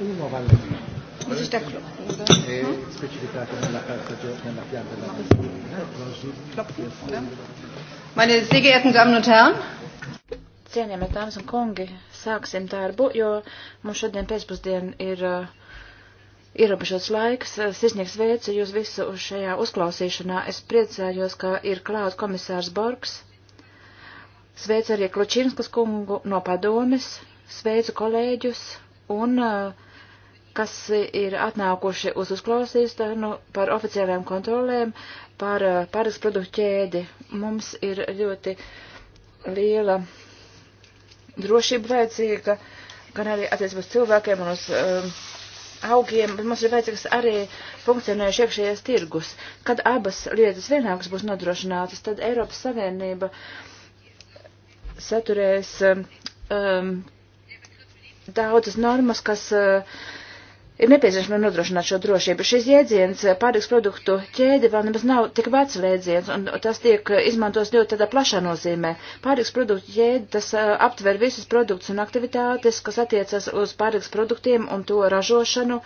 uno vale così sta è specificato nella carta nella pianta della Costituzione Meine sehr geehrten Damen und Herren Cienījamie dāmas un kungi, sāksim darbu, jo mums šodien pēcpusdien ir uh, ierobežots laiks. Uh, Sirsnieks veicu jūs visu uz šajā uzklausīšanā. Es priecājos, ka ir klāt komisārs Borgs. Sveicu arī Klučinskas kungu no padomes, sveicu kolēģus un uh, kas ir atnākuši uz uzklausīšanu par oficiālajām kontrolēm, par eh, pāris produktu ķēdi. Mums ir ļoti liela drošība vajadzīga, gan arī attiecībā uz cilvēkiem un uz um, augiem, bet mums ir vajadzīgs arī funkcionējuši iekšējais tirgus. Kad abas lietas vienākas būs nodrošinātas, tad Eiropas Savienība saturēs um, daudzas normas, kas uh, ir nepieciešams nodrošināt šo drošību. Šis jēdziens eh, pārtiks produktu ķēde vēl nemaz nav tik vecs jēdziens, un tas tiek eh, izmantos ļoti tādā plašā nozīmē. Pārtiks produktu ķēde tas eh, aptver visus produktus un aktivitātes, kas attiecas uz pārtiks produktiem un to ražošanu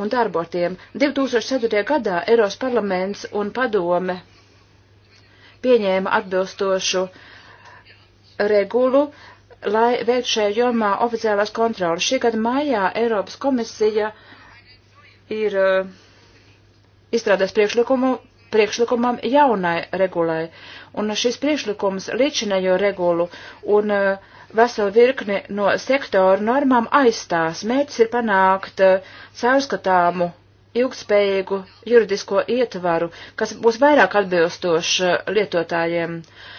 un darbotiem. 2004. gadā Eiros parlaments un padome pieņēma atbilstošu regulu, uh, lai veiktu šajā jomā oficiālās kontrolas. Šī gada maijā Eiropas komisija ir uh, eh, izstrādājis priekšlikumu priekšlikumam jaunai regulai, un šis priekšlikums līdzinējo regulu un uh, veselu virkni no sektoru normām aizstās. Mērķis ir panākt uh, caurskatāmu, ilgspējīgu juridisko ietvaru, kas būs vairāk atbilstošs lietotājiem. Uh,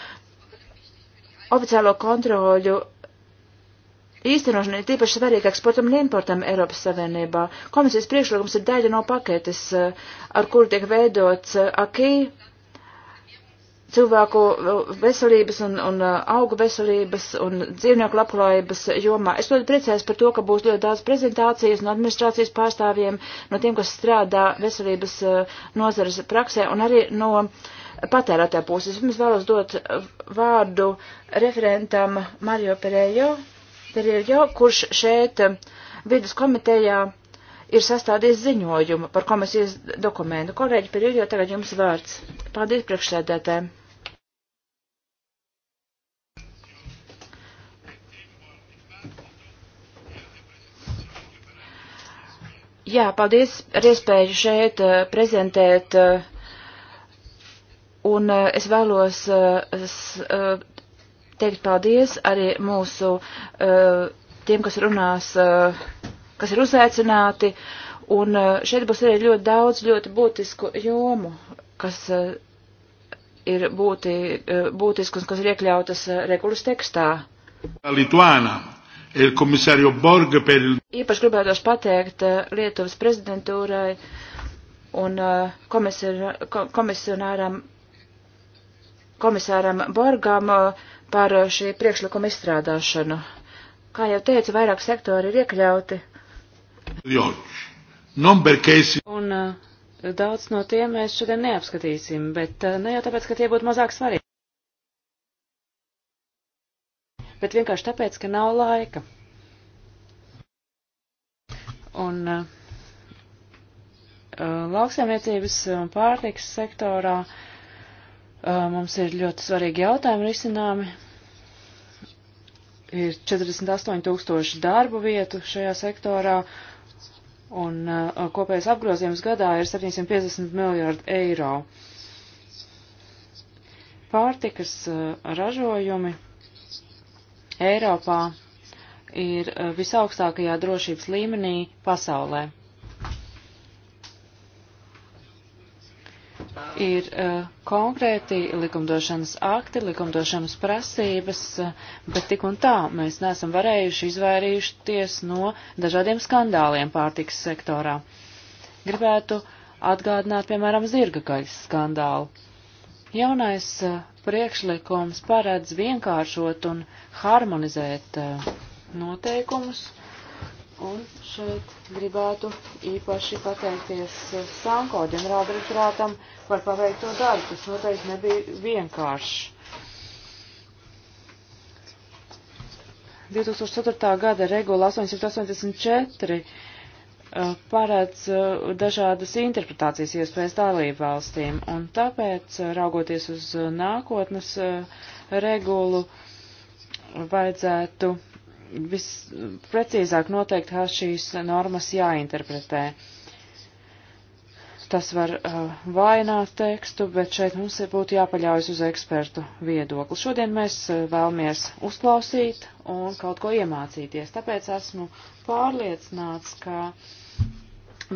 oficiālo kontroļu īstenošana ir tīpaši svarīga eksportam un importam Eiropas Savienībā. Komisijas priekšlikums ir daļa no paketes, eh, ar kuru tiek veidots eh, akī cilvēku eh, veselības un, un augu veselības un dzīvnieku labklājības jomā. Es ļoti priecājos par to, ka būs ļoti daudz prezentācijas no administrācijas pārstāvjiem, no tiem, kas strādā veselības nozares praksē un arī no uh, patērētā puses. Vispirms vēlos dot vārdu referentam Mario Perejo, Perejo kurš šeit eh, vidus komitejā ir sastādījis ziņojumu par komisijas dokumentu. Kolēģi Perejo, tagad jums vārds. Paldies priekšsēdētēm. Jā, paldies ar iespēju šeit eh, prezentēt uh, Un eh, es vēlos es, eh, eh, teikt paldies arī mūsu tiem, kas runās, kas ir uzaicināti. Un šeit būs arī ļoti daudz ļoti būtisku jomu, kas ir būti, būtiskas, kas ir iekļautas regulas tekstā. Lituāna. Per... Īpaši gribētos pateikt Lietuvas prezidentūrai un komisionāram komisāram Borgam eh, par eh, šī priekšlikuma izstrādāšanu. Kā jau teicu, vairāk sektori ir iekļauti. Un eh, daudz no tiem mēs šodien neapskatīsim, bet ne jau tāpēc, ka tie būtu mazāk svarīgi. Bet vienkārši tāpēc, ka nav laika. Un uh, lauksaimniecības un pārtiks sektorā uh, Mums ir ļoti svarīgi jautājumi risināmi. Ir 48 tūkstoši darbu vietu šajā sektorā, un kopējais apgrozījums gadā ir 750 miljārdi eiro. Pārtikas ražojumi Eiropā ir visaugstākajā drošības līmenī pasaulē. ir uh, konkrēti likumdošanas akti, likumdošanas prasības, uh, bet tik un tā mēs neesam varējuši izvairījušies no dažādiem skandāliem pārtiks sektorā. Gribētu atgādināt, piemēram, zirga gaļas skandālu. Jaunais uh, priekšlikums paredz vienkāršot un harmonizēt noteikumus, Un šeit gribētu īpaši pateikties Sanko ģenerāldirektorātam par paveikto darbu, kas noteikti nebija vienkāršs. 2004. gada regula 884 paredz dažādas interpretācijas iespējas dalību valstīm, un tāpēc, raugoties uz nākotnes regulu, vajadzētu visprecīzāk noteikt, kā šīs normas jāinterpretē. Tas var uh, vainot tekstu, bet šeit mums ir būtu jāpaļaujas uz ekspertu viedokli. Šodien mēs uh, vēlamies uzklausīt un kaut ko iemācīties, tāpēc esmu pārliecināts, ka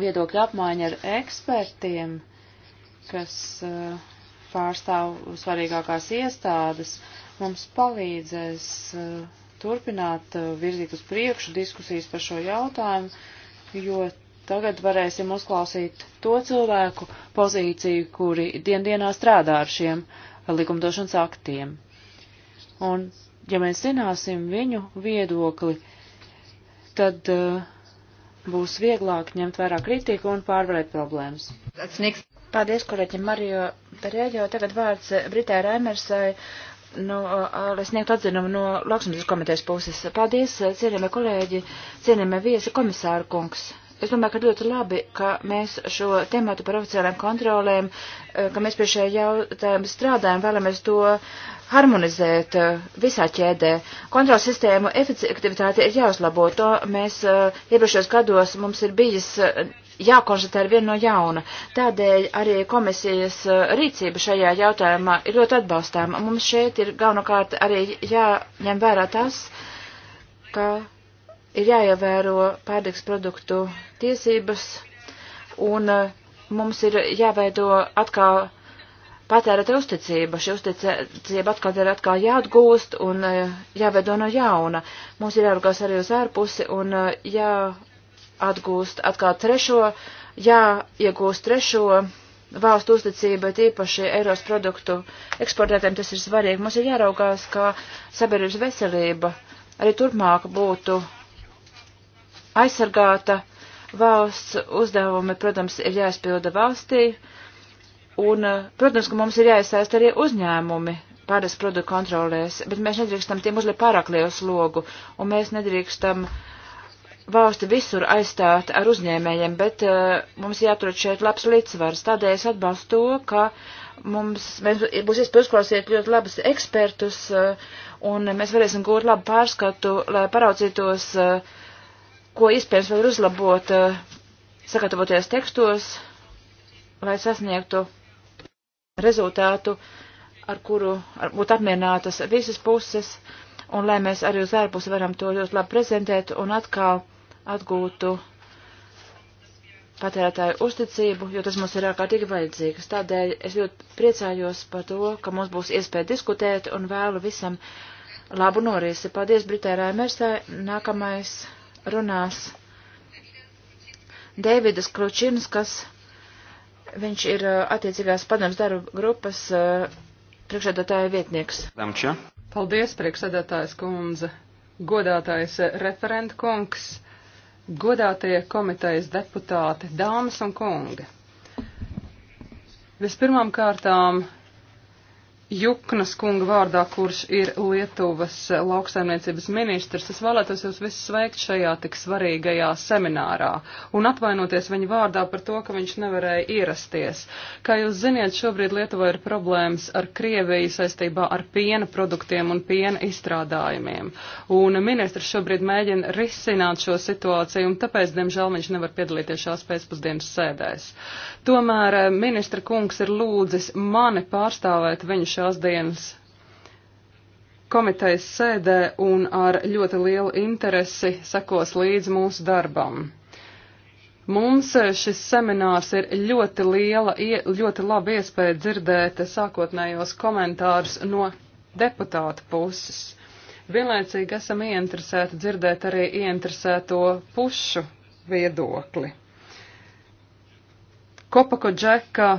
viedokļa apmaiņa ar ekspertiem, kas uh, pārstāv svarīgākās iestādes, mums palīdzēs uh, turpināt eh, virzīt uz priekšu diskusijas par šo jautājumu, jo tagad varēsim uzklausīt to cilvēku pozīciju, kuri diendienā strādā ar šiem likumdošanas aktiem. Un, ja mēs zināsim viņu viedokli, tad uh, būs vieglāk ņemt vērā kritiku un pārvarēt problēmas. Paldies, kolēģi Mario Pereļo. Tagad vārds Britai Raimersai no, nu, lai sniegtu atzinumu no lauksimības komitejas puses. Paldies, cienījamie kolēģi, cienījamie viesi, komisāra kungs. Es domāju, ka ļoti labi, ka mēs šo tematu par oficiālajām kontrolēm, ka mēs pie šie jautājumi strādājam, vēlamies to harmonizēt visā ķēdē. Kontrolas sistēmu efektivitāte ir jāuzlabo. To mēs iepriekšējos gados mums ir bijis jākonstatē ar vienu no jauna. Tādēļ arī komisijas uh, rīcība šajā jautājumā ir ļoti atbalstāma. Mums šeit ir galvenokārt arī jāņem vērā tas, ka ir jāievēro pārtiks produktu tiesības un uh, mums ir jāveido atkal patērēta uzticība. Šī uzticība atkal ir atkal jāatgūst un uh, jāveido no jauna. Mums ir jārūkās arī uz ārpusi un jā atgūst atkal trešo, jāiegūst trešo valstu uzticība, bet īpaši Eiros produktu eksportētājiem tas ir svarīgi. Mums ir jāraugās, ka sabiedrības veselība arī turpmāk būtu aizsargāta. Valsts uzdevumi, protams, ir jāizpilda valstī, un, protams, ka mums ir jāiesaist arī uzņēmumi pāris produktu kontrolēs, bet mēs nedrīkstam tiem uzlikt pārāk lielu slogu, un mēs nedrīkstam uh, valsti visur aizstāt ar uzņēmējiem, bet uh, mums jāatrod šeit labs līdzsvars. Tādēļ es atbalstu to, ka mums, mēs būs iespēja uzklausīt ļoti labus ekspertus, uh, un mēs varēsim gūt labu pārskatu, lai paraudzītos, uh, ko iespējams vēl uzlabot, uh, sagatavoties tekstos, lai sasniegtu rezultātu, ar kuru ar, būtu apmierinātas visas puses, un lai mēs arī uz ārpusi varam to ļoti labi prezentēt un atkal atgūtu patērētāju uzticību, jo tas mums ir ārkārtīgi vajadzīgs. Tādēļ es ļoti priecājos par to, ka mums būs iespēja diskutēt un vēlu visam labu norisi. Paldies Britai Raimersai. Nākamais runās Deividas Kručins, kas viņš ir uh, attiecīgās padoms darba grupas uh, priekšsēdētāja vietnieks. Damča. Paldies, priekšsēdētājs kundze, godātājs uh, referent kungs godātie komitejas deputāti, dāmas un kungi. Vispirmām kārtām Juknas kunga vārdā, kurš ir Lietuvas lauksaimniecības ministrs, es vēlētos jūs visus sveikt šajā tik svarīgajā seminārā un atvainoties viņa vārdā par to, ka viņš nevarēja ierasties. Kā jūs ziniet, šobrīd Lietuvā ir problēmas ar Krieviju saistībā ar piena produktiem un piena izstrādājumiem. Un ministrs šobrīd mēģina risināt šo situāciju un tāpēc, diemžēl, viņš nevar piedalīties šās pēcpusdienas sēdēs. Tomēr eh, ministra kungs ir lūdzis mani pārstāvēt viņu šajā šās dienas komitejas sēdē un ar ļoti lielu interesi sekos līdz mūsu darbam. Mums eh, šis seminārs ir ļoti liela, ļoti laba iespēja dzirdēt sākotnējos komentārus no deputāta puses. Vienlaicīgi esam ieinteresēti dzirdēt arī ieinteresēto pušu viedokli. Kopako Džeka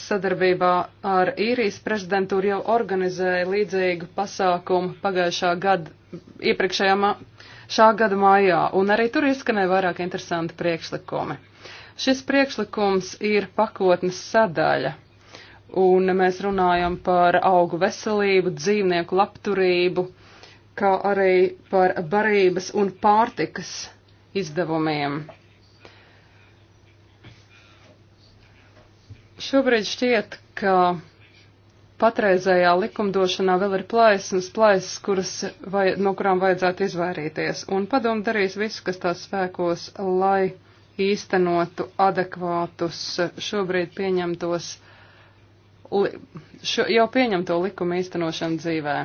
sadarbībā ar īrijas prezidentūru jau organizēja līdzīgu pasākumu pagājušā gada, iepriekšējā ma, šā gada mājā, un arī tur izskanēja vairāk interesanti priekšlikumi. Šis priekšlikums ir pakotnes sadaļa, un mēs runājam par augu veselību, dzīvnieku labturību, kā arī par barības un pārtikas izdevumiem. Šobrīd šķiet, ka patreizējā likumdošanā vēl ir plaisas, plaisas, kuras, vai, no kurām vajadzētu izvairīties, un padomu darīs visu, kas tās spēkos, lai īstenotu adekvātus šobrīd pieņemtos, li, šo, jau pieņemto likumu īstenošanu dzīvē.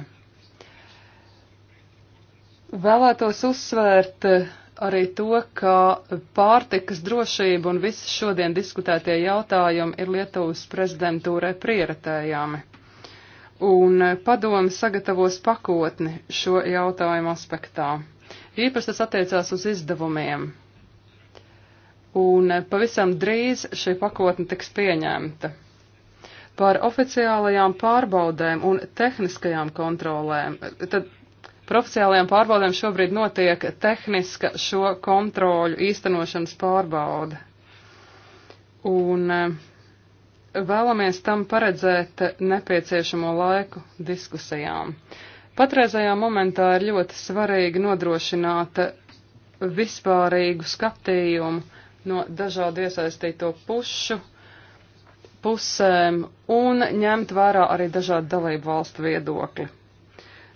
Vēlētos uzsvērt arī to, ka pārtikas drošība un visi šodien diskutētie jautājumi ir Lietuvas prezidentūrai prioritējami. Un padomi sagatavos pakotni šo jautājumu aspektā. Īpaši tas attiecās uz izdevumiem. Un pavisam drīz šī pakotne tiks pieņemta. Par oficiālajām pārbaudēm un tehniskajām kontrolēm, tad Profesionālajām pārbaudēm šobrīd notiek tehniska šo kontroļu īstenošanas pārbauda. Un eh, vēlamies tam paredzēt nepieciešamo laiku diskusijām. Patreizajā momentā ir ļoti svarīgi nodrošināt vispārīgu skatījumu no dažādu iesaistīto pušu pusēm un ņemt vērā arī dažādu dalību valstu viedokli.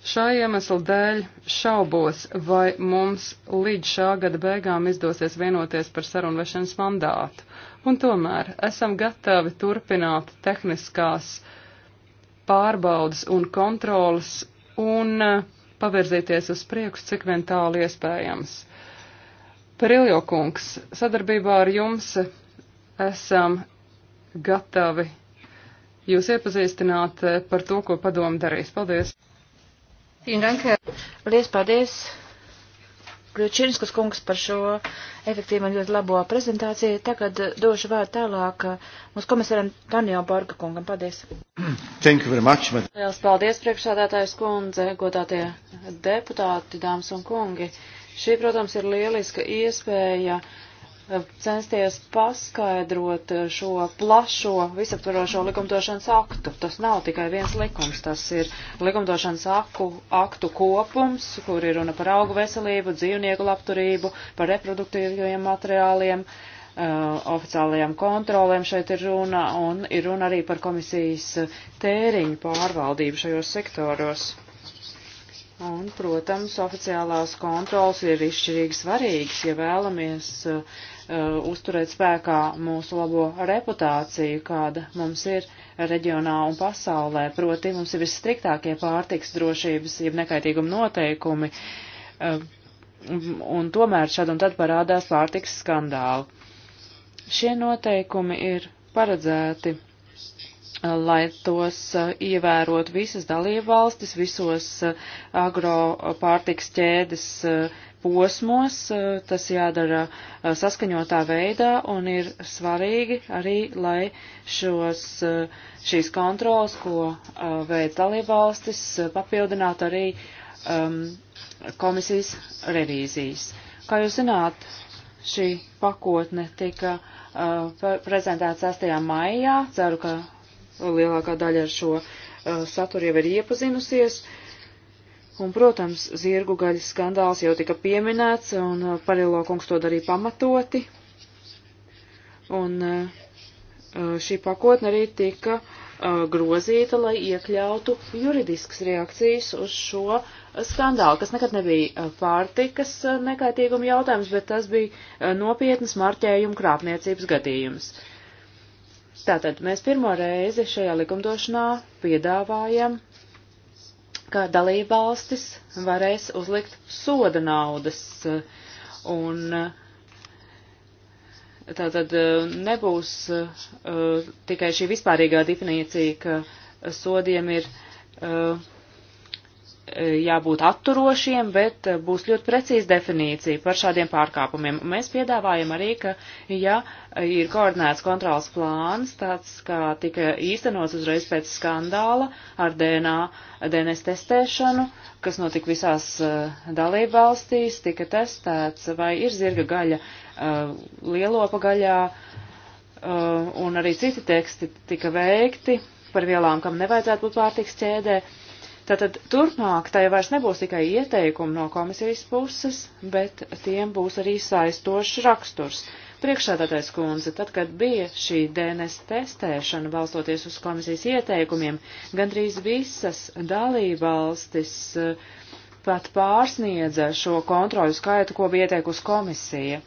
Šā iemesla dēļ šaubos, vai mums līdz šā gada beigām izdosies vienoties par sarunvešanas mandātu. Un tomēr esam gatavi turpināt tehniskās pārbaudas un kontrolas un eh, pavirzīties uz priekšu, cik vien tālu iespējams. Periljo kungs, sadarbībā ar jums esam gatavi jūs iepazīstināt eh, par to, ko padomu darīs. Paldies! Lies paldies, Kļučinskas kungs, par šo efektīvu un ļoti labo prezentāciju. Tagad eh, došu vārdu tālāk eh, mūsu komisaram Tanijā Borga kungam. Paldies. Thank you very much. Man. Liels paldies, priekšsādātājs kundze, godātie deputāti, dāmas un kungi. Šī, protams, ir lieliska iespēja censties paskaidrot šo plašo, visaptvarošo likumdošanas aktu. Tas nav tikai viens likums, tas ir likumdošanas aktu, aktu kopums, kur ir runa par augu veselību, dzīvnieku labturību, par reproduktīvajiem materiāliem, uh, eh, oficiālajām kontrolēm šeit ir runa, un ir runa arī par komisijas tēriņu pārvaldību šajos sektoros. Un, protams, oficiālās kontrols ir izšķirīgi svarīgs, ja vēlamies uh, uh, uzturēt spēkā mūsu labo reputāciju, kāda mums ir reģionā un pasaulē. Proti, mums ir visstriktākie pārtiks drošības, jeb nekaitīguma noteikumi, uh, un tomēr šad un tad parādās pārtiks skandāli. Šie noteikumi ir paredzēti lai tos uh, ievērot visas dalību valstis, visos uh, agropārtiks ķēdes uh, posmos. Tas jādara saskaņotā veidā un ir svarīgi arī, lai šos, šīs kontrols, ko veids dalību valstis, papildinātu arī um, komisijas revīzijas. Kā jūs zināt, šī pakotne tika uh, prezentēta 6. maijā. Ceru, ka lielākā daļa ar šo uh, saturu jau ir iepazinusies. Un, protams, zirgu gaļas skandāls jau tika pieminēts, un uh, Parilo kungs to darīja pamatoti. Un uh, uh šī pakotne arī tika uh, grozīta, lai iekļautu juridiskas reakcijas uz šo uh, skandālu, kas nekad nebija uh, pārtikas nekaitīguma jautājums, bet tas bija nopietnas marķējuma krāpniecības gadījums. Uh, Tātad mēs pirmo reizi šajā likumdošanā piedāvājam, ka dalībvalstis varēs uzlikt soda naudas un tātad nebūs uh, tikai šī vispārīgā definīcija, ka sodiem ir uh, jābūt atturošiem, bet eh, būs ļoti precīza definīcija par šādiem pārkāpumiem. Mēs piedāvājam arī, ka, ja ir koordinēts kontrols plāns, tāds kā tika īstenots uzreiz pēc skandāla ar DNA, DNS testēšanu, kas notika visās eh, dalību valstīs, tika testēts, vai ir zirga gaļa eh, lielopa gaļā, un arī citi teksti tika veikti par vielām, kam nevajadzētu būt pārtiks ķēdē Tātad turpmāk tai vairs nebūs tikai ieteikumi no komisijas puses, bet tiem būs arī saistošs raksturs. Priekšsādātais kundze, tad, kad bija šī DNS testēšana balstoties uz komisijas ieteikumiem, gandrīz visas dalībvalstis eh, pat pārsniedza šo kontroļu skaitu, ko bija ieteikusi komisija.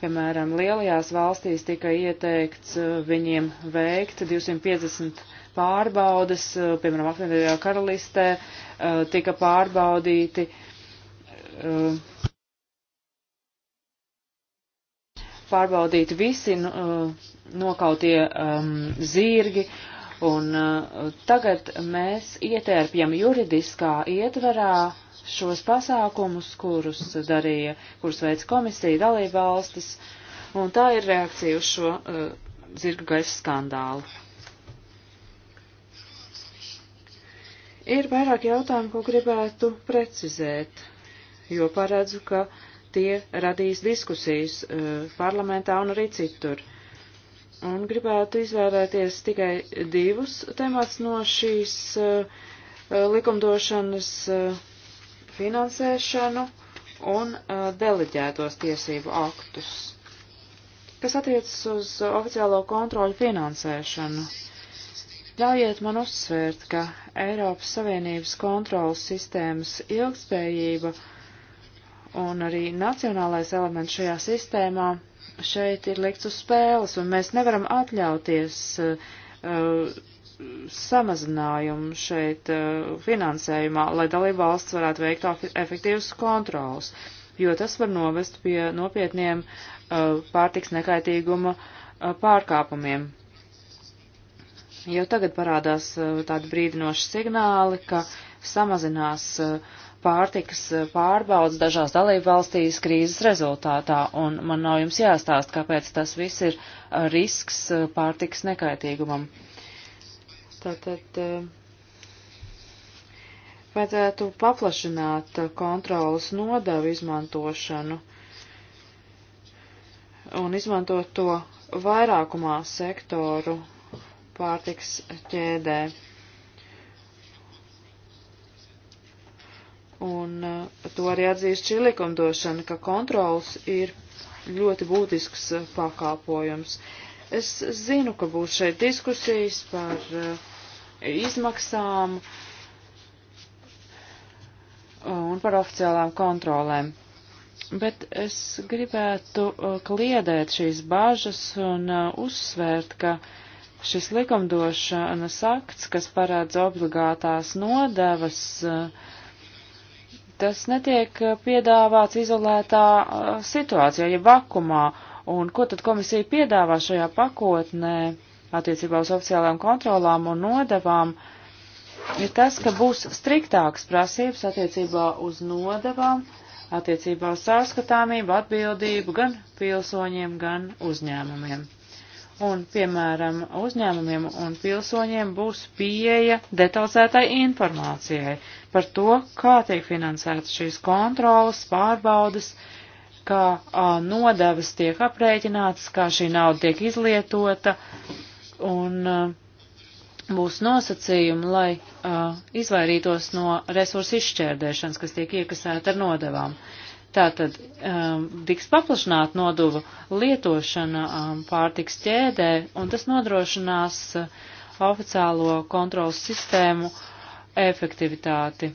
Piemēram, lielajās valstīs tika ieteikts eh, viņiem veikt 250 pārbaudas, eh, piemēram, apvienotajā karalistē eh, tika pārbaudīti. Eh, pārbaudīti visi nu, nokautie ehm, zirgi, un tagad mēs ietērpjam juridiskā ietverā šos pasākumus, kurus darīja, kurus veids komisija dalība valstis, un tā ir reakcija uz šo uh, zirga gaisa skandālu. Ir vairāk jautājumu, ko gribētu precizēt, jo paredzu, ka tie radīs diskusijas uh, parlamentā un arī citur. Un gribētu izvēlēties tikai divus temats no šīs uh, likumdošanas uh, finansēšanu un deleģētos tiesību aktus, kas attiecas uz oficiālo kontroļu finansēšanu. Ļaujiet man uzsvērt, ka Eiropas Savienības kontrolas sistēmas ilgspējība un arī nacionālais elements šajā sistēmā šeit ir likts uz spēles, un mēs nevaram atļauties uh, uh samazinājumu šeit uh, finansējumā, lai dalība valsts varētu veikt efektīvas kontrolas, jo tas var novest pie nopietniem uh, pārtiks nekaitīguma uh, pārkāpumiem. Jau tagad parādās uh, tādi brīdinoši signāli, ka samazinās uh, pārtikas uh, pārbaudas dažās dalību valstīs krīzes rezultātā, un man nav jums jāstāst, kāpēc tas viss ir risks pārtikas nekaitīgumam. Tātad vajadzētu paplašināt kontrolas nodevu izmantošanu un izmantot to vairākumā sektoru pārtiks ķēdē. Un eh, to arī atzīst šī likumdošana, ka kontrols ir ļoti būtisks eh, pakāpojums. Es zinu, ka būs šeit diskusijas par eh, izmaksām un par oficiālām kontrolēm bet es gribētu kliedēt šīs bāžas un uzsvērt, ka Šis likumdošanas akts, kas parāds obligātās nodevas, tas netiek piedāvāts izolētā situācijā, ja vakumā. Un ko tad komisija piedāvā šajā pakotnē attiecībā uz oficiālām kontrolām un nodevām? ir tas, ka būs striktāks prasības attiecībā uz nodevām, attiecībā uz sārskatāmību, atbildību gan pilsoņiem, gan uzņēmumiem un, piemēram, uzņēmumiem un pilsoņiem būs pieeja detalizētai informācijai par to, kā tiek finansētas šīs kontrolas, pārbaudas, kā a, nodevas tiek aprēķinātas, kā šī nauda tiek izlietota, un a, būs nosacījumi, lai a, izvairītos no resursu izšķērdēšanas, kas tiek iekasēta ar nodevām. A, Tātad um, tiks paplašināta noduvu lietošana um, pārtiks ķēdē, un tas nodrošinās uh, oficiālo kontrolas sistēmu efektivitāti.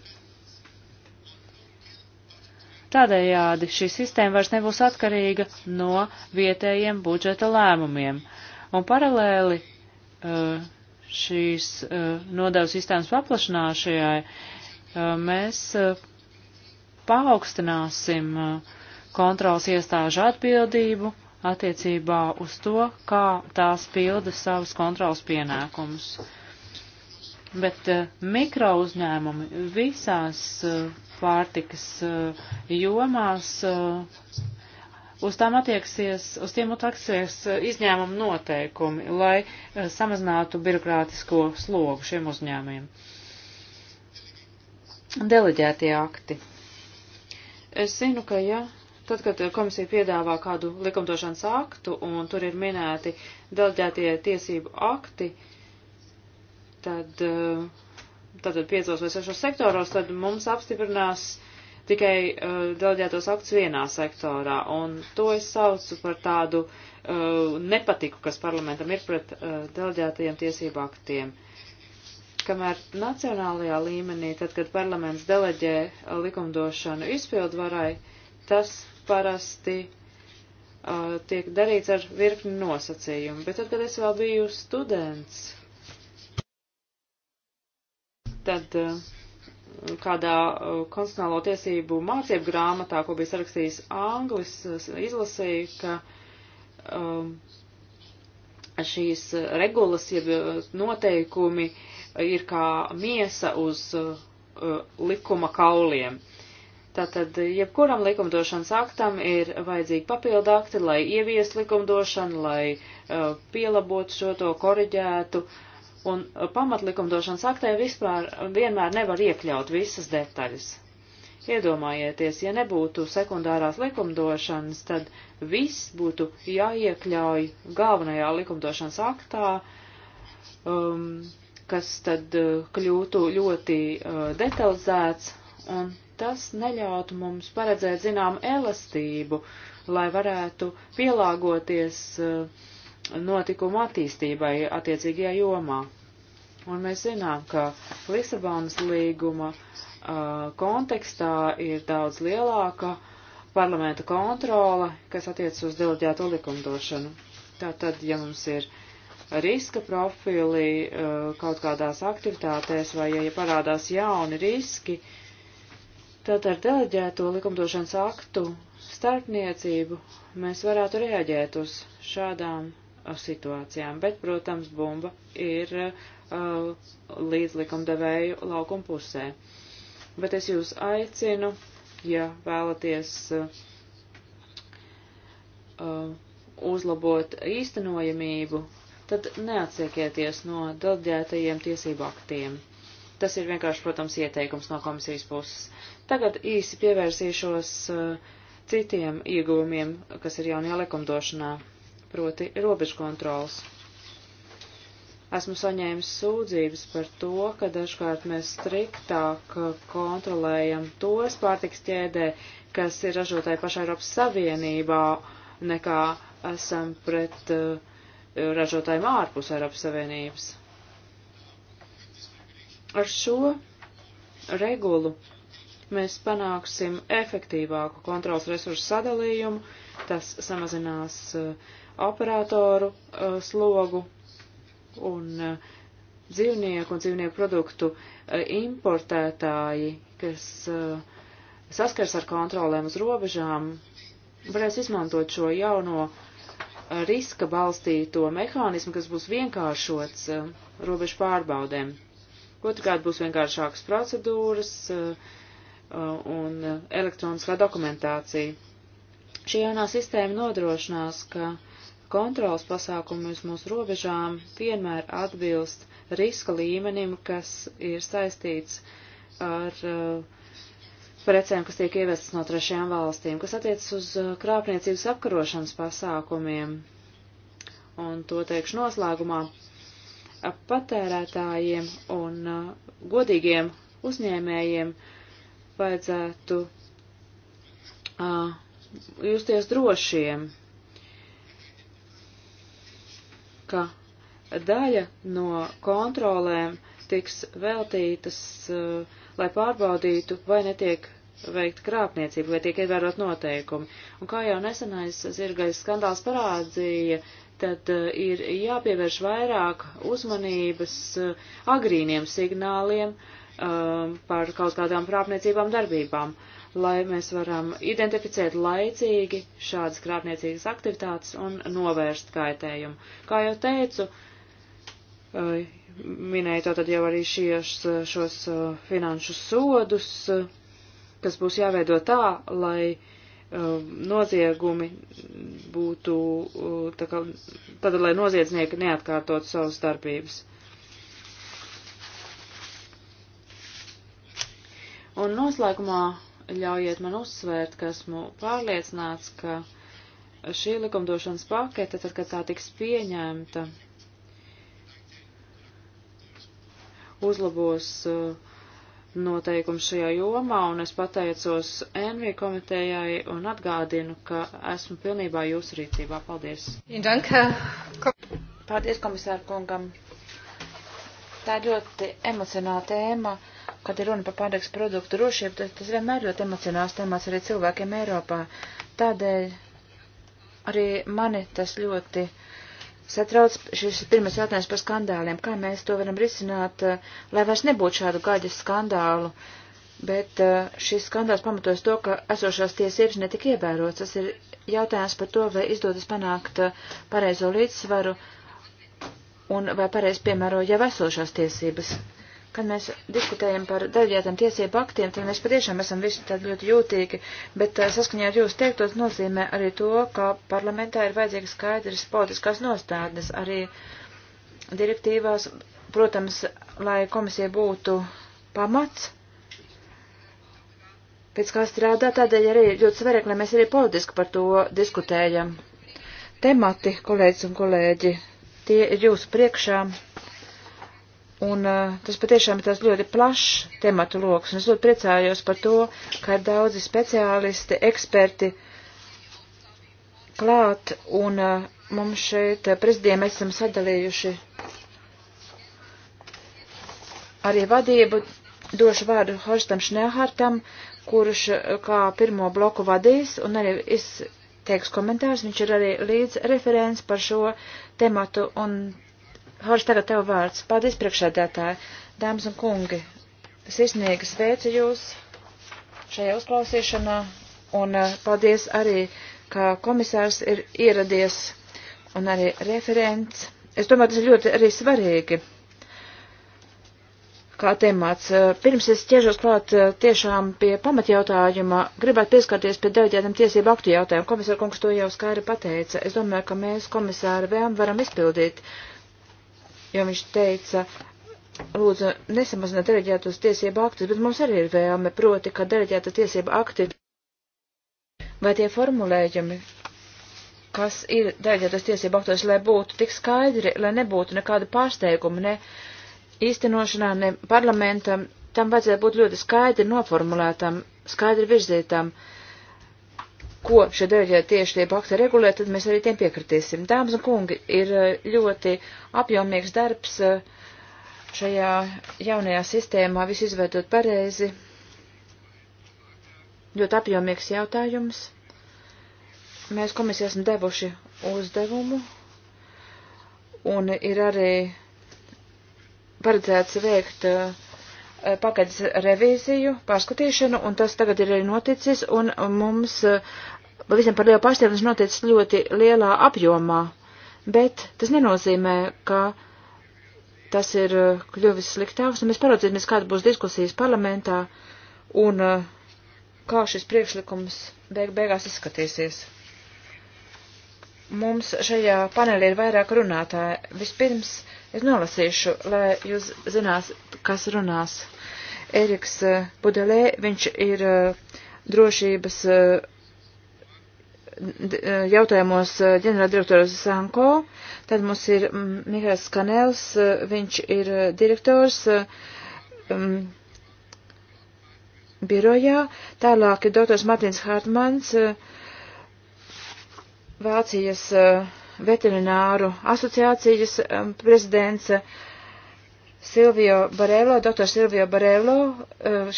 Tādējādi šī sistēma vairs nebūs atkarīga no vietējiem budžeta lēmumiem, un paralēli uh, šīs uh, nodevas sistēmas paplašināšanai uh, mēs. Uh, paaugstināsim eh, kontrols iestāžu atbildību attiecībā uz to, kā tās pilda savus kontrols pienākumus. Bet uh, mikro uzņēmumi visās uh, pārtikas uh, jomās uz tām attieksies, uz tiem attieksies izņēmumu noteikumi, lai samazinātu birokrātisko slogu šiem uzņēmumiem. Deleģētie akti. Es zinu, ka ja tad, kad komisija piedāvā kādu likumdošanas aktu un tur ir minēti delģētie tiesību akti, eh, tad, tad piecos vai sešos sektoros, tad mums apstiprinās tikai uh, eh, delģētos aktus vienā sektorā. Un to es saucu par tādu uh, nepatiku, kas parlamentam ir pret uh, delģētajiem tiesību aktiem kamēr nacionālajā līmenī, tad, kad parlaments deleģē uh, likumdošanu izpildvarai, tas parasti uh, tiek darīts ar virkni nosacījumu. Bet tad, kad es vēl biju students, tad uh, kādā uh, konstitucionālo tiesību mācību grāmatā, ko bija sarakstījis Anglis, uh, izlasīju, ka um, šīs uh, regulas, jeb noteikumi uh, ir kā miesa uz uh, likuma kauliem. Tātad, jebkuram likumdošanas aktam ir vajadzīgi papildu akti, lai ievies likumdošanu, lai uh, pielabotu šo to, koriģētu, un uh, pamatlikumdošanas aktē vispār vienmēr nevar iekļaut visas detaļas. Iedomājieties, ja nebūtu sekundārās likumdošanas, tad viss būtu jāiekļauj galvenajā likumdošanas aktā, um, kas tad eh, kļūtu ļoti eh, detalizēts, un tas neļautu mums paredzēt zinām elastību, lai varētu pielāgoties eh, notikumu attīstībai attiecīgajā jomā. Un mēs zinām, ka Lisabonas līguma kontekstā ir daudz lielāka parlamenta kontrola, kas attiec uz deleģēto likumdošanu. Tātad, ja mums ir uh, riska profili eh, kaut kādās aktivitātēs vai ja parādās jauni riski, tad ar deleģēto likumdošanas aktu starpniecību mēs varētu reaģēt uz šādām eh, situācijām. Bet, protams, bumba ir uh, eh, līdz likumdevēju laukuma pusē. Bet es jūs aicinu, ja vēlaties uh, uh, uzlabot īstenojamību, tad neatsiekieties no delģētajiem tiesību aktiem. Tas ir vienkārši, protams, ieteikums no komisijas puses. Tagad īsi pievērsīšos uh, citiem ieguvumiem, kas ir jaunajā likumdošanā, proti robežu kontrols. Esmu saņēmis sūdzības par to, ka dažkārt mēs striktāk kontrolējam tos pārtiks ķēdē, kas ir ražotāji pašā Eiropas Savienībā, nekā esam pret uh, ražotājiem ārpus Eiropas Savienības. Ar šo regulu mēs panāksim efektīvāku kontrols resursu sadalījumu, tas samazinās uh, operatoru uh, slogu un uh, dzīvnieku un dzīvnieku produktu importētāji, kas saskars ar kontrolēm uz robežām, varēs izmantot šo jauno riska balstīto mehānismu, kas būs vienkāršots eh, robežu pārbaudēm. Otrkārt būs vienkāršākas procedūras eh, un elektroniskā dokumentācija. Šī jaunā sistēma nodrošinās, ka kontrols pasākumi uz mūsu robežām vienmēr atbilst riska līmenim, kas ir saistīts ar uh, precēm, kas tiek ievestas no trešajām valstīm, kas attiecas uz uh, krāpniecības apkarošanas pasākumiem. Un to teikšu noslēgumā patērētājiem un uh, godīgiem uzņēmējiem vajadzētu uh, justies drošiem, ka daļa no kontrolēm tiks veltītas, uh, lai pārbaudītu, vai netiek veikt krāpniecību, vai tiek ievērot noteikumi. Un kā jau nesenais zirgais skandāls parādzīja, tad uh, ir jāpievērš vairāk uzmanības uh, agrīniem signāliem uh, par kaut kādām krāpniecībām darbībām, lai mēs varam identificēt laicīgi šādas krāpniecīgas aktivitātes un novērst kaitējumu. Kā jau teicu, uh, minēju to tad jau arī šies, uh, šos uh, finanšu sodus. Uh, kas būs jāveido tā, lai uh, noziegumi būtu, uh, tā kā, tad, lai noziedznieki neatkārtot savas darbības. Un noslēgumā ļaujiet man uzsvērt, ka esmu pārliecināts, ka šī likumdošanas pakete, tad, kad tā tiks pieņemta, uzlabos uh, noteikumu šajā jomā, un es pateicos NV komitejai un atgādinu, ka esmu pilnībā jūsu rīcībā. Paldies! Paldies komisāru kungam! Tā ir ļoti emocionāla tēma, kad ir runa par pārdeks produktu drošību, tas, tas vienmēr ļoti emocionāls tēmās arī cilvēkiem Eiropā. Tādēļ arī mani tas ļoti satrauc šis pirmais jautājums par skandāliem. Kā mēs to varam risināt, eh, lai vairs nebūtu šādu gaļas skandālu? Bet eh, šis skandāls pamatojas to, ka esošās tiesības netika ievērots. Tas ir jautājums par to, vai izdodas panākt eh, pareizo līdzsvaru un vai pareizi piemēro jau esošās tiesības. Kad mēs diskutējam par daļģētiem tiesību aktiem, tad mēs patiešām esam visi tādi ļoti jūtīgi, bet saskaņā ar jūsu teiktot nozīmē arī to, ka parlamentā ir vajadzīgas skaidras politiskās nostādnes arī direktīvās, protams, lai komisija būtu pamats, pēc kā strādā, tādēļ arī ļoti svarīgi, lai mēs arī politiski par to diskutējam. Temati, kolēģis un kolēģi, tie ir jūsu priekšā. Un uh, tas patiešām ir tāds ļoti plašs tematu lokus, un es ļoti priecājos par to, ka ir daudzi speciālisti, eksperti klāt, un uh, mums šeit eh, prezidijā mēs esam sadalījuši arī vadību. Došu vārdu Horstam Šnehartam, kurš kā pirmo bloku vadīs, un arī izteiks komentārs. Viņš ir arī līdz referents par šo tematu, un Horst, tagad tev vārds. Paldies, priekšēdētāji, dāmas un kungi. Es iesniegu sveicu jūs šajā uzklausīšanā un eh, paldies arī, ka komisārs ir ieradies un arī referents. Es domāju, tas ir ļoti arī svarīgi kā temats. Eh, pirms es ķiežos klāt eh, tiešām pie pamatjautājuma, gribētu pieskarties pie deviņiem tiesību aktu jautājumu. Komisāra kungs to jau skaidri pateica. Es domāju, ka mēs komisāra vēlam varam izpildīt jo viņš teica, lūdzu, nesamazināt deleģētos tiesību aktus, bet mums arī ir vēlme, proti, ka deleģēta tiesība akti vai tie formulējumi, kas ir deleģētos tiesību aktos, lai būtu tik skaidri, lai nebūtu nekādu pārsteigumu, ne īstenošanā, ne parlamentam, tam vajadzētu būt ļoti skaidri noformulētam, skaidri virzītam. Uh, ko šie deleģēti tieši tie pakti regulē, tad mēs arī tiem piekritīsim. Dāmas un kungi, ir eh, ļoti apjomīgs darbs eh, šajā jaunajā sistēmā, visu izveidot pareizi. Ļoti apjomīgs jautājums. Mēs komisijā esam devuši uzdevumu un ir arī paredzēts veikt uh, pakaļas revīziju, pārskatīšanu, un tas tagad ir arī noticis, un mums pavisam par lielu pārsteigumu noticis ļoti lielā apjomā, bet tas nenozīmē, ka tas ir eh, kļuvis sliktāks, un mēs paraudzīsimies, kāda būs diskusijas parlamentā un eh, kā šis priekšlikums beig beigās izskatīsies. Mums šajā panelī ir vairāk runātāji. Vispirms es nolasīšu, lai jūs zinās, kas runās. Eriks eh, Budelē, viņš ir drošības Eh, jautājumos eh, ģenerāldirektors Sanko, tad mums ir mm, Mihāls Kanēls, eh, viņš ir direktors um, birojā, tālāk ir doktors Martins Hartmans, Vācijas veterināru asociācijas prezidents, Silvio Barello, doktors Silvio Barello,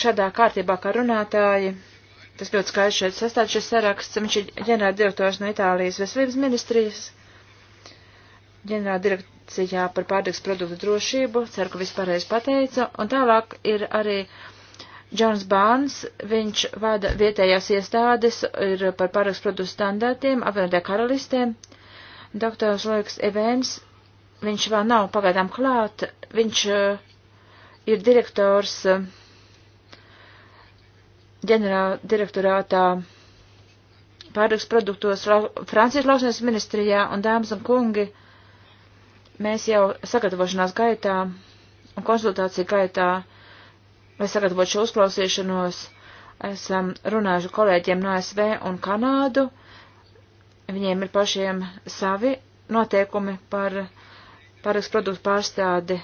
šādā kārtībā kā runātāji. Tas ļoti skaidrs šeit sastāv šis saraksts. Viņš ir ģenerāldirektors no Itālijas veselības ministrijas, ģenerāldirekcijā par pārtiks produktu drošību. Ceru, ka vispārējais pateica. Un tālāk ir arī Džons Bāns, viņš vada vietējās iestādes, ir par pārāks produktu standartiem, apvienotē karalistē. Doktors Loiks Evans, viņš vēl nav pagaidām klāt, viņš uh, ir direktors uh, ģenerāla direktorātā pārdagas produktos lau, Francijas laušanas ministrijā un dāmas un kungi. Mēs jau sagatavošanās gaitā un konsultāciju gaitā, lai sagatavotu šo uzklausīšanos, esam runājuši kolēģiem no ASV un Kanādu. Viņiem ir pašiem savi noteikumi par pārdagas produktu pārstādi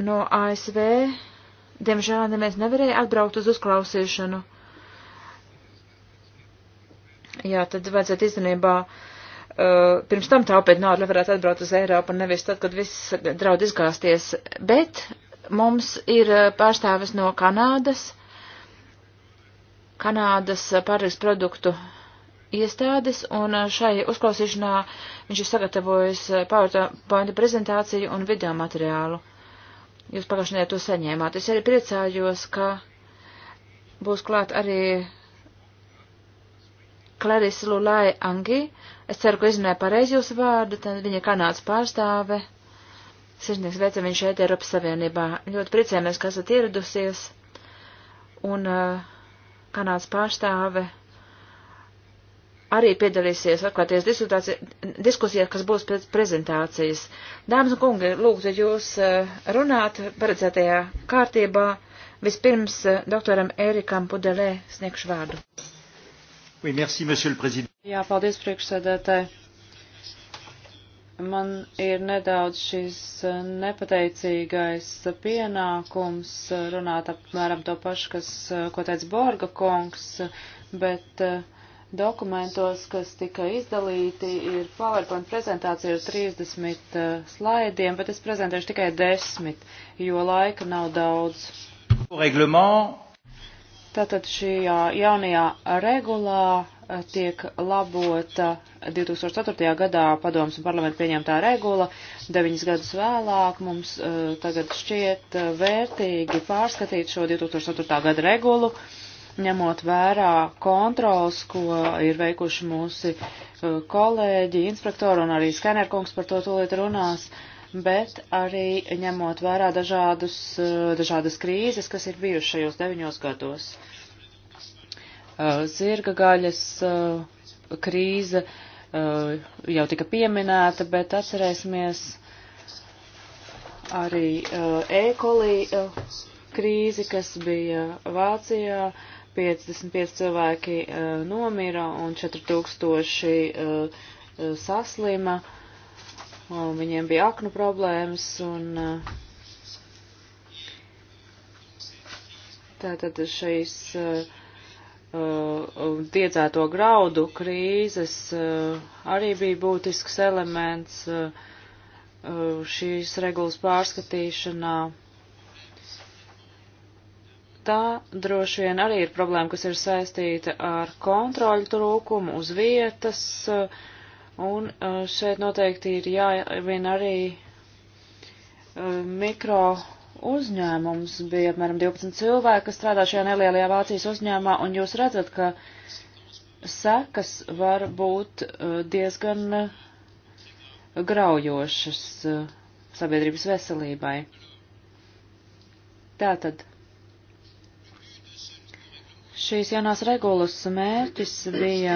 no ASV Diemžēl neviens nevarēja atbraukt uz uzklausīšanu. Jā, tad vajadzētu īstenībā uh, pirms tam taupīt naudu, lai varētu atbraukt uz Eiropu, nevis tad, kad viss draud izgāsties. Bet mums ir uh, pārstāvis no Kanādas, Kanādas uh, pārtiks produktu iestādes, un uh, šai uzklausīšanā viņš ir sagatavojis PowerPoint prezentāciju un video materiālu. Jūs pagājušajā to saņēmāt. Es arī priecājos, ka būs klāt arī Klaris Lulai Angi. Es ceru, ka izrunāju pareizi jūsu vārdu, tad viņa kanāts pārstāve. Sirsnieks veicam viņš šeit Eiropas Savienībā. Ļoti priecājamies, ka esat ieradusies. Un uh, kanāts pārstāve arī piedalīsies atklāties diskusijā, kas būs pēc prezentācijas. Dāmas un kungi, lūgtu jūs eh, runāt paredzētajā kārtībā. Vispirms eh, doktoram Ērikam Pudelē sniegšu vārdu. Oui, merci, Jā, paldies, priekšsēdētāji. Man ir nedaudz šis eh, nepateicīgais pienākums runāt apmēram to pašu, kas, ko teica Borga kungs, bet uh, dokumentos, kas tika izdalīti, ir PowerPoint prezentācija ar 30 uh, eh, slaidiem, bet es prezentēšu tikai 10, jo laika nav daudz. Reglement. Tātad šajā jaunajā regulā eh, tiek labota 2004. gadā padomas un parlamenta pieņemtā regula. Deviņas gadus vēlāk mums uh, tagad šķiet uh, vērtīgi pārskatīt šo 2004. gada regulu. Uh, ņemot vērā kontrols, ko ir veikuši mūsu uh, kolēģi, inspektori un arī skanerkungs par to tūlīt runās, bet arī ņemot vērā dažādus, uh, dažādas krīzes, kas ir bijušas šajos deviņos gados. Uh, zirga gaļas krīze jau tika pieminēta, bet atcerēsimies arī E. coli krīzi, kas bija Vācijā, 55 cilvēki uh, nomira un 4000 uh, eh, eh, saslima. Uh, viņiem bija aknu problēmas un uh, tātad šīs uh, uh, tiedzēto graudu krīzes uh, arī bija būtisks elements uh, šīs regulas pārskatīšanā tā droši vien arī ir problēma, kas ir saistīta ar kontroļu trūkumu uz vietas, uh, un uh, šeit noteikti ir jāvien arī uh, mikro uzņēmums, bija apmēram 12 cilvēki, kas strādā šajā nelielajā Vācijas uzņēmumā, un jūs redzat, ka sekas var būt diezgan graujošas sabiedrības veselībai. Tātad Šīs jaunās regulas mērķis bija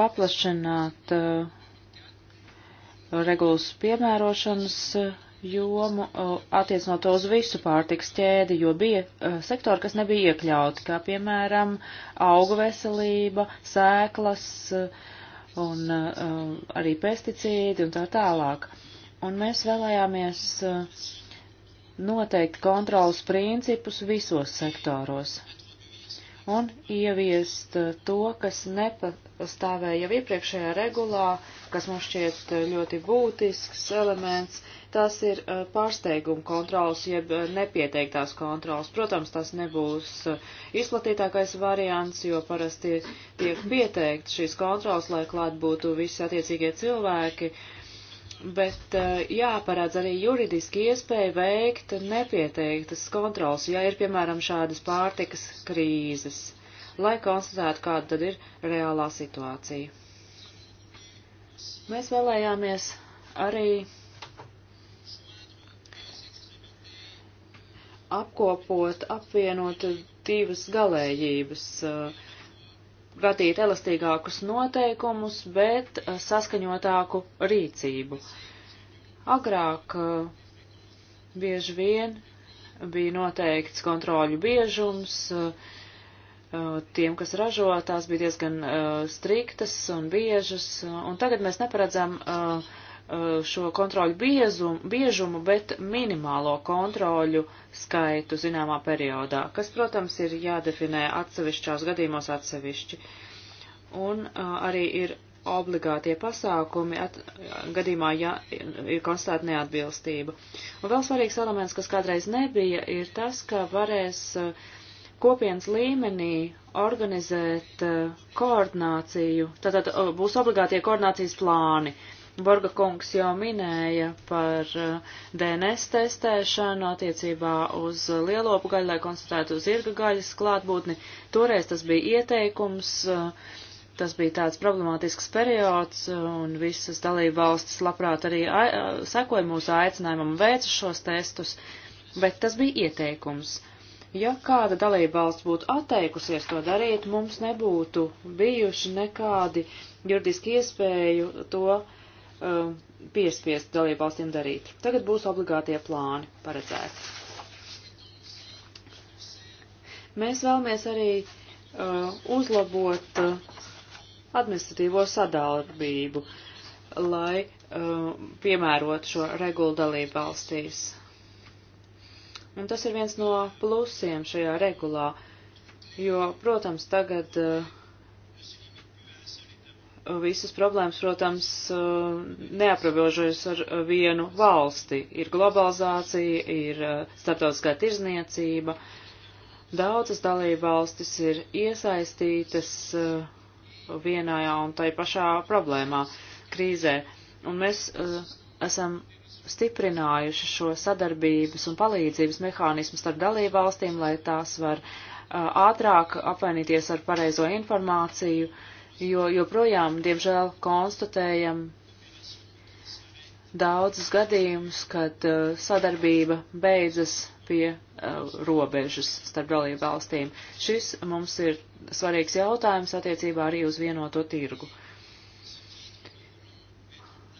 paplašināt uh, regulas piemērošanas uh, jomu, uh, attiecinot to uz visu pārtiks ķēdi, jo bija uh, sektori, kas nebija iekļauti, kā piemēram augu veselība, sēklas un arī pesticīdi un tā tālāk. Un mēs vēlējāmies noteikt kontrolas principus visos sektoros un ieviest eh, to, kas nepastāvēja jau iepriekšējā regulā, kas mums šķiet eh, ļoti būtisks elements. Tas ir eh, pārsteiguma kontrols, jeb nepieteiktās kontrols. Protams, tas nebūs izplatītākais variants, jo parasti tiek pieteikts šīs kontrols, lai klāt būtu visi attiecīgie cilvēki. Uh, bet eh, jāparādz arī juridiski iespēja veikt nepieteiktas kontrols, ja ir, piemēram, šādas pārtikas krīzes, lai konstatētu, kāda tad ir reālā situācija. Mēs vēlējāmies arī apkopot, apvienot divas galējības. Uh, radīt elastīgākus noteikumus, bet eh, saskaņotāku rīcību. Agrāk eh, bieži vien bija noteikts kontroļu biežums, eh, tiem, kas ražo, tās bija diezgan striktas un biežas, un tagad mēs neparedzam uh, Uh, šo kontroļu biezumu, biežumu, bet minimālo kontroļu skaitu zināmā periodā, kas, protams, ir jādefinē atsevišķos gadījumos atsevišķi. Un uh, arī ir obligātie pasākumi at, gadījumā, ja ir konstatēta neatbilstība. Un vēl svarīgs elements, kas kādreiz nebija, ir tas, ka varēs uh, kopienas līmenī organizēt uh, koordināciju, tātad uh, būs obligātie koordinācijas plāni. Uh, Borga kungs jau minēja par eh, DNS testēšanu attiecībā uz lielopu gaļu, lai koncentrētu uz irga gaļas klātbūtni. Toreiz tas bija ieteikums, eh, tas bija tāds problemātisks periods, eh, un visas dalībvalstis labprāt arī sekoja mūsu aicinājumam veica šos testus, bet tas bija ieteikums. Ja kāda dalībvalsts būtu atteikusies to darīt, mums nebūtu bijuši nekādi juridiski iespēju to uh, uh, piespiest dalībvalstīm darīt. Tagad būs obligātie plāni paredzēti. Mēs vēlamies arī uh, uzlabot uh, administratīvo sadarbību, lai uh, piemērotu šo regulu dalību valstīs. Un tas ir viens no plusiem šajā regulā, jo, protams, tagad uh, visas problēmas, protams, eh, neaprobežojas ar eh, vienu valsti. Ir globalizācija, ir eh, starptautiskā tirzniecība. Daudzas dalībvalstis ir iesaistītas vienā un tai pašā problēmā, krīzē. Un mēs esam stiprinājuši šo sadarbības un palīdzības mehānismu starp dalībvalstīm, lai tās var ātrāk apvainīties ar pareizo informāciju, uh, jo joprojām, diemžēl, konstatējam daudzas gadījumus, kad uh, sadarbība beidzas pie uh, robežas starp dalību valstīm. Šis mums ir svarīgs jautājums attiecībā arī uz vienoto tirgu.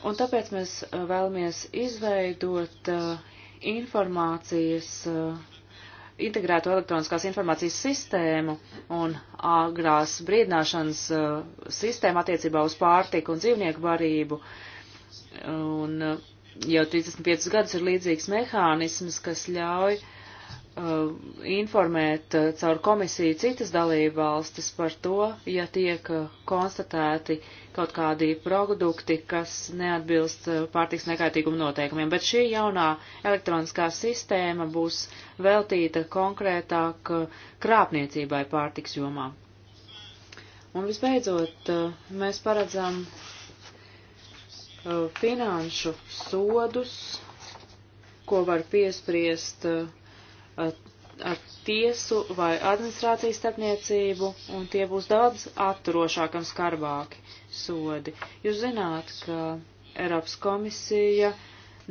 Un tāpēc mēs uh, vēlamies izveidot uh, informācijas uh, integrēto elektroniskās informācijas sistēmu un agrās brīdināšanas uh, sistēmu attiecībā uz pārtiku un dzīvnieku barību. Un uh, jau 35 gadus ir līdzīgs mehānisms, kas ļauj uh, Uh, informēt uh, caur komisiju citas dalībvalstis par to, ja tiek uh, konstatēti kaut kādi produkti, kas neatbilst pārtiks nekaitīguma noteikumiem. Bet šī jaunā elektroniskā sistēma būs veltīta konkrētāk krāpniecībai pārtiks jomā. Un visbeidzot, mēs paredzam finanšu sodus, ko var piespriest uh, ar tiesu vai administrācijas starpniecību, un tie būs daudz atturošākam skarbāki sodi. Jūs zināt, ka Eiropas komisija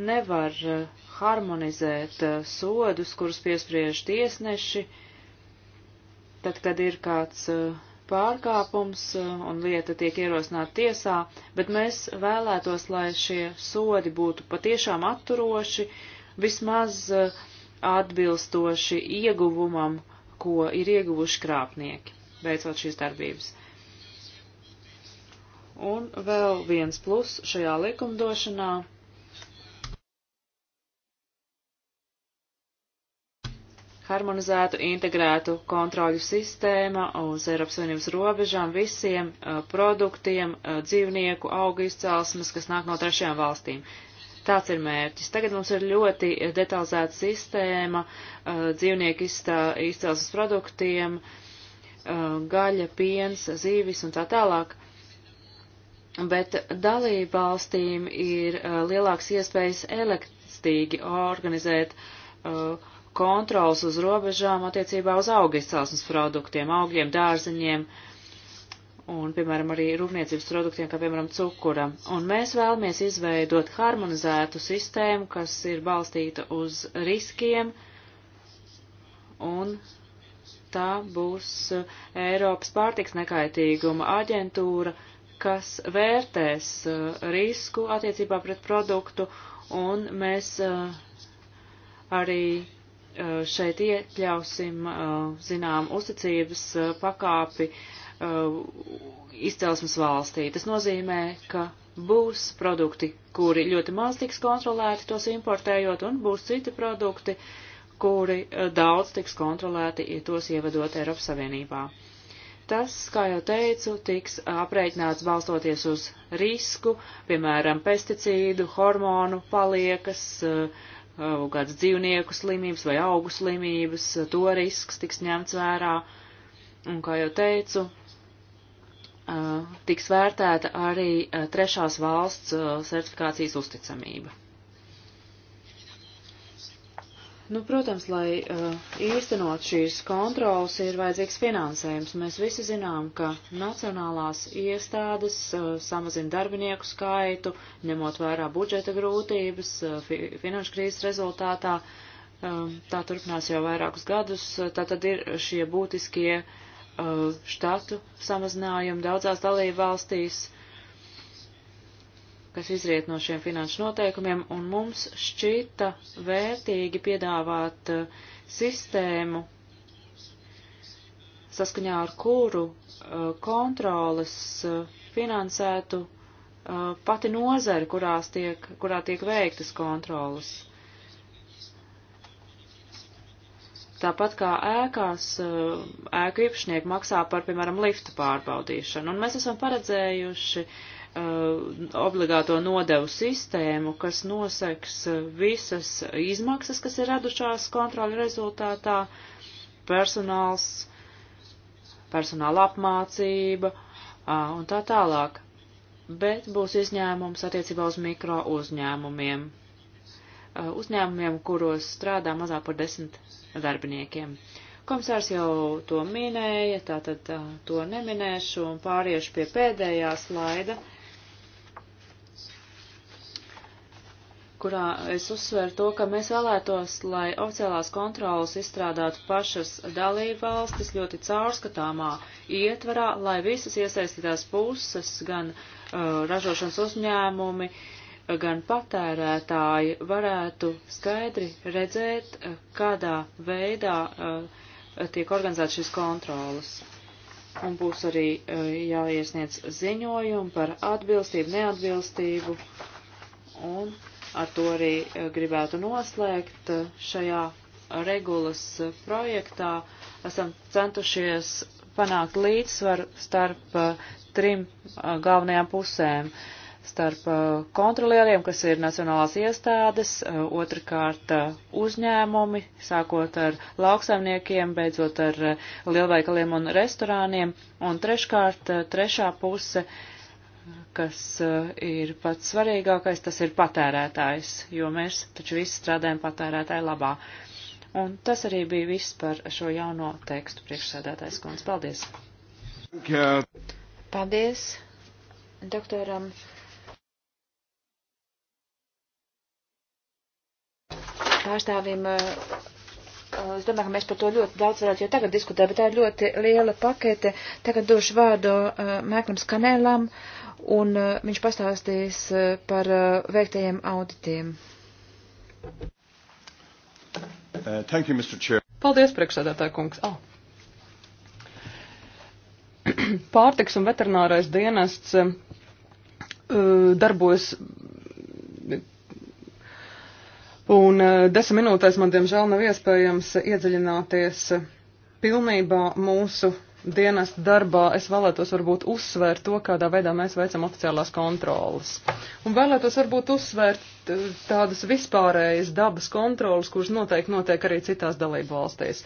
nevar eh, harmonizēt eh, sodus, kurus piespriež tiesneši, tad, kad ir kāds eh, pārkāpums un lieta tiek ierosināta tiesā, bet mēs vēlētos, lai šie sodi būtu patiešām atturoši, vismaz uh, atbilstoši ieguvumam, ko ir ieguvuši krāpnieki, veicot šīs darbības. Un vēl viens plus šajā likumdošanā. harmonizētu, integrētu kontroļu sistēma uz Eiropas Savienības robežām visiem uh, produktiem, uh, dzīvnieku auga izcelsmes, kas nāk no trešajām valstīm. Tāds ir mērķis. Tagad mums ir ļoti detalizēta sistēma uh, dzīvnieku izcelsmes produktiem, uh, gaļa, piens, zīvis un tā tālāk. Bet dalību valstīm ir uh, lielāks iespējas elektrīgi organizēt kontrols uz robežām attiecībā uz auga izcelsmes produktiem, augiem, dārziņiem. Uh, un, piemēram, arī rūpniecības produktiem, kā piemēram cukura. Un mēs vēlamies izveidot harmonizētu sistēmu, kas ir balstīta uz riskiem, un tā būs eh, Eiropas pārtiks nekaitīguma aģentūra, kas vērtēs eh, risku attiecībā pret produktu, un mēs eh, arī šeit iekļausim, zinām, uzticības pakāpi uh, Uh, izcelsmes valstī. Tas nozīmē, ka būs produkti, kuri ļoti maz tiks kontrolēti, tos importējot, un būs citi produkti, kuri uh, daudz tiks kontrolēti, ja tos ievedot Eiropas Savienībā. Tas, kā jau teicu, tiks aprēķināts balstoties uz risku, piemēram, pesticīdu, hormonu paliekas, kāds uh, dzīvnieku slimības vai augu slimības, to risks tiks ņemts vērā. Un, kā jau teicu, Uh, tiks vērtēta arī uh, trešās valsts uh, certifikācijas uzticamība. Nu, protams, lai īstenot šīs kontrolas ir vajadzīgs finansējums. Mēs visi zinām, ka nacionālās iestādes samazina darbinieku skaitu, ņemot vērā budžeta grūtības, finanšu krīzes rezultātā. Um, tā turpinās jau vairākus gadus. Tā tad ir šie būtiskie uh, Uh, štatu samazinājumu daudzās dalību valstīs, kas izriet no šiem finanšu noteikumiem, un mums šķita vērtīgi piedāvāt uh, sistēmu, saskaņā ar kuru uh, kontroles finansētu pati nozari, kurās tiek, kurā tiek veiktas kontrolas. Tāpat kā ēkās, eh, ēku īpašnieki maksā par, piemēram, liftu pārbaudīšanu. Un mēs esam paredzējuši uh, obligāto nodevu sistēmu, kas noseks eh, visas izmaksas, kas ir radušās kontroļu rezultātā, personāls, personāla apmācība uh, un tā tālāk. Bet būs izņēmums attiecībā uz mikro uzņēmumiem Uh, uzņēmumiem, kuros strādā mazāk par desmit darbiniekiem. Komisārs jau to minēja, tātad uh, to neminēšu un pāriešu pie pēdējā slaida, kurā es uzsveru to, ka mēs vēlētos, lai oficiālās kontrolas izstrādātu pašas dalību valstis ļoti caurskatāmā ietvarā, lai visas iesaistītās puses, gan uh, ražošanas uzņēmumi, uh, gan patērētāji varētu skaidri redzēt, eh, kādā veidā eh, tiek organizēts šis kontrolas. Un būs arī eh, jāiesniedz ziņojumi par atbilstību, neatbilstību. Un ar to arī gribētu noslēgt šajā regulas projektā. Esam centušies panākt līdzsvaru starp trim galvenajām pusēm. Uh, starp uh, kontrolieriem, kas ir nacionālās iestādes, uh, otrkārt uh, uzņēmumi, sākot ar lauksaimniekiem, beidzot ar lielveikaliem un restorāniem, un treškārt trešā puse, kas ir pats svarīgākais, tas ir patērētājs, jo mēs taču visi strādājam patērētāju labā. Un tas arī bija viss par šo jauno tekstu priekšsēdētājs kundze. Paldies! Paldies doktoram pārstāvim. Eh, eh, es domāju, ka mēs par to ļoti daudz varētu jau tagad diskutēt, bet tā ir ļoti liela pakete. Tagad došu vārdu eh, Mēklam Skanēlam, un viņš pastāstīs par veiktajiem auditiem. Uh, thank you, Mr. Chair. Paldies, priekšsēdētāja kungs. Oh. Pārtiks un veterinārais dienests darbojas Un eh, desmit minūtēs man, diemžēl, nav iespējams iedziļināties pilnībā mūsu dienas darbā. Es vēlētos varbūt uzsvērt to, kādā veidā mēs veicam oficiālās kontrolas. Un vēlētos varbūt uzsvērt eh, tādas vispārējas dabas kontrolas, kuras noteikti notiek arī citās dalību valstīs.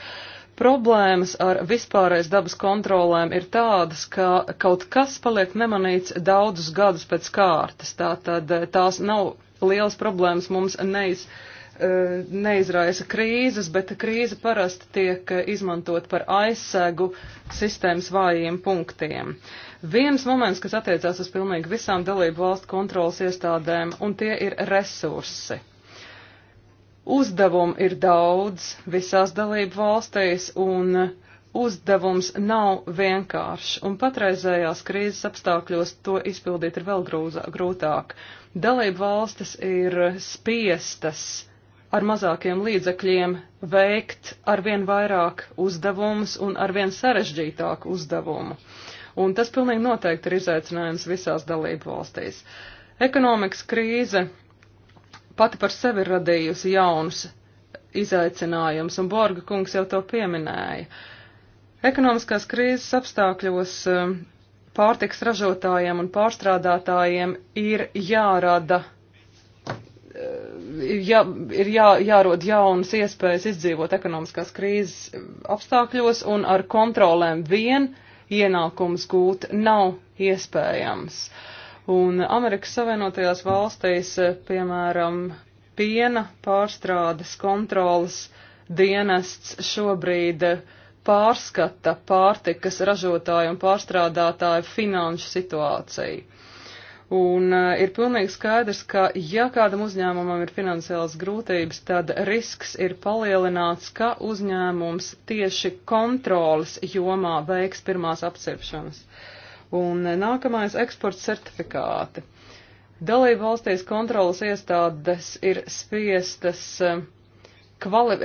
Problēmas ar vispārreiz dabas kontrolēm ir tādas, ka kaut kas paliek nemanīts daudzus gadus pēc kārtas. Tātad eh, tās nav lielas problēmas mums neiz, uh, E, neizraisa krīzes, bet krīze parasti tiek izmantot par aizsegu sistēmas vājiem punktiem. Viens moments, kas attiecās uz pilnīgi visām dalību valstu kontrolas iestādēm, un tie ir resursi. Uzdevumu ir daudz visās dalību valstīs, un uzdevums nav vienkāršs, un patreizējās krīzes apstākļos to izpildīt ir vēl grūzā, grūtāk. Dalību valstis ir spiestas ar mazākiem līdzekļiem veikt arvien vairāk uzdevumus un arvien sarežģītāku uzdevumu. Un tas pilnīgi noteikti ir izaicinājums visās dalību valstīs. Ekonomikas krīze pati par sevi ir radījusi jaunus izaicinājums, un Borga kungs jau to pieminēja. Ekonomiskās krīzes apstākļos eh, pārtiks ražotājiem un pārstrādātājiem ir jārada jā, ir jā, jārod jaunas iespējas izdzīvot ekonomiskās krīzes apstākļos, un ar kontrolēm vien ienākums gūt nav iespējams. Un Amerikas Savienotajās valstīs, piemēram, piena pārstrādes kontrolas dienests šobrīd pārskata pārtikas ražotāju un pārstrādātāju finanšu situāciju. Un uh, ir pilnīgi skaidrs, ka ja kādam uzņēmumam ir finansiāls grūtības, tad risks ir palielināts, ka uzņēmums tieši kontrolas jomā veiks pirmās apcepšanas. Un uh, nākamais eksporta certifikāti. Dalību valstīs kontrolas iestādes ir spiestas uh, kvali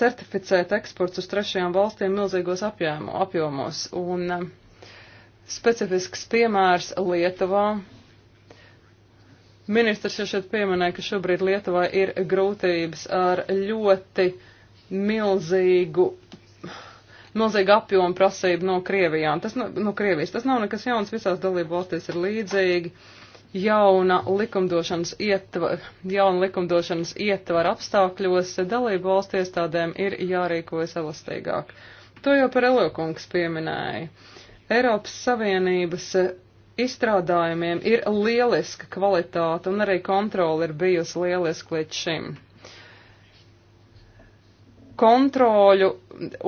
certificēt eksports uz trešajām valstīm milzīgos apjēmo, apjomos. Un, uh, specifisks piemērs Lietuvā. Ministrs jau šeit pieminēja, ka šobrīd Lietuvā ir grūtības ar ļoti milzīgu, milzīgu apjomu prasību no Krievijām. Tas, no, nu, no Krievijas. Tas nav nekas jauns, visās dalību valstīs ir līdzīgi. Jauna likumdošanas ietvar, jauna likumdošanas ietvar apstākļos dalību valstu iestādēm ir jārīkojas elastīgāk. To jau par Eliokungs pieminēja. Uh, Eiropas Savienības eh, izstrādājumiem ir lieliska kvalitāte un arī kontrola ir bijusi lieliska līdz šim. Kontroļu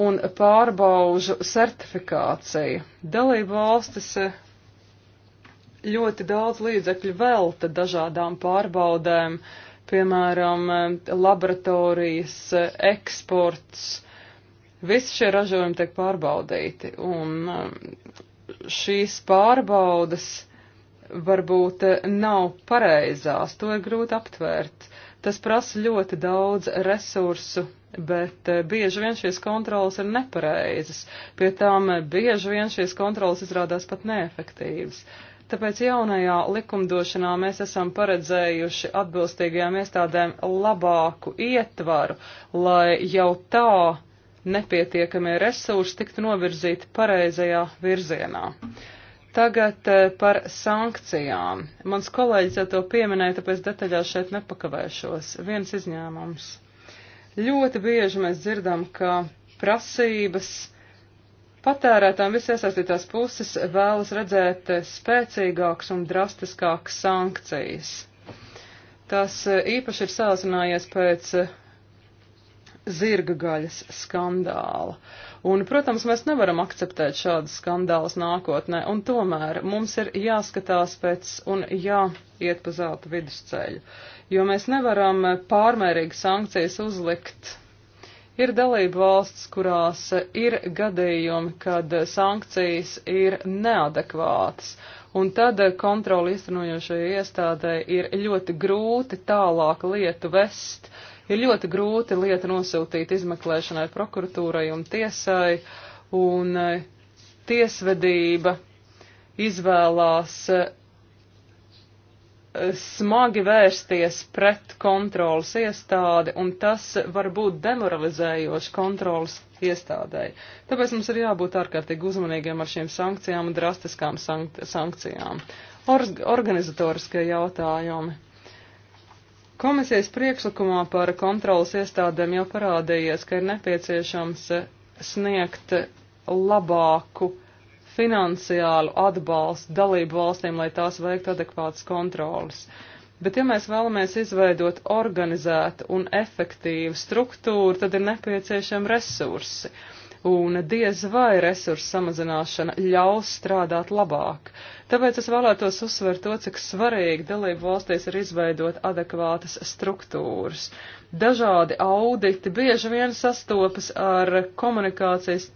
un pārbaužu certifikācija. Dalību valstis eh, ļoti daudz līdzekļu velta dažādām pārbaudēm, piemēram, eh, laboratorijas, eksports, Visi šie ražojumi tiek pārbaudīti, un um, šīs pārbaudas varbūt eh, nav pareizās, to ir grūti aptvērt. Tas prasa ļoti daudz resursu, bet eh, bieži vien šīs kontrolas ir nepareizas, pie tām eh, bieži vien šīs kontrolas izrādās pat neefektīvas. Tāpēc jaunajā likumdošanā mēs esam paredzējuši atbilstīgajām iestādēm labāku ietvaru, lai jau tā nepietiekamie resursi tiktu novirzīti pareizajā virzienā. Tagad eh, par sankcijām. Mans kolēģis jau to pieminēja, tāpēc detaļās šeit nepakavēšos. Viens izņēmums. Ļoti bieži mēs dzirdam, ka prasības patērētām visi iesaistītās puses vēlas redzēt eh, spēcīgākas un drastiskākas sankcijas. Tas eh, īpaši ir sāsinājies pēc zirga gaļas skandāla. Un, protams, mēs nevaram akceptēt šādas skandālas nākotnē, un tomēr mums ir jāskatās pēc un jāiet pa zelta vidusceļu, jo mēs nevaram pārmērīgi sankcijas uzlikt. Ir dalība valsts, kurās ir gadījumi, kad sankcijas ir neadekvātas, un tad kontroli iztenojošajai iestādē ir ļoti grūti tālāk lietu vest, uh, Ir ļoti grūti lieta nosūtīt izmeklēšanai, prokuratūrai un tiesai, un eh, tiesvedība izvēlās eh, smagi vērsties pret kontrolas iestādi, un tas var būt demoralizējoši kontrolas iestādēji. Tāpēc mums ir jābūt ārkārtīgi uzmanīgiem ar šīm sankcijām un drastiskām sank sankcijām. Or organizatoriskie jautājumi. Komisijas priekšlikumā par kontrolas iestādēm jau parādījies, ka ir nepieciešams eh, sniegt labāku finansiālu atbalstu dalību valstīm, lai tās veiktu adekvātas kontrolas. Bet ja mēs vēlamies izveidot organizētu un efektīvu struktūru, tad ir nepieciešami resursi. Uh, un diez vai resursu samazināšana ļaus strādāt labāk. Tāpēc es vēlētos uzsvērt to, cik svarīgi dalību valstīs ir izveidot adekvātas struktūras. Dažādi auditi bieži vien sastopas ar komunikācijas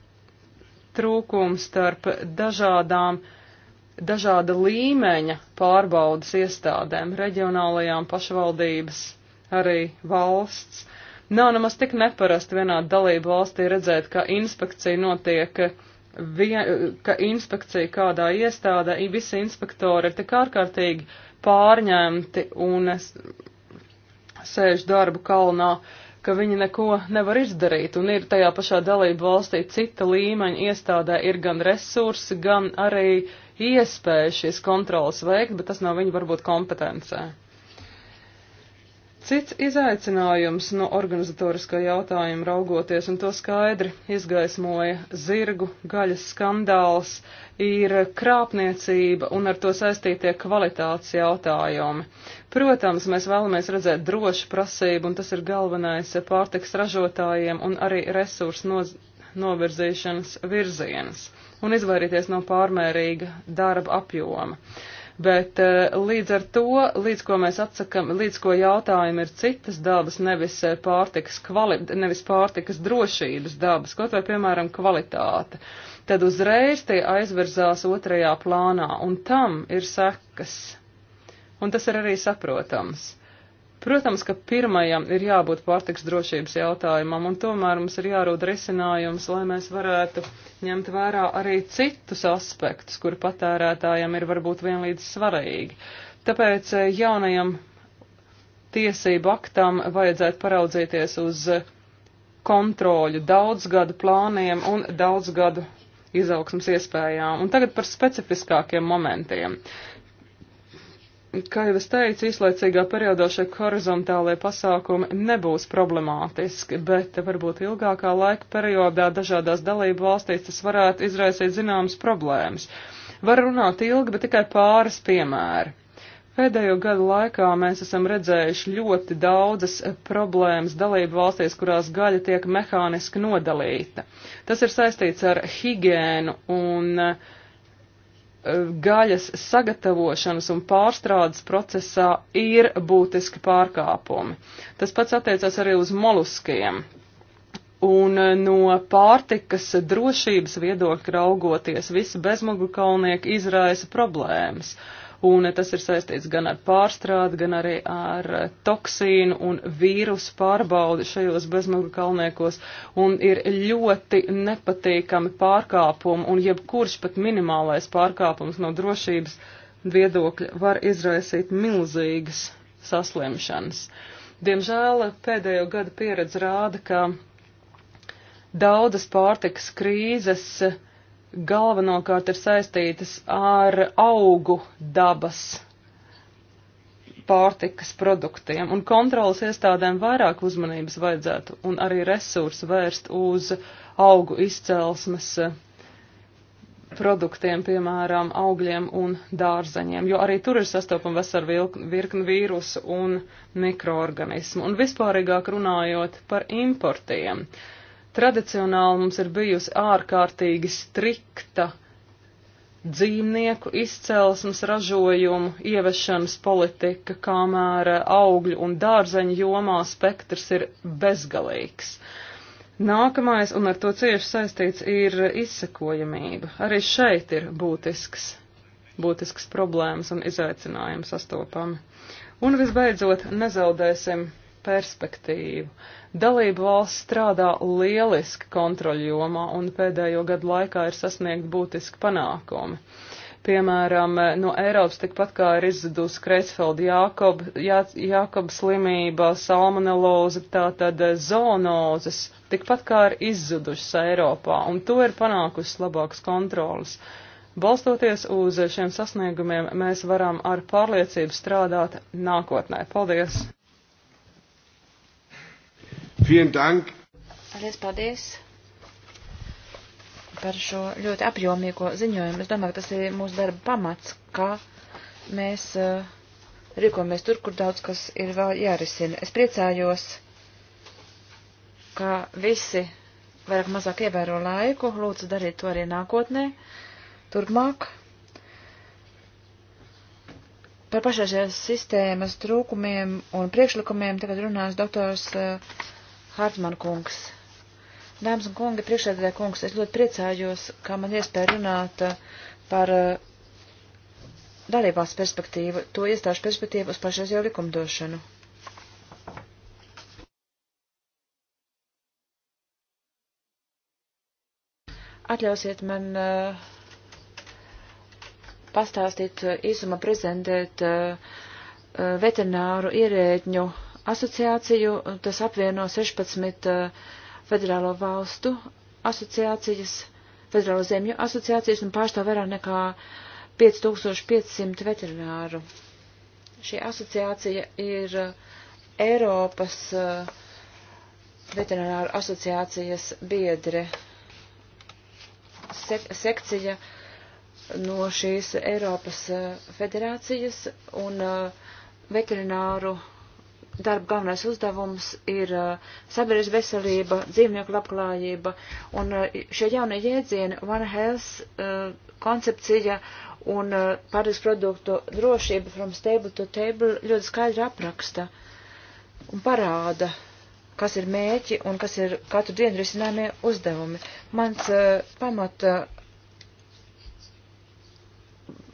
trūkumu starp dažādām, dažāda līmeņa pārbaudas iestādēm, reģionālajām pašvaldības, arī valsts Nav nemaz tik neparasti vienā dalību valstī redzēt, ka inspekcija notiek, vien, ka inspekcija kādā iestādē, visi inspektori ir tik ārkārtīgi pārņemti un sēž darbu kalnā, ka viņi neko nevar izdarīt. Un ir tajā pašā dalību valstī cita līmeņa iestādē ir gan resursi, gan arī iespēja šīs kontrolas veikt, bet tas nav viņa varbūt kompetencē. Cits izaicinājums no organizatoriskā jautājuma raugoties, un to skaidri izgaismoja zirgu gaļas skandāls, ir krāpniecība un ar to saistītie kvalitātes jautājumi. Protams, mēs vēlamies redzēt drošu prasību, un tas ir galvenais pārtiks ražotājiem un arī resursu no, novirzīšanas virziens, un izvairīties no pārmērīga darba apjoma bet eh, līdz ar to, līdz ko mēs atsakam, līdz ko jautājumi ir citas dabas, nevis eh, pārtikas, kvali, nevis pārtikas drošības dabas, kaut vai, piemēram, kvalitāte, tad uzreiz tie aizverzās otrajā plānā, un tam ir sekas. Un tas ir arī saprotams. Protams, ka pirmajam ir jābūt pārtiks drošības jautājumam, un tomēr mums ir jārūda risinājums, lai mēs varētu ņemt vērā arī citus aspektus, kuri patērētājiem ir varbūt vienlīdz svarīgi. Tāpēc eh, jaunajam tiesību aktam vajadzētu paraudzīties uz eh, kontroļu daudzgadu plāniem un daudzgadu izaugsmas iespējām. Un tagad par specifiskākiem momentiem. Uh, kā jau es teicu, īslaicīgā periodā šie horizontālie pasākumi nebūs problemātiski, bet varbūt ilgākā laika periodā dažādās dalību valstīs tas varētu izraisīt zināmas problēmas. Var runāt ilgi, bet tikai pāris piemēri. Pēdējo gadu laikā mēs esam redzējuši ļoti daudzas problēmas dalību valstīs, kurās gaļa tiek mehāniski nodalīta. Tas ir saistīts ar higiēnu un uh, gaļas sagatavošanas un pārstrādes procesā ir būtiski pārkāpumi. Tas pats attiecas arī uz moluskiem. Un eh, no pārtikas drošības viedokļa raugoties, visi bezmugurkaulnieki izraisa problēmas. Uh, un tas ir saistīts gan ar pārstrādi, gan arī ar toksīnu un vīrusu pārbaudi šajos bezmugļu kalniekos, un ir ļoti nepatīkami pārkāpumi, un jebkurš pat minimālais pārkāpums no drošības viedokļa var izraisīt milzīgas saslimšanas. Diemžēl pēdējo gadu pieredze rāda, ka daudzas pārtikas krīzes uh, galvenokārt ir saistītas ar augu dabas pārtikas produktiem, un kontrolas iestādēm vairāk uzmanības vajadzētu, un arī resursu vērst uz augu izcelsmes eh, produktiem, piemēram, augļiem un dārzeņiem, jo arī tur ir sastopama vesela virkni vīrusu un mikroorganismu. Un vispārīgāk runājot par importiem. Uh, Tradicionāli mums ir bijusi ārkārtīgi strikta dzīvnieku izcelsmes ražojumu ieviešanas politika, kamēr eh, augļu un dārzeņu jomā spektrs ir bezgalīgs. Nākamais, un ar to cieši saistīts, ir izsekojamība. Arī šeit ir būtisks, būtisks problēmas un izaicinājums sastopami. Un visbeidzot, nezaudēsim perspektīvu. Uh, Dalību valsts strādā lieliski kontroļjomā un pēdējo gadu laikā ir sasniegt būtiski panākumi. Piemēram, no Eiropas tikpat kā ir izzudus Kreisfelda Jākob, Jā, Jākob slimība, salmonelloze, tātad zoonozes, tikpat kā ir izzudušas Eiropā, un to ir panākusi labākas kontrolas. Balstoties uz šiem sasniegumiem, mēs varam ar pārliecību strādāt nākotnē. Paldies! Vielen Dank. Paldies, paldies par šo ļoti apjomīgo ziņojumu. Es domāju, ka tas ir mūsu darba pamats, kā mēs uh, rīkojamies tur, kur daudz kas ir vēl jārisina. Es priecājos, ka visi vairāk mazāk ievēro laiku, lūdzu darīt to arī nākotnē, turpmāk. Par pašreizējās sistēmas trūkumiem un priekšlikumiem tagad runās doktors uh, Hartman kungs. Dāmas un kungi, priekšsēdētāji kungs, es ļoti priecājos, ka man iespēja runāt uh, par uh, dalībās perspektīvu, to iestāžu perspektīvu uz pašreizējo likumdošanu. Atļausiet man uh, pastāstīt uh, īsumā prezentēt uh, veterināru ierēģņu uh, asociāciju, tas apvieno 16 uh, federālo valstu asociācijas, federālo zemju asociācijas un pārstāv vairāk nekā 5500 veterināru. Šī asociācija ir uh, Eiropas uh, veterināru asociācijas biedre sek sekcija no šīs Eiropas federācijas un veterināru darba galvenais uzdevums ir uh, sabiedrības veselība, dzīvnieku labklājība, un uh, šie jaunie jēdzieni One Health uh, koncepcija un pāris produktu drošība from stable to table ļoti skaidri apraksta un parāda, kas ir mēķi un kas ir katru dienu risināmie uzdevumi. Mans uh, pamata,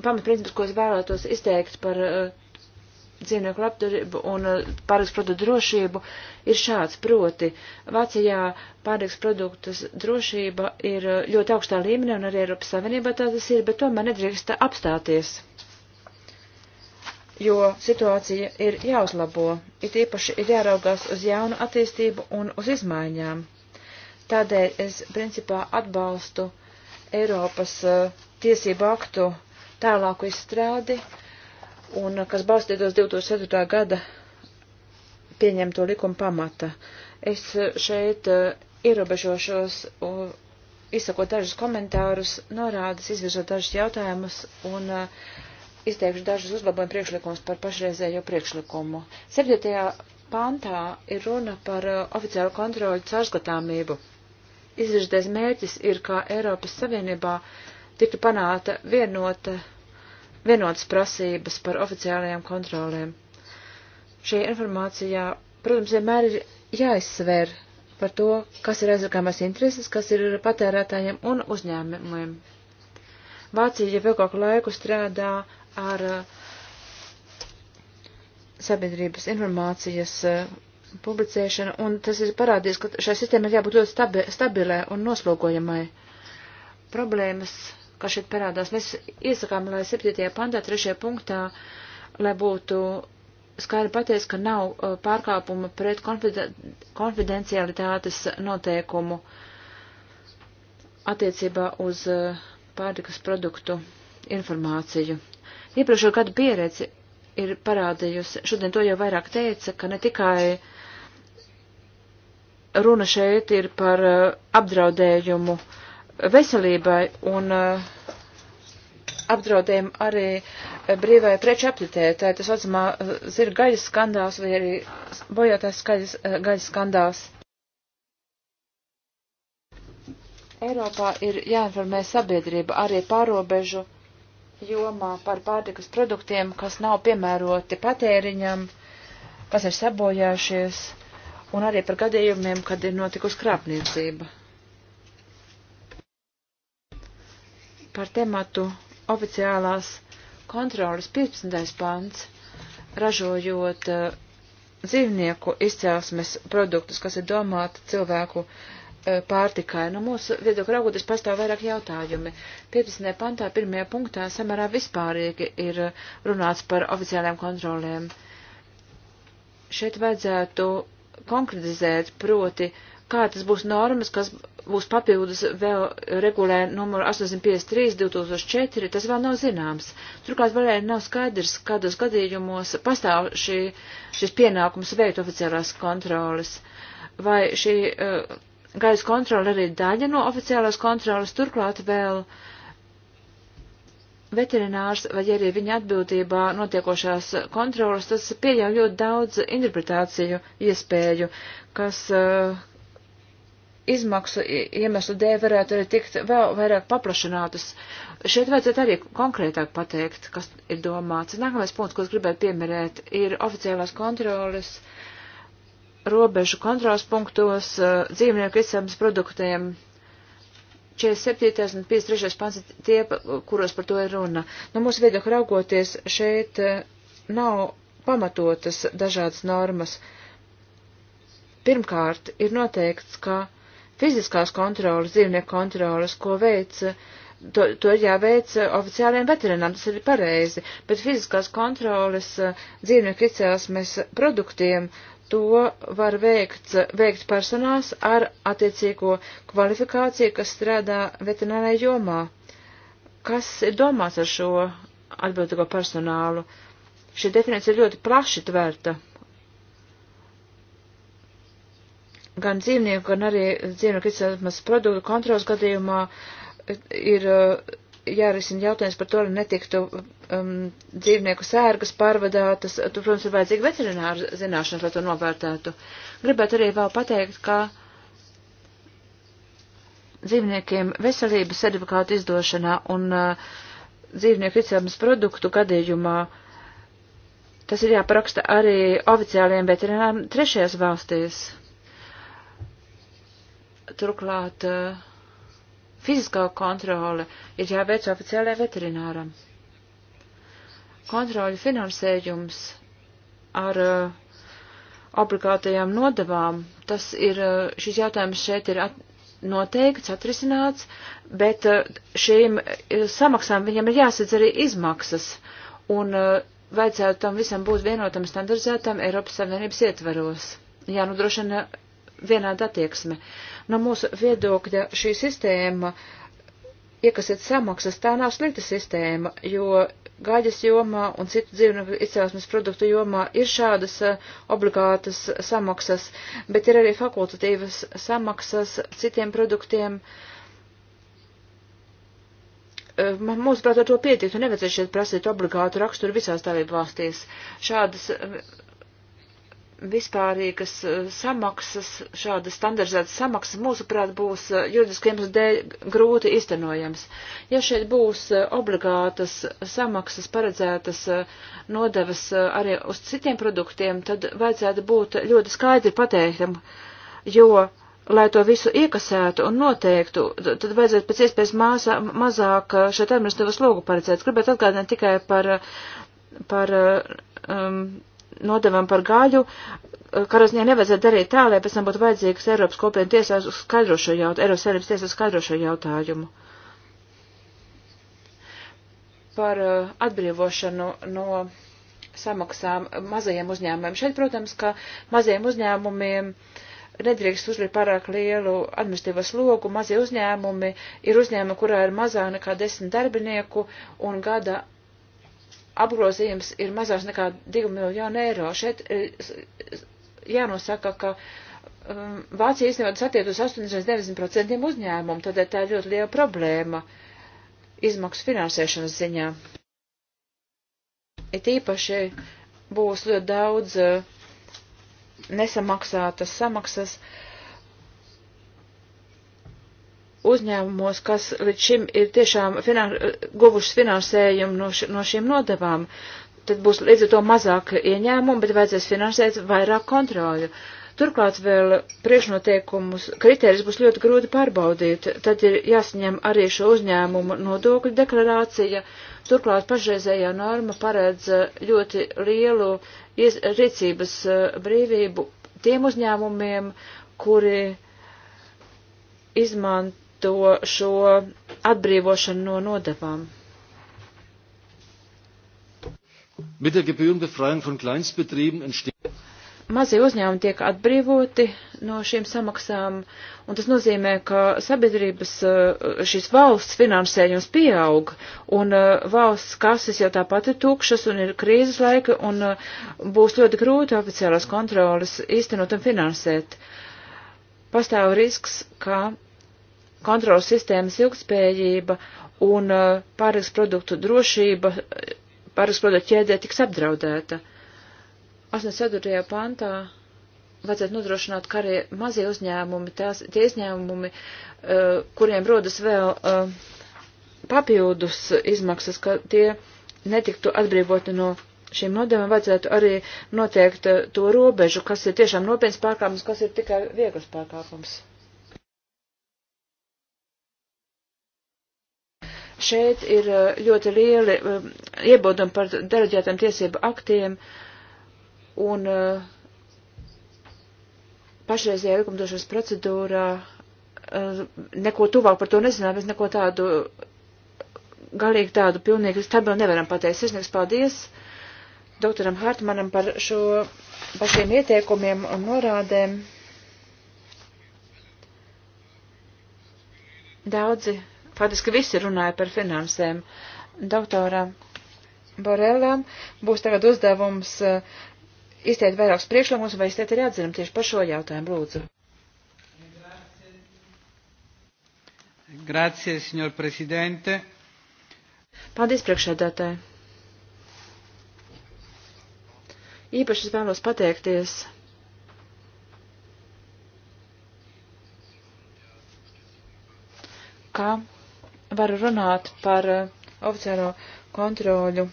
pamatprincips, ko es vēlētos izteikt par uh, dzīvnieku labturību un uh, pārtiks produktu drošību ir šāds. Proti, Vācijā pārtiks produktus drošība ir uh, ļoti augstā līmenī un arī Eiropas Savienībā tā tas ir, bet tomēr nedrīkst apstāties, jo situācija ir jāuzlabo. It īpaši ir jāraugās uz jaunu attīstību un uz izmaiņām. Tādēļ es principā atbalstu Eiropas uh, tiesību aktu tālāku izstrādi un uh, kas balstītos 2004. gada pieņemto likumu pamata. Es uh, šeit uh, ierobežošos, izsakot dažus komentārus, norādes, izvirzot dažus jautājumus un izteikšu dažus uzlabojumu priekšlikumus par pašreizējo priekšlikumu. 7. pāntā ir runa par oficiālu kontroli caurskatāmību. Izvirzītais mērķis ir, kā Eiropas Savienībā tiktu panāta vienota vienotas prasības par oficiālajām kontrolēm. Šī informācijā, protams, vienmēr ir jāizsver par to, kas ir aizsargāmās intereses, kas ir patērētājiem un uzņēmumiem. Vācija jau ilgāku laiku strādā ar uh, sabiedrības informācijas uh, publicēšanu, un tas ir parādījis, ka šai sistēmai jābūt ļoti stabilai un noslogojamai. Problēmas kas šeit parādās. Mēs iesakām, lai 7. pantā, 3. punktā, lai būtu skaidri pateicis, ka nav uh, pārkāpuma pret konfidencialitātes noteikumu attiecībā uz uh, pārtikas produktu informāciju. Iepriekšējo gadu pieredze ir parādījusi, šodien to jau vairāk teica, ka ne tikai runa šeit ir par uh, apdraudējumu uh, veselībai un uh, eh, apdraudējumu arī brīvai preču apritē, tā ir tas saucamā eh, zirga gaļas skandāls vai arī bojotās gaļas, eh, gaļas skandāls. Eiropā ir jāinformē sabiedrība arī pārobežu jomā par pārtikas produktiem, kas nav piemēroti patēriņam, kas ir sabojājušies, un arī par gadījumiem, kad ir notikusi krāpniecība. par tematu oficiālās kontrolas 15. pants, ražojot uh, dzīvnieku izcelsmes produktus, kas ir domāti cilvēku uh, pārtikai. No nu, mūsu viedokļa raugoties pastāv vairāk jautājumi. 15. pantā pirmajā punktā samērā vispārīgi ir runāts par oficiālajām kontrolēm. Šeit vajadzētu konkretizēt proti uh, kādas būs normas, kas būs papildus vēl regulē numuru 853 2004, tas vēl nav zināms. Turklāt varēja nav skaidrs, kādos gadījumos pastāv šī, šis pienākums veikt oficiālās kontrolas. Vai šī uh, gaisa kontrola arī daļa no oficiālās kontrolas, turklāt vēl veterinārs vai arī viņa atbildībā notiekošās kontrolas, tas pieļauj ļoti daudz interpretāciju iespēju, kas uh, izmaksu iemeslu dēļ varētu arī tikt vēl vairāk paplašinātas. Šeit vajadzētu arī konkrētāk pateikt, kas ir domāts. Nākamais punkts, ko es gribētu pieminēt, ir oficiālās kontroles, robežu kontrolas punktos, eh, dzīvnieku izsēmas produktiem. 47. un 53. pants tie, kuros par to ir runa. No mūsu viedokļa raugoties, šeit eh, nav pamatotas dažādas normas. Pirmkārt, ir noteikts, ka fiziskās kontrolas, dzīvnieku kontrolas, ko veic, to, to ir jāveic oficiāliem veterinām, tas ir pareizi, bet fiziskās kontrolas dzīvnieku izcelsmes produktiem to var veikt, veikt personās ar attiecīgo kvalifikāciju, kas strādā veterinārē jomā. Kas ir domāts ar šo atbildīgo personālu? Šī definīcija ir ļoti plaši tverta. gan dzīvnieku, gan arī dzīvnieku izcelsmes produktu kontrols gadījumā ir eh, jārisina jautājums par to, lai netiktu um, dzīvnieku sērgas pārvadātas. Tur, protams, ir vajadzīga veterināra zināšanas, lai to novērtētu. Gribētu arī vēl pateikt, ka dzīvniekiem veselības certifikātu izdošanā un uh, dzīvnieku izcelsmes produktu gadījumā tas ir jāparaksta arī oficiāliem veterināriem trešajās valstīs. Turklāt eh, fiziskā kontrole ir jāveic oficiālajai veterināram. Kontroļu finansējums ar eh, obligātajām nodavām, tas ir, eh, šis jautājums šeit ir at, noteikts, atrisināts, bet šīm samaksām viņam ir jāsadz arī izmaksas, un vajadzētu tam visam būt vienotam standardizētam Eiropas Savienības ietveros. Jā, nu droši vien vienāda attieksme. No mūsu viedokļa šī sistēma iekasiet samaksas, tā nav slikta sistēma, jo gaļas jomā un citu dzīvnieku izcelsmes produktu jomā ir šādas eh, obligātas samaksas, bet ir arī fakultatīvas samaksas citiem produktiem. Eh, mūsuprāt, ar to pietiektu, nevajadzēs šeit prasīt obligātu raksturu visās dalību valstīs. Šādas eh, vispārīgas eh, samaksas, šādas standarizētas samaksas, mūsuprāt, būs eh, juridiskiem dēļ grūti iztenojams. Ja šeit būs eh, obligātas samaksas paredzētas nodevas arī uz citiem produktiem, tad vajadzētu būt ļoti skaidri pateiktam, jo, lai to visu iekasētu un noteiktu, tad vajadzētu pēc iespējas māsā, mazāk šeit administratīvas logu paredzēt. Gribētu atgādināt tikai par, par um, nodevam par gaļu, eh, Karasnē nevajadzētu darīt tā, lai pēc tam būtu vajadzīgs Eiropas kopienu tiesās uz skaidrošo jautājumu, Eiropas Savienības tiesās skaidrošo jautājumu par eh, atbrīvošanu no samaksām mazajiem uzņēmumiem. Šeit, protams, ka mazajiem uzņēmumiem nedrīkst uzlikt pārāk lielu administratīvo slogu. Mazie uzņēmumi ir uzņēmumi, kurā ir mazāk nekā desmit darbinieku un gada apgrozījums ir mazāks nekā 2 miljonu eiro. Šeit eh, jānosaka, ka um, Vācija īstenībā satiek uz 80-90% uzņēmumu, tad tā ir ļoti liela problēma izmaksu finansēšanas ziņā. It īpaši būs ļoti daudz uh, nesamaksātas samaksas. Uh, uzņēmumos, kas līdz šim ir tiešām finan guvušas finansējumu no, š, no šīm nodevām. Tad būs līdz ar to mazāk ieņēmumu, bet vajadzēs finansēt vairāk kontroļu. Turklāt vēl priekšnoteikumus, kriterijus būs ļoti grūti pārbaudīt. Tad ir jāsaņem arī šo uzņēmumu nodokļu deklarācija. Turklāt pašreizējā norma paredz eh, ļoti lielu rīcības eh, brīvību tiem uzņēmumiem, kuri izmanto to šo atbrīvošanu no nodevām. Mit der Gebührenbefreiung von Kleinstbetrieben entsteht mazie uzņēmumi tiek atbrīvoti no šīm samaksām, un tas nozīmē, ka sabiedrības eh, šīs valsts finansējums pieaug, un eh, valsts kases jau tāpat ir tukšas, un ir krīzes laika, un eh, būs ļoti grūti oficiālās kontrolas īstenot un finansēt. Pastāv risks, ka kontrolas sistēmas ilgspējība un uh, pāris produktu drošība, uh, pāris produktu ķēdē tiks apdraudēta. 84. pantā vajadzētu nodrošināt, ka arī mazie uzņēmumi, tās, tie uzņēmumi, uh, kuriem rodas vēl papildus izmaksas, ka tie netiktu atbrīvoti no šīm nodevām, vajadzētu arī noteikt to robežu, kas ir tiešām nopietns pārkāpums, kas ir tikai viegls pārkāpums. Šeit ir eh, ļoti lieli eh, iebūdumi par deleģētiem tiesību aktiem un eh, pašreizajā likumdošanas procedūrā neko tuvāk par to nezinām, mēs neko tādu galīgi tādu pilnīgi stabilu nevaram pateikt. Sirsnieks, paldies doktoram Hartmanam par šo, par šiem ieteikumiem un norādēm. Daudzi faktiski visi runāja par finansēm. Doktora Borellam būs tagad uzdevums eh, izteikt vairākus priekšlikumus vai izteikt arī atzinumu tieši par šo jautājumu, lūdzu. Grazie, signor Presidente. Paldies, priekšēdētāji. Īpaši es vēlos pateikties ka varu runāt par eh, oficiālo kontroļu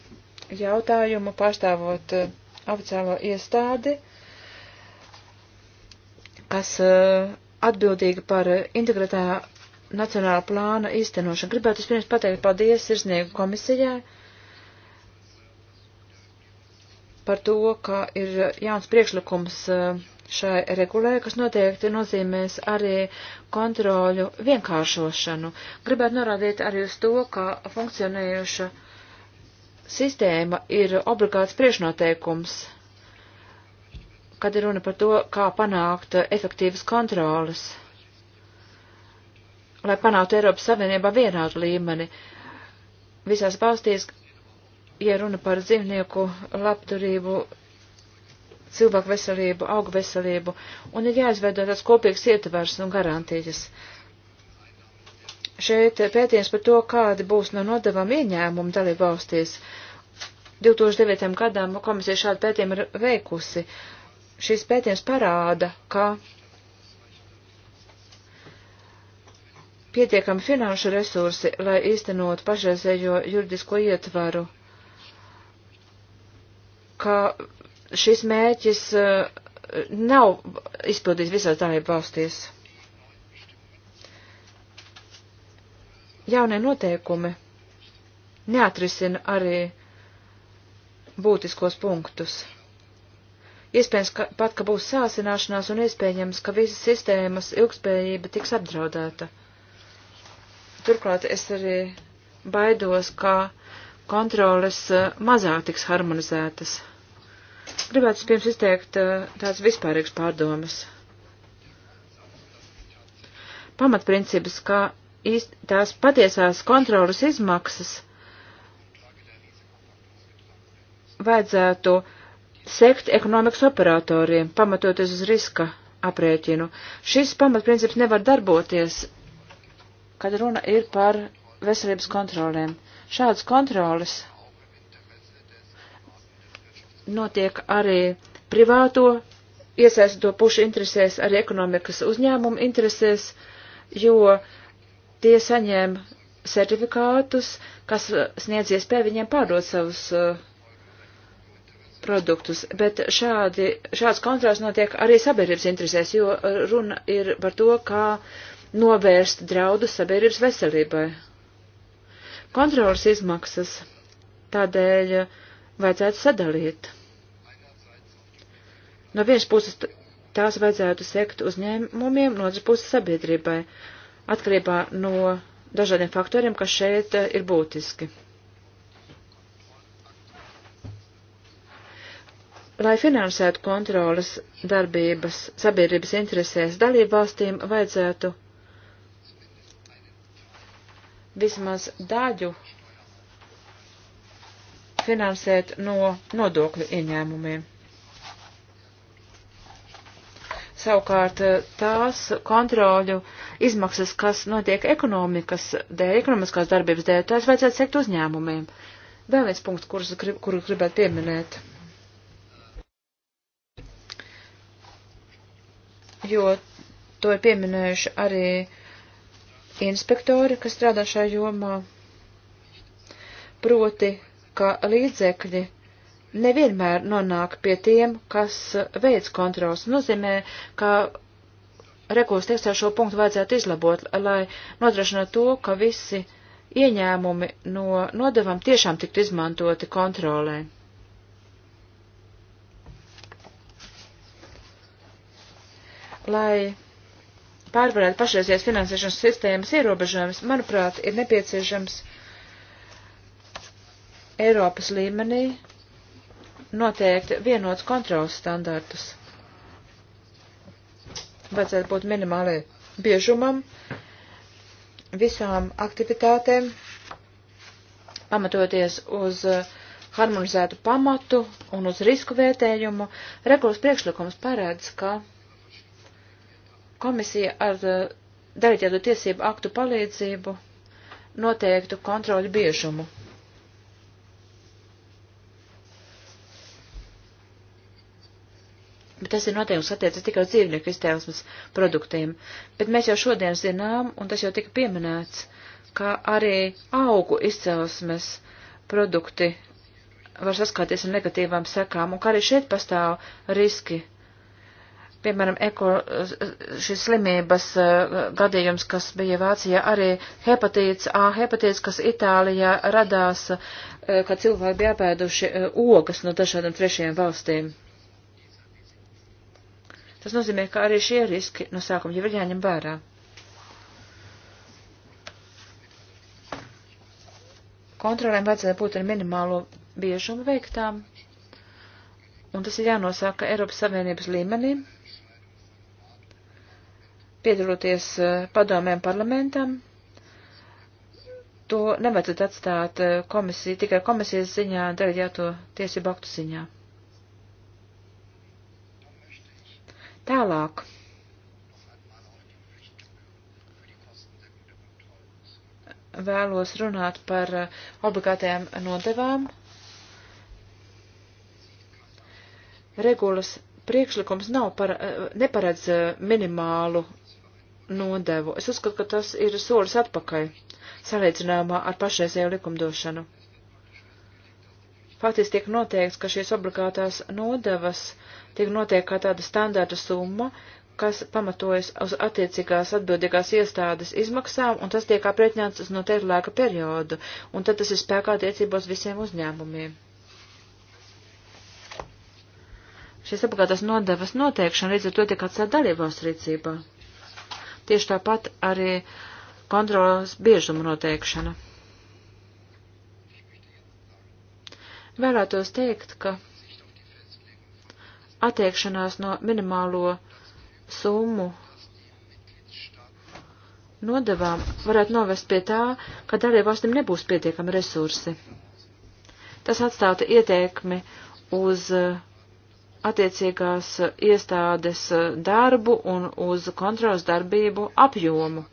jautājumu, pārstāvot eh, oficiālo iestādi, kas eh, atbildīga par integrētā nacionāla plāna īstenošanu. Gribētu es pirms pateikt paldies sirsnieku komisijai par to, ka ir jauns priekšlikums uh, šai regulē, kas noteikti nozīmēs arī kontroļu vienkāršošanu. Gribētu norādīt arī uz to, ka funkcionējuša sistēma ir obligāts priešnoteikums, kad ir runa par to, kā panākt efektīvas kontrolas, lai panāktu Eiropas Savienībā vienādu līmeni. Visās valstīs, ja runa par dzīvnieku labturību, cilvēku veselību, augu veselību, un ir jāizveido tāds kopīgs ietvers un garantijas. Šeit pētījums par to, kādi būs no nodevām ieņēmumu dalību valstīs. 2009. gadām komisija šādu pētījumu ir veikusi. Šis pētījums parāda, ka pietiekami finanšu resursi, lai īstenot pašreizējo juridisko ietvaru, ka šis mērķis eh, nav izpildīts visās dalību valstīs. Jaunie noteikumi neatrisina arī būtiskos punktus. Iespējams, ka pat, ka būs sāsināšanās un iespējams, ka visas sistēmas ilgspējība tiks apdraudēta. Turklāt es arī baidos, ka kontroles eh, mazāk tiks harmonizētas gribētu pirms izteikt eh, tāds vispārīgs pārdomas. Pamatprincips, ka īst, tās patiesās kontrolas izmaksas vajadzētu sekt ekonomikas operatoriem, pamatoties uz riska aprēķinu. Šis pamatprincips nevar darboties, kad runa ir par veselības kontrolēm. Šādas kontrolas notiek arī privāto iesaistīto pušu interesēs, arī ekonomikas uzņēmumu interesēs, jo tie saņēma certifikātus, kas uh, sniedz iespēju viņiem pārdot savus uh, produktus, bet šādi, šāds kontrasts notiek arī sabiedrības interesēs, jo uh, runa ir par to, kā novērst draudu sabiedrības veselībai. Kontrolas izmaksas tādēļ uh, vajadzētu sadalīt. No vienas puses tās vajadzētu sekt uzņēmumiem, no otras puses sabiedrībai, atkarībā no dažādiem faktoriem, kas šeit eh, ir būtiski. Lai finansētu kontrolas darbības sabiedrības interesēs dalību valstīm, vajadzētu vismaz daļu finansēt no nodokļu ieņēmumiem. Savukārt eh, tās kontroļu izmaksas, kas notiek ekonomikas dēļ, ekonomiskās darbības dēļ, tās vajadzētu sekt uzņēmumiem. Vēl viens punkts, kurus, grib, kuru gribētu pieminēt. Jo to ir pieminējuši arī inspektori, kas strādā šajā jomā. Proti, ka līdzekļi nevienmēr nonāk pie tiem, kas veids kontrols. Nozīmē, ka regulas tekstā šo punktu vajadzētu izlabot, lai nodrošinātu to, ka visi ieņēmumi no nodevam tiešām tiktu izmantoti kontrolē. Lai pārvarētu pašreizies finansēšanas sistēmas ierobežojumus, manuprāt, ir nepieciešams Eiropas līmenī noteikti vienots kontrols standartus. Vajadzētu būt minimālai biežumam, visām aktivitātēm, pamatoties uz eh, harmonizētu pamatu un uz risku vērtējumu. Regulas priekšlikums paredz, ka komisija ar eh, darītieto tiesību aktu palīdzību noteiktu kontroļu biežumu bet tas ir noteikums attiecas tikai uz dzīvnieku iztēlesmes produktiem. Bet mēs jau šodien zinām, un tas jau tika pieminēts, ka arī augu izcelsmes produkti var saskārties ar negatīvām sekām, un ka arī šeit pastāv riski. Piemēram, eko, šis slimības eh, gadījums, kas bija Vācijā, arī hepatīts A, hepatīts, kas Itālijā radās, eh, kad cilvēki bija apēduši eh, ogas no dažādām trešajām valstīm. Tas nozīmē, ka arī šie riski no sākuma jau ir jāņem vērā. Kontrolēm vajadzētu būt ar minimālo biežumu veiktām, un tas ir jānosaka Eiropas Savienības līmenī, piedaloties eh, padomēm parlamentam. To nevajadzētu atstāt eh, komisiju, tikai komisijas ziņā, deleģēto tiesību aktu ziņā. Tālāk. Vēlos runāt par uh, obligātajām nodevām. Regulas priekšlikums nav par, uh, neparedz uh, minimālu nodevu. Es uzskatu, ka tas ir solis atpakaļ salīdzinājumā ar pašreizēju likumdošanu. Faktiski tiek noteikts, ka šīs obligātās nodevas uh, tiek notiek kā tāda standarta summa, kas pamatojas uz attiecīgās atbildīgās iestādes izmaksām, un tas tiek aprēķināts uz noteiktu laika periodu, un tad tas ir spēkā attiecībos visiem uzņēmumiem. Šis apgādas nodevas noteikšana līdz ar to tiek atstāta dalībās rīcībā. Tieši tāpat arī kontrolas biežuma noteikšana. Vēlētos teikt, ka attiekšanās no minimālo summu nodevām varētu novest pie tā, ka dalībvalstīm nebūs pietiekami resursi. Tas atstātu ieteikmi uz uh, attiecīgās uh, iestādes uh, darbu un uz kontrolas darbību apjomu.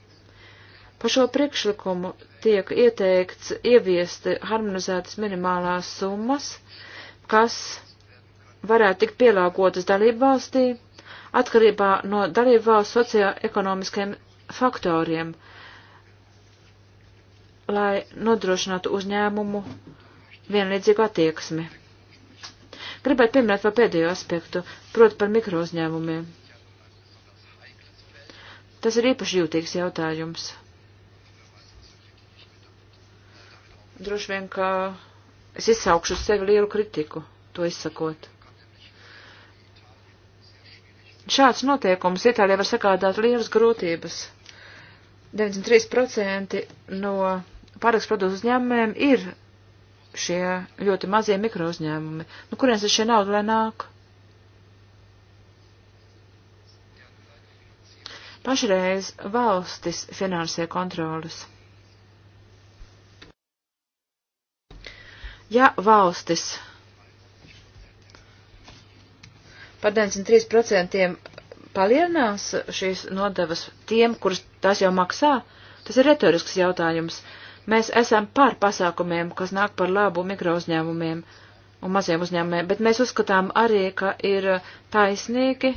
Pa šo priekšlikumu tiek ieteikts ieviest harmonizētas minimālās summas, kas varētu tikt pielāgotas dalību valstī atkarībā no dalību valsts socioekonomiskiem faktoriem, lai nodrošinātu uzņēmumu vienlīdzīgu attieksmi. Gribētu pieminēt vēl pēdējo aspektu, proti par mikrouzņēmumiem. Tas ir īpaši jūtīgs jautājums. Droši vien, ka es izsaukšu sevi lielu kritiku, to izsakot. Šāds noteikums Itālijā var sagādāt lielas grūtības. 93% no pārtiks produktu uzņēmumiem ir šie ļoti mazie mikro uzņēmumi. Nu, kurienes ir šie nauda, lai nāk? Pašreiz valstis finansē kontrolas. Ja valstis par 93% palielinās šīs nodevas tiem, kurus tās jau maksā? Tas ir retorisks jautājums. Mēs esam par pasākumiem, kas nāk par labu mikrouzņēmumiem un maziem uzņēmumiem, bet mēs uzskatām arī, ka ir taisnīgi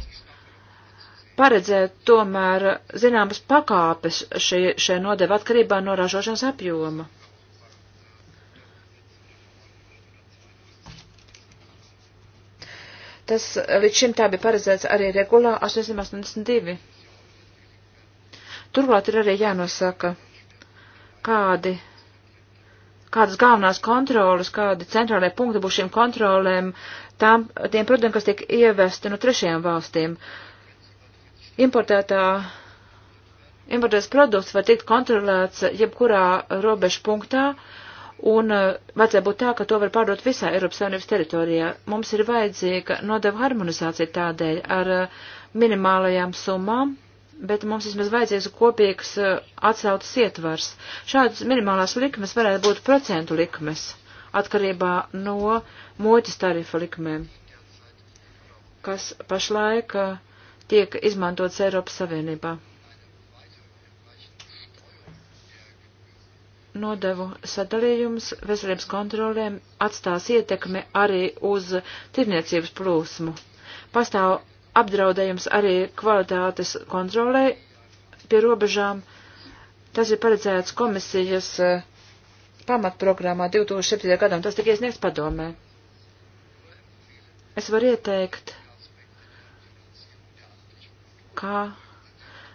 paredzēt tomēr zināmas pakāpes šie, šie nodeva atkarībā no ražošanas apjoma. Tas līdz šim tā bija paredzēts arī regulā 882. Turklāt ir arī jānosaka, kādi, kādas galvenās kontrolas, kādi centrālai punkti būs šīm kontrolēm, tām, tiem produktiem, kas tiek ievesti no trešajām valstīm. Importētā, importēts produkts var tikt kontrolēts jebkurā robežu punktā, uh, Un eh, vajadzēja būt tā, ka to var pārdot visā Eiropas Savienības teritorijā. Mums ir vajadzīga nodeva harmonizācija tādēļ ar eh, minimālajām summām, bet mums vismaz vajadzīgs kopīgs eh, atsautas ietvars. Šādas minimālās likmes varētu būt procentu likmes atkarībā no muitas tarifa likmēm, kas pašlaik tiek izmantotas Eiropas Savienībā. nodevu sadalījums veselības kontrolēm atstās ietekmi arī uz tirniecības plūsmu. Pastāv apdraudējums arī kvalitātes kontrolē pie robežām. Tas ir paredzēts komisijas eh, pamatprogrammā 2007. gadam. Tas tikai sniegs padomē. Es varu ieteikt, kā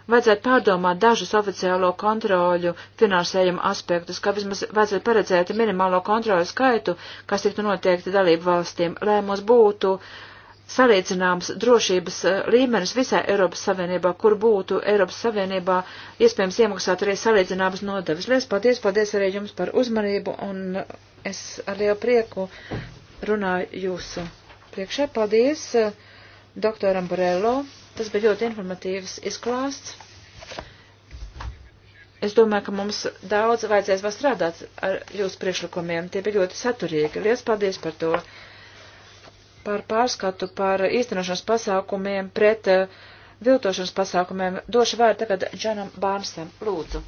vajadzētu pārdomāt dažus oficiālo kontroļu finansējumu aspektus, kā vismaz vajadzētu paredzēt minimālo kontroļu skaitu, kas tiktu noteikti dalību valstīm, lai mums būtu salīdzināms drošības eh, līmenis visā Eiropas Savienībā, kur būtu Eiropas Savienībā iespējams iemaksāt arī salīdzināmas nodevis. Lies paldies, paldies arī jums par uzmanību un es ar lielu prieku runāju jūsu priekšē. Paldies eh, doktoram Borello. Tas bija ļoti informatīvs izklāsts. Es domāju, ka mums daudz vajadzēs vēl strādāt ar jūsu priekšlikumiem. Tie bija ļoti saturīgi. Lielas paldies par to, par pārskatu, par īstenošanas pasākumiem, pret uh, viltošanas pasākumiem. Došu vārdu tagad Džanam Bārnsam. Lūdzu.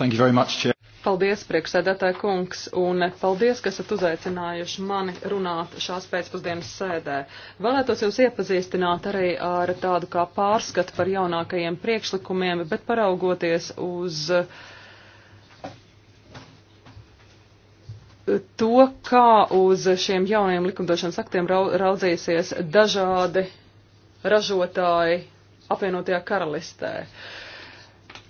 Thank you very much, Chair. Paldies, priekšsēdētāji kungs, un paldies, ka esat uzaicinājuši mani runāt šās pēcpusdienas sēdē. Vēlētos jūs iepazīstināt arī ar tādu kā pārskatu par jaunākajiem priekšlikumiem, bet paraugoties uz eh, to, kā uz šiem jaunajiem likumdošanas aktiem raudzīsies dažādi ražotāji apvienotajā karalistē. Uh,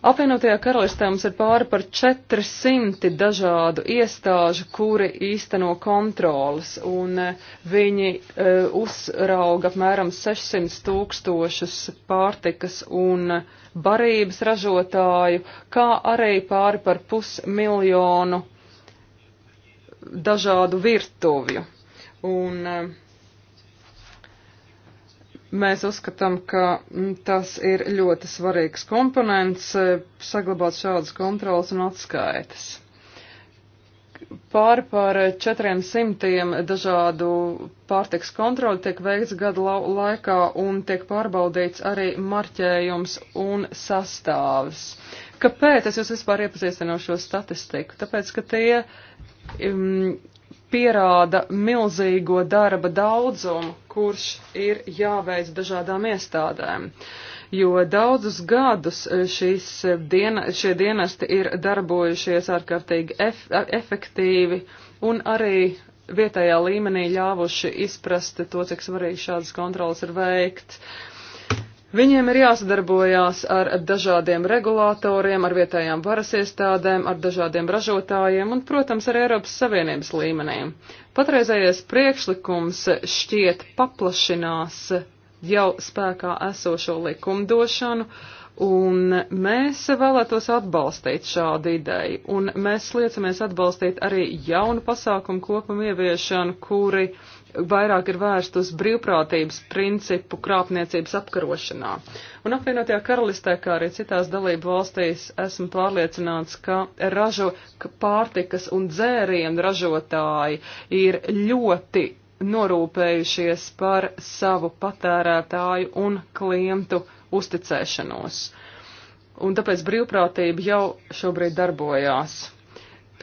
Apvienotajā karalistē mums ir pāri par 400 dažādu iestāžu, kuri īsteno kontrolas, un eh, viņi e, uzrauga apmēram 600 tūkstošus pārtikas un barības ražotāju, kā arī pāri par pusmiljonu dažādu virtuvju. Un, e, Mēs uzskatām, ka mm, tas ir ļoti svarīgs komponents e, saglabāt šādas kontrolas un atskaitas. Pāri par 400 dažādu pārtiks kontroli tiek veikts gadu laikā un tiek pārbaudīts arī marķējums un sastāvs. Kāpēc es jūs vispār iepazīstinu šo statistiku? Tāpēc, ka tie um, pierāda milzīgo darba daudzumu, kurš ir jāveic dažādām iestādēm. Jo daudzus gadus šīs diena, šie dienesti ir darbojušies ārkārtīgi ef, efektīvi un arī vietējā līmenī ļāvuši izprast to, cik svarīgi šādas kontrolas ir veikt. Uh, Viņiem ir jāsadarbojās ar dažādiem regulātoriem, ar vietējām varas iestādēm, ar dažādiem ražotājiem un, protams, ar Eiropas Savienības līmenī. Patreizējais priekšlikums šķiet paplašinās jau spēkā esošo likumdošanu, Un mēs vēlētos atbalstīt šādu ideju, un mēs liecamies atbalstīt arī jaunu pasākumu kopumu ieviešanu, kuri uh, vairāk ir vērst uz brīvprātības principu krāpniecības apkarošanā. Un apvienotajā karalistē, kā arī citās dalību valstīs, esmu pārliecināts, ka ražo ka pārtikas un dzērienu ražotāji ir ļoti norūpējušies par savu patērētāju un klientu uzticēšanos. Un tāpēc brīvprātība jau šobrīd darbojās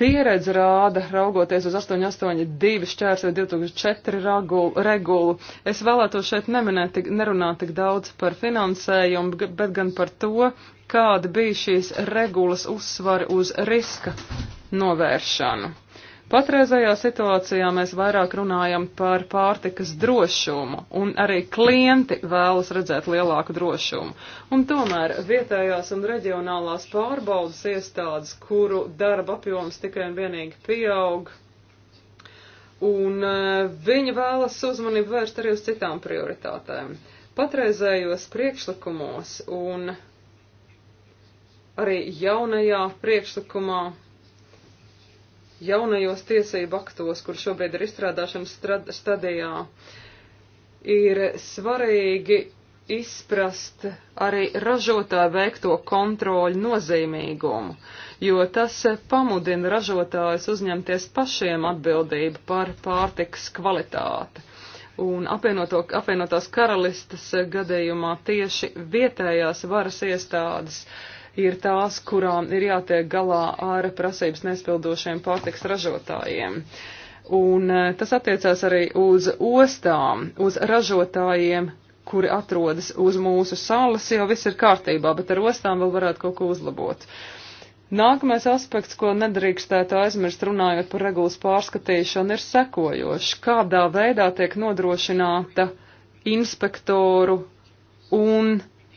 pieredze rāda, raugoties uz 882 šķērsvi 2004 regulu, regulu. Es vēlētos šeit neminēt, tik, nerunāt tik daudz par finansējumu, bet gan par to, kāda bija šīs regulas uzsvara uz riska novēršanu. Patreizajā situācijā mēs vairāk runājam par pārtikas drošumu, un arī klienti vēlas redzēt lielāku drošumu. Un tomēr vietējās un reģionālās pārbaudas iestādes, kuru darba apjoms tikai un vienīgi pieaug, un e, viņi vēlas uzmanību vērst arī uz citām prioritātēm. Patreizējos priekšlikumos un arī jaunajā priekšlikumā jaunajos tiesību aktos, kur šobrīd ir izstrādāšanas stadijā, ir svarīgi izprast arī ražotāju veikto kontroļu nozīmīgumu, jo tas pamudina ražotājus uzņemties pašiem atbildību par pārtikas kvalitāti. Un apvienoto, apvienotās karalistas gadījumā tieši vietējās varas iestādes uh, ir tās, kurām ir jātiek galā ar prasības nespildošiem pārtiks ražotājiem. Un eh, tas attiecās arī uz ostām, uz ražotājiem, kuri atrodas uz mūsu salas, jau viss ir kārtībā, bet ar ostām vēl varētu kaut ko uzlabot. Nākamais aspekts, ko nedrīkstētu aizmirst runājot par regulas pārskatīšanu, ir sekojošs. Kādā veidā tiek nodrošināta inspektoru un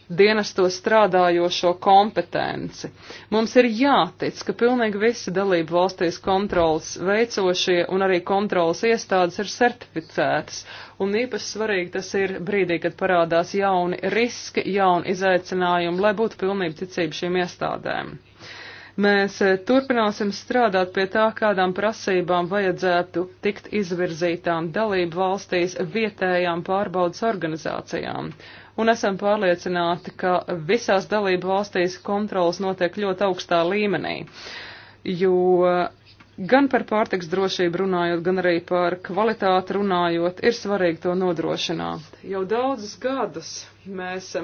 dienestos strādājošo kompetenci. Mums ir jātic, ka pilnīgi visi dalību valstīs kontrolas veicošie un arī kontrolas iestādes ir certificētas, un īpaši svarīgi tas ir brīdī, kad parādās jauni riski, jauni izaicinājumi, lai būtu pilnība ticība šīm iestādēm. Mēs eh, turpināsim strādāt pie tā, kādām prasībām vajadzētu tikt izvirzītām dalību valstīs vietējām pārbaudas organizācijām un esam pārliecināti, ka visās dalību valstīs kontrolas notiek ļoti augstā līmenī. Jo gan par pārtiks drošību runājot, gan arī par kvalitāti runājot, ir svarīgi to nodrošināt. Jau daudzus gadus mēs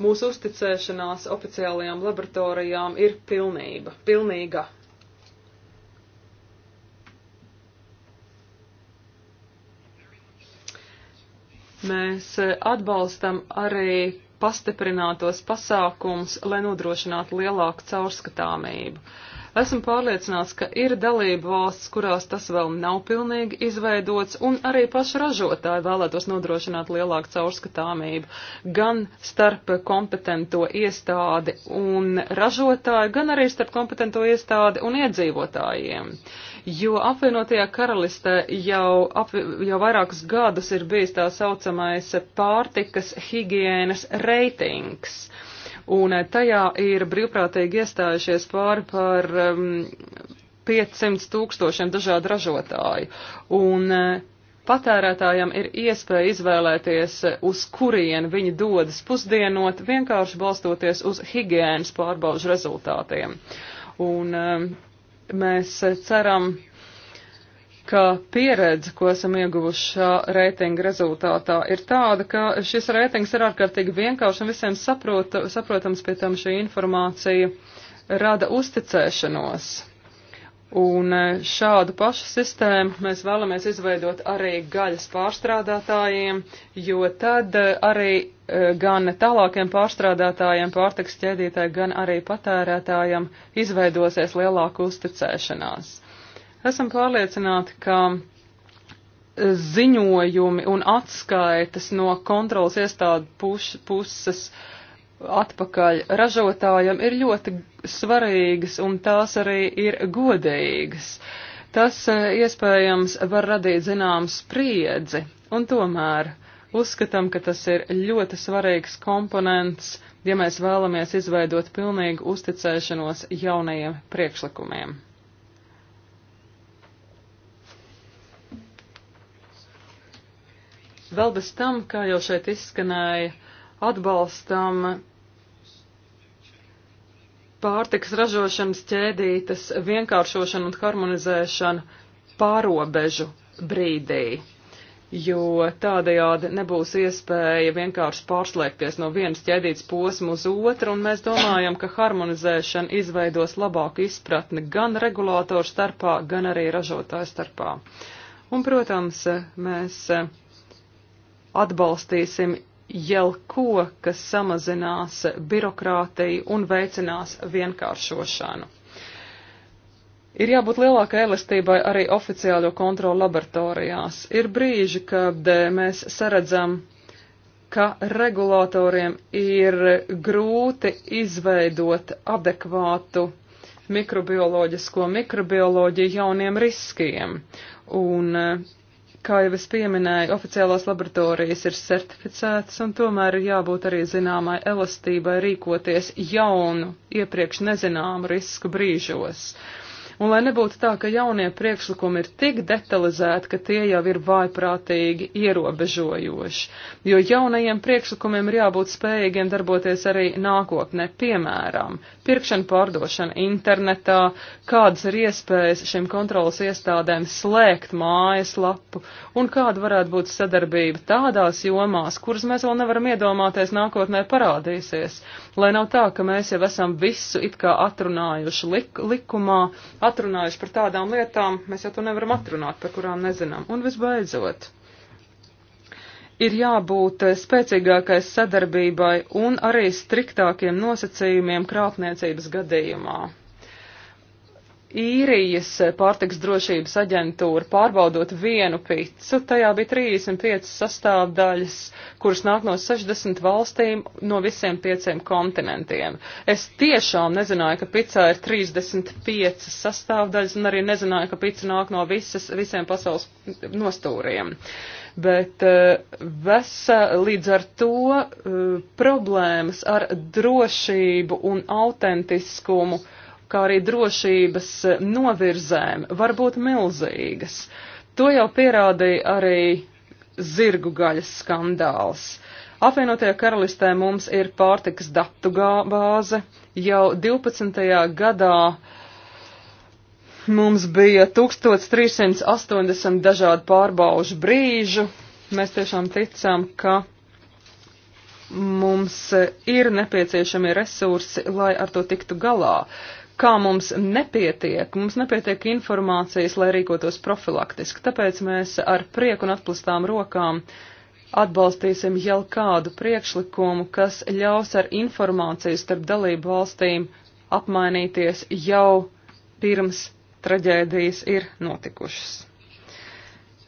mūsu uzticēšanās oficiālajām laboratorijām ir pilnība, pilnīga. Mēs atbalstam arī pastiprinātos pasākums, lai nodrošinātu lielāku caurskatāmību. Esmu pārliecināts, ka ir dalība valsts, kurās tas vēl nav pilnīgi izveidots, un arī paši ražotāji vēlētos nodrošināt lielāku caurskatāmību gan starp kompetento iestādi un ražotāju, gan arī starp kompetento iestādi un iedzīvotājiem jo apvienotajā karalistē jau, ap, jau vairākus gadus ir bijis tā saucamais pārtikas higienas reitings. Un tajā ir brīvprātīgi iestājušies pāri par um, 500 tūkstošiem dažādu ražotāju. Un uh, patērētājam ir iespēja izvēlēties, uh, uz kurien viņi dodas pusdienot, vienkārši balstoties uz higienas pārbaužu rezultātiem. Un um, mēs ceram, ka pieredze, ko esam ieguvuši šā reitinga rezultātā, ir tāda, ka šis reitings ir ārkārtīgi vienkāršs un visiem saprota, saprotams, pie tam šī informācija rada uzticēšanos. Un e, šādu pašu sistēmu mēs vēlamies izveidot arī gaļas pārstrādātājiem, jo tad e, arī e, gan tālākiem pārstrādātājiem, pārtiks ķēdītāji, gan arī patērētājiem izveidosies lielāka uzticēšanās. Esam pārliecināti, ka ziņojumi un atskaitas no kontrolas iestādu puš, puses atpakaļ ražotājiem ir ļoti svarīgas un tās arī ir godīgas. Tas eh, iespējams var radīt zinām spriedzi, un tomēr uzskatām, ka tas ir ļoti svarīgs komponents, ja mēs vēlamies izveidot pilnīgu uzticēšanos jaunajiem priekšlikumiem. Vēl bez tam, kā jau šeit izskanēja, atbalstam pārtiks ražošanas ķēdītes vienkāršošana un harmonizēšana pārobežu brīdī, jo tādējādi nebūs iespēja vienkārši pārslēgties no vienas ķēdītes posmu uz otru, un mēs domājam, ka harmonizēšana izveidos labāku izpratni gan regulātoru starpā, gan arī ražotāju starpā. Un, protams, mēs atbalstīsim jau ko, kas samazinās birokrātiju un veicinās vienkāršošanu. Ir jābūt lielākai elastībai arī oficiālo kontrolu laboratorijās. Ir brīži, kad eh, mēs saredzam, ka regulatoriem ir grūti izveidot adekvātu mikrobioloģisko mikrobioloģiju jauniem riskiem. Un eh, kā jau es pieminēju, oficiālās laboratorijas ir certificētas, un tomēr ir jābūt arī zināmai elastībai rīkoties jaunu, iepriekš nezināmu risku brīžos. Uh, Un lai nebūtu tā, ka jaunie priekšlikumi ir tik detalizēti, ka tie jau ir vājprātīgi ierobežojoši, jo jaunajiem priekšlikumiem ir jābūt spējīgiem darboties arī nākotnē, piemēram, pirkšana, pārdošana internetā, kādas ir iespējas šiem kontrolas iestādēm slēgt mājas lapu un kāda varētu būt sadarbība tādās jomās, kuras mēs vēl nevaram iedomāties nākotnē parādīsies lai nav tā, ka mēs jau esam visu it kā atrunājuši lik likumā, atrunājuši par tādām lietām, mēs jau to nevaram atrunāt, par kurām nezinām. Un visbeidzot ir jābūt spēcīgākai sadarbībai un arī striktākiem nosacījumiem krāpniecības gadījumā īrijas pārtiks drošības aģentūra pārbaudot vienu picu, tajā bija 35 sastāvdaļas, kuras nāk no 60 valstīm no visiem pieciem kontinentiem. Es tiešām nezināju, ka picā ir 35 sastāvdaļas un arī nezināju, ka pica nāk no visas, visiem pasaules nostūriem. Bet eh, vesa līdz ar to eh, problēmas ar drošību un autentiskumu kā arī drošības novirzēm var būt milzīgas. To jau pierādīja arī zirgu gaļas skandāls. Apvienotajā karalistē mums ir pārtikas datu bāze. Jau 12. gadā mums bija 1380 dažādu pārbaužu brīžu. Mēs tiešām ticam, ka mums ir nepieciešami resursi, lai ar to tiktu galā kā mums nepietiek, mums nepietiek informācijas, lai rīkotos profilaktiski. Tāpēc mēs ar prieku un atplastām rokām atbalstīsim jau kādu priekšlikumu, kas ļaus ar informāciju starp dalību valstīm apmainīties jau pirms traģēdijas ir notikušas.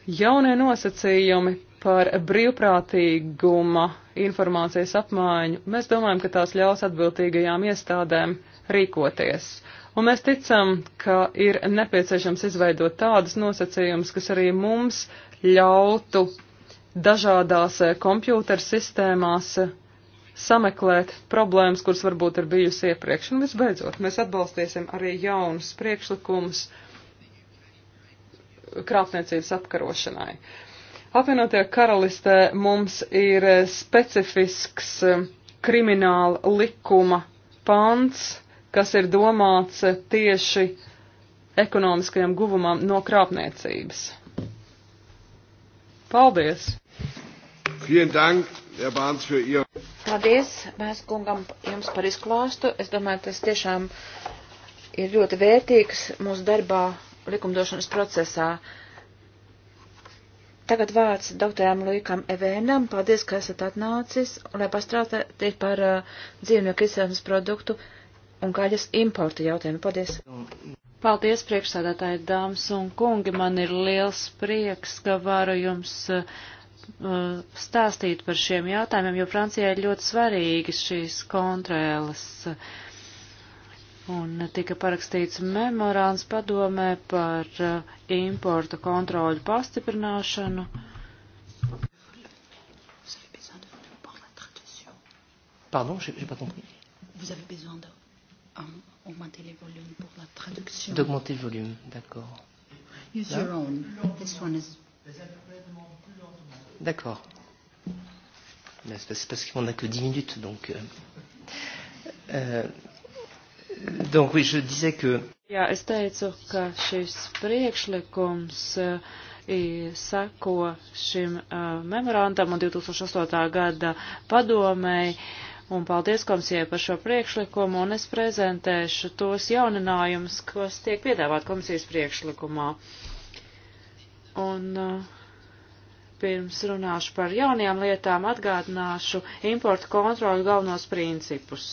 Jaunie nosacījumi par brīvprātīguma informācijas apmaiņu mēs domājam, ka tās ļaus atbildīgajām iestādēm rīkoties. Un mēs ticam, ka ir nepieciešams izveidot tādas nosacījumus, kas arī mums ļautu dažādās eh, kompjūtersistēmās eh, sameklēt problēmas, kuras varbūt ir bijusi iepriekš. Un visbeidzot, mēs atbalstīsim arī jaunus priekšlikumus krāpniecības apkarošanai. Apvienotajā karalistē mums ir eh, specifisks krimināla likuma pants, kas ir domāts tieši ekonomiskajam guvumam no krāpniecības. Paldies! Paldies, mēs kungam jums par izklāstu. Es domāju, tas tiešām ir ļoti vērtīgs mūsu darbā likumdošanas procesā. Tagad vārds doktoram Luikam Evēnam. Paldies, ka esat atnācis, lai pastrādātu par uh, dzīvnieku izcelsmes produktu uh, un gaļas importa jautājumu. Paldies! Paldies, priekšsādātāji, dāmas un kungi! Man ir liels prieks, ka varu jums uh, stāstīt par šiem jautājumiem, jo Francijai ir ļoti svarīgi šīs kontrēlas. Un tika parakstīts memorāns padomē par uh, importa kontroļu pastiprināšanu. Pardon, j'ai pas compris. Vous avez besoin d'un Euh, augmenter les volumes pour la traduction. D'augmenter le volume, d'accord. Use Là? your own. This one is. D'accord. C'est parce qu'on n'a que 10 minutes, donc. Euh, euh, donc, oui, je disais que. Jā, es teicu, ka šis priekšlikums uh, sako šim uh, memorandam un 2008. gada padomēji un paldies komisijai par šo priekšlikumu, un es prezentēšu tos jauninājumus, kas tiek piedāvāt komisijas priekšlikumā. Un uh, pirms runāšu par jaunajām lietām, atgādināšu importu kontroli galvenos principus.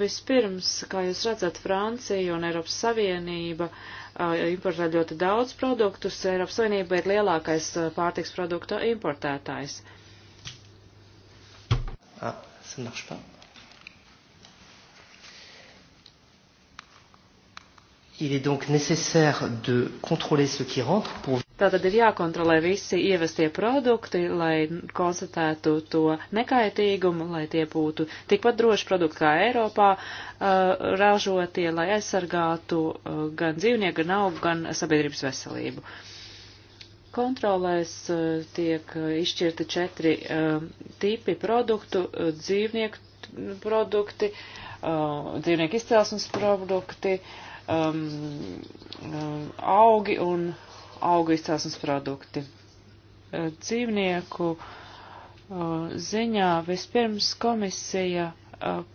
Vispirms, kā jūs redzat, Francija un Eiropas Savienība uh, importē ļoti daudz produktus. Eiropas Savienība ir lielākais uh, pārtiks produktu importētājs. Ah. Ça ne marche pas. Il est donc nécessaire de contrôler ce qui rentre pour. Tātad ir jākontrolē visi ievestie produkti, lai konstatētu to nekaitīgumu, lai tie būtu tikpat droši produkti kā Eiropā uh, ražotie, lai aizsargātu uh, gan dzīvnieku, gan augu, gan sabiedrības veselību. Uh, Kontrolēs e, tiek e, izšķirti četri e, tipi produktu, dzīvnieku produkti, dzīvnieku izcelsmes produkti, augi un auga izcelsmes produkti. Dzīvnieku ziņā vispirms komisija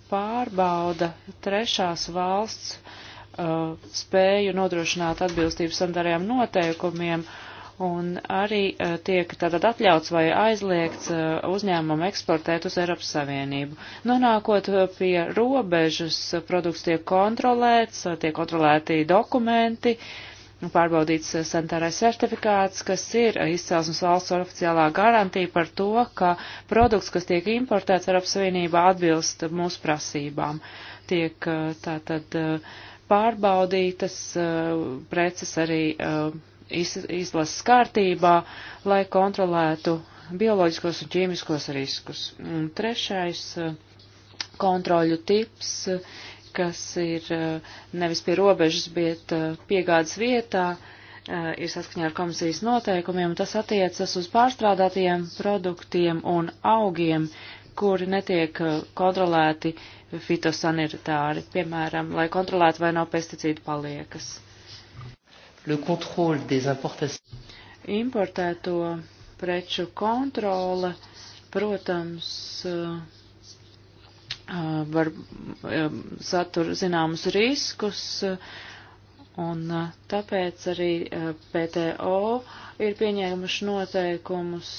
pārbauda trešās valsts spēju nodrošināt atbilstību standarajām noteikumiem, uh, un arī eh, tiek tātad atļauts vai aizliegts eh, uzņēmumam eksportēt uz Eiropas Savienību. Nonākot eh, pie robežas, produkts tiek kontrolēts, tiek kontrolēti dokumenti, pārbaudīts sanitārais certifikāts, kas ir izcelsmes valsts oficiālā garantija par to, ka produkts, kas tiek importēts Eiropas Savienībā, atbilst mūsu prasībām. Tiek tātad pārbaudītas preces arī iz, izlases kārtībā, lai kontrolētu bioloģiskos un ķīmiskos riskus. Un trešais eh, kontroļu tips, eh, kas ir eh, nevis pie robežas, bet piegādes vietā, ir saskaņā ar komisijas noteikumiem, un tas attiecas uz pārstrādātajiem produktiem un augiem, kuri netiek kontrolēti fitosanitāri, piemēram, lai kontrolētu vai nav pesticīdu paliekas le contrôle des importations. Importēto preču kontrole, protams, var satur zināmus riskus, un tāpēc arī PTO ir pieņēmuši noteikumus,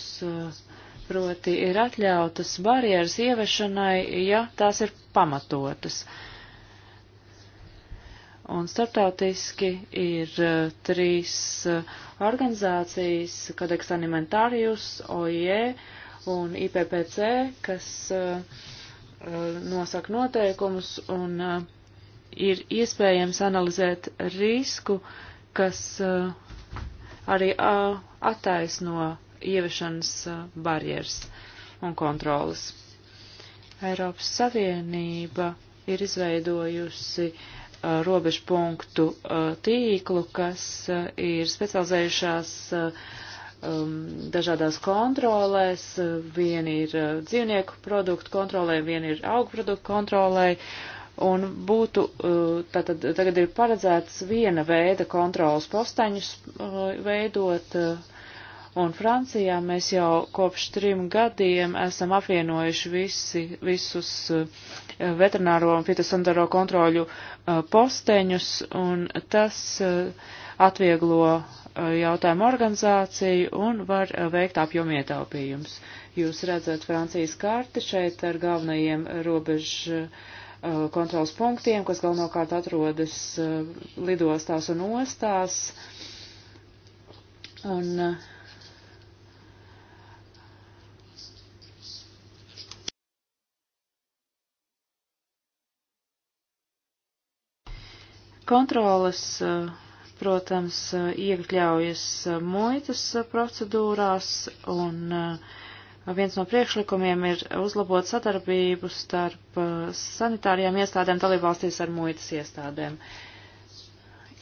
proti ir atļautas barjeras ievešanai, ja tās ir pamatotas. Uh, Un startautiski ir uh, trīs uh, organizācijas - Kodeks Alimentarius, OIE un IPPC, kas uh, nosaka noteikumus un uh, ir iespējams analizēt risku, kas uh, arī uh, attaisno ieviešanas uh, barjeras un kontrolas. Eiropas Savienība ir izveidojusi uh, Uh, robežu punktu uh, tīklu, kas uh, ir specializējušās um, dažādās kontrolēs. Viena ir dzīvnieku produktu kontrolē, viena ir augu produktu kontrolē. Un būtu, tātad tagad ir paredzēts viena veida kontrolas postaņus veidot, Un Francijā mēs jau kopš trim gadiem esam apvienojuši visi, visus eh, veterināro un fitosanitāro kontroļu eh, posteņus, un tas eh, atvieglo jautājumu organizāciju un var veikt apjomu ietaupījumus. Jūs redzat Francijas karti šeit ar galvenajiem robežu kontrols punktiem, kas galvenokārt atrodas lidostās un ostās. Un, uh, Kontroles, eh, protams, eh, iekļaujas eh, muitas procedūrās un viens no priekšlikumiem ir uzlabot sadarbību starp sanitārijām iestādēm dalībvalstīs ar muitas iestādēm.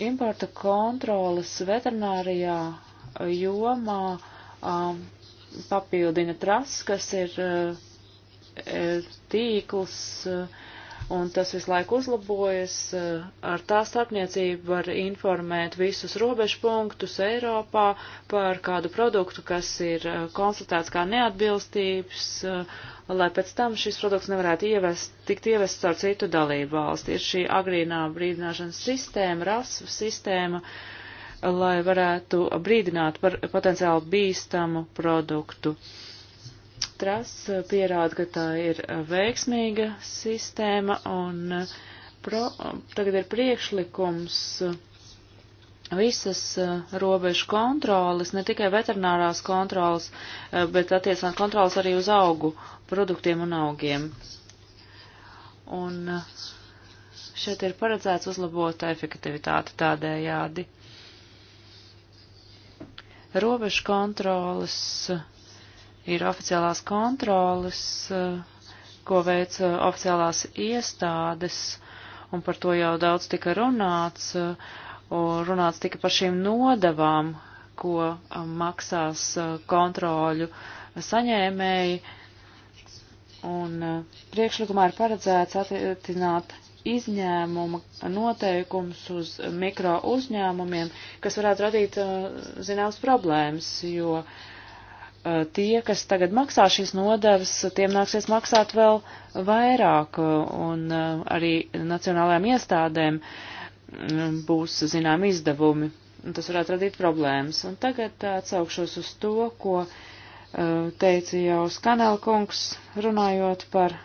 Importa kontrolas veterinārijā jomā um, papildina tras, kas ir uh, tīkls, uh, un tas visu laiku uzlabojas. Eh, ar tā starpniecību var informēt visus robežpunktus Eiropā par kādu produktu, kas ir eh, konstatēts kā neatbilstības, eh, lai pēc tam šis produkts nevarētu ievest, tikt ievests caur citu dalību valsti. Ir šī agrīnā brīdināšanas sistēma, rasu sistēma, lai varētu brīdināt par potenciāli bīstamu produktu. Uh, Trass eh, pierāda, ka tā ir eh, veiksmīga sistēma un eh, pro, tagad ir priekšlikums visas robežu kontrolas, ne tikai veterinārās kontrolas, bet attiecināt kontrolas arī uz augu produktiem un augiem. Un šeit ir paredzēts uzlabot efektivitāti tādējādi. Robežu kontrolas ir oficiālās kontrolas, eh, ko veic eh, oficiālās iestādes, un par to jau daudz tika runāts, un eh, runāts tika par šīm nodavām, ko maksās kontroļu saņēmēji, un priekšlikumā ir paredzēts attiecināt izņēmuma noteikums uz mikro uzņēmumiem, kas varētu radīt zināmas problēmas, jo uh, Eh, tie, kas tagad maksā šīs nodevas, tiem nāksies maksāt vēl vairāk, un eh, arī nacionālajām iestādēm mm, būs, zinām, izdevumi. Un tas varētu radīt problēmas. Un tagad atsaukšos uz to, ko eh, teica jau Skanēla kungs, runājot par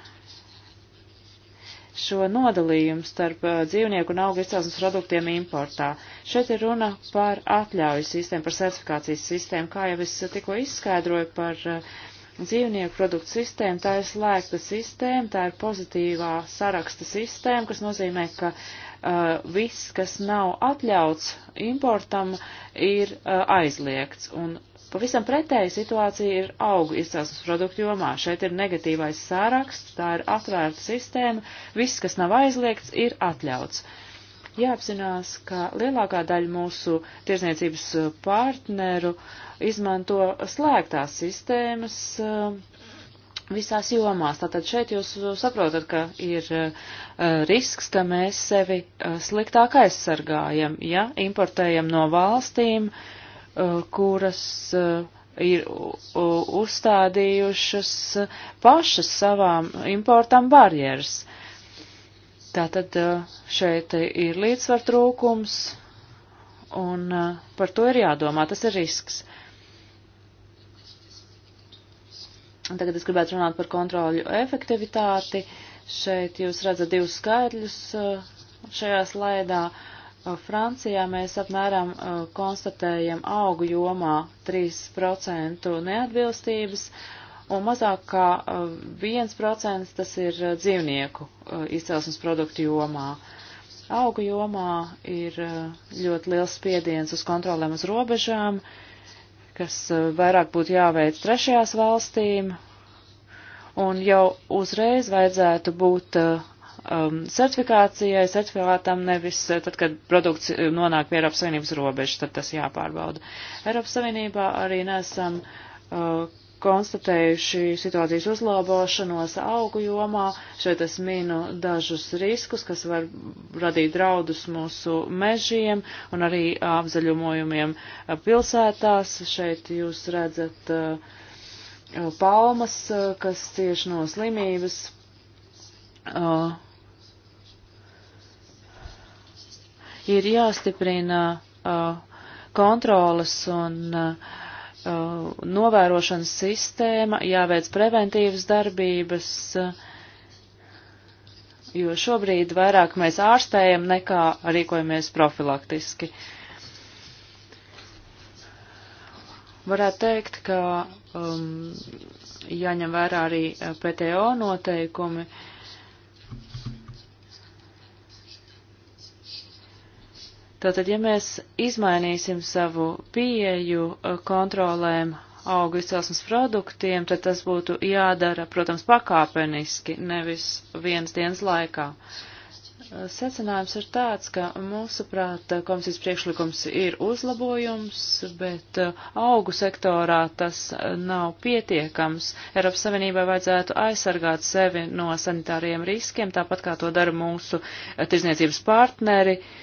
šo nodalījumu starp dzīvnieku un auga izcelsmes produktiem importā. Šeit ir runa par atļauju sistēmu, par certifikācijas sistēmu, kā jau es tikko izskaidroju par dzīvnieku produktu sistēmu. Tā ir slēgta sistēma, tā ir pozitīvā saraksta sistēma, kas nozīmē, ka uh, viss, kas nav atļauts importam, ir uh, aizliegts. Un Pavisam pretēja situācija ir augu izcelsmes produktu jomā. Šeit ir negatīvais sāraksts, tā ir atvērta sistēma, viss, kas nav aizliegts, ir atļauts. Jāapzinās, ka lielākā daļa mūsu tirzniecības partneru izmanto slēgtās sistēmas uh, visās jomās. Tātad šeit jūs saprotat, ka ir uh, risks, ka mēs sevi uh, sliktāk aizsargājam, ja importējam no valstīm, uh, Uh, kuras uh, ir uzstādījušas pašas savām importam barjeras. Tātad uh, šeit ir līdzsvar trūkums, un par to ir jādomā, tas ir risks. Un tagad es gribētu runāt par kontroļu efektivitāti. Šeit jūs redzat divus skaitļus šajā slaidā. Uh, Francijā mēs apmēram konstatējam augu jomā 3% neatbilstības un mazāk kā 1% tas ir dzīvnieku izcelsmes produktu jomā. Augu jomā ir ļoti liels spiediens uz kontrolēm uz robežām, kas vairāk būtu jāveic trešajās valstīm, un jau uzreiz vajadzētu būt um, certifikācijai, certifikātam nevis eh, tad, kad produkts eh, nonāk pie Eiropas Savienības robežas, tad tas jāpārbauda. Eiropas Savienībā arī nesam uh, konstatējuši situācijas uzlabošanos augu jomā. Šeit es minu dažus riskus, kas var radīt draudus mūsu mežiem un arī apzaļumojumiem pilsētās. Šeit jūs redzat uh, palmas, uh, kas cieši no slimības. Uh, ir jāstiprina uh, kontrolas un uh, novērošanas sistēma, jāveic preventīvas darbības, jo šobrīd vairāk mēs ārstējam nekā rīkojamies profilaktiski. Varētu teikt, ka um, jāņem vērā arī PTO noteikumi. Uh, Tātad, ja mēs izmainīsim savu pieeju eh, kontrolēm augu izcelsmes produktiem, tad tas būtu jādara, protams, pakāpeniski, nevis vienas dienas laikā. Eh, secinājums ir tāds, ka mūsuprāt eh, komisijas priekšlikums ir uzlabojums, bet augu sektorā tas nav pietiekams. Eiropas Savienībai vajadzētu aizsargāt sevi no sanitāriem riskiem, tāpat kā to dara mūsu tirzniecības partneri. Uh,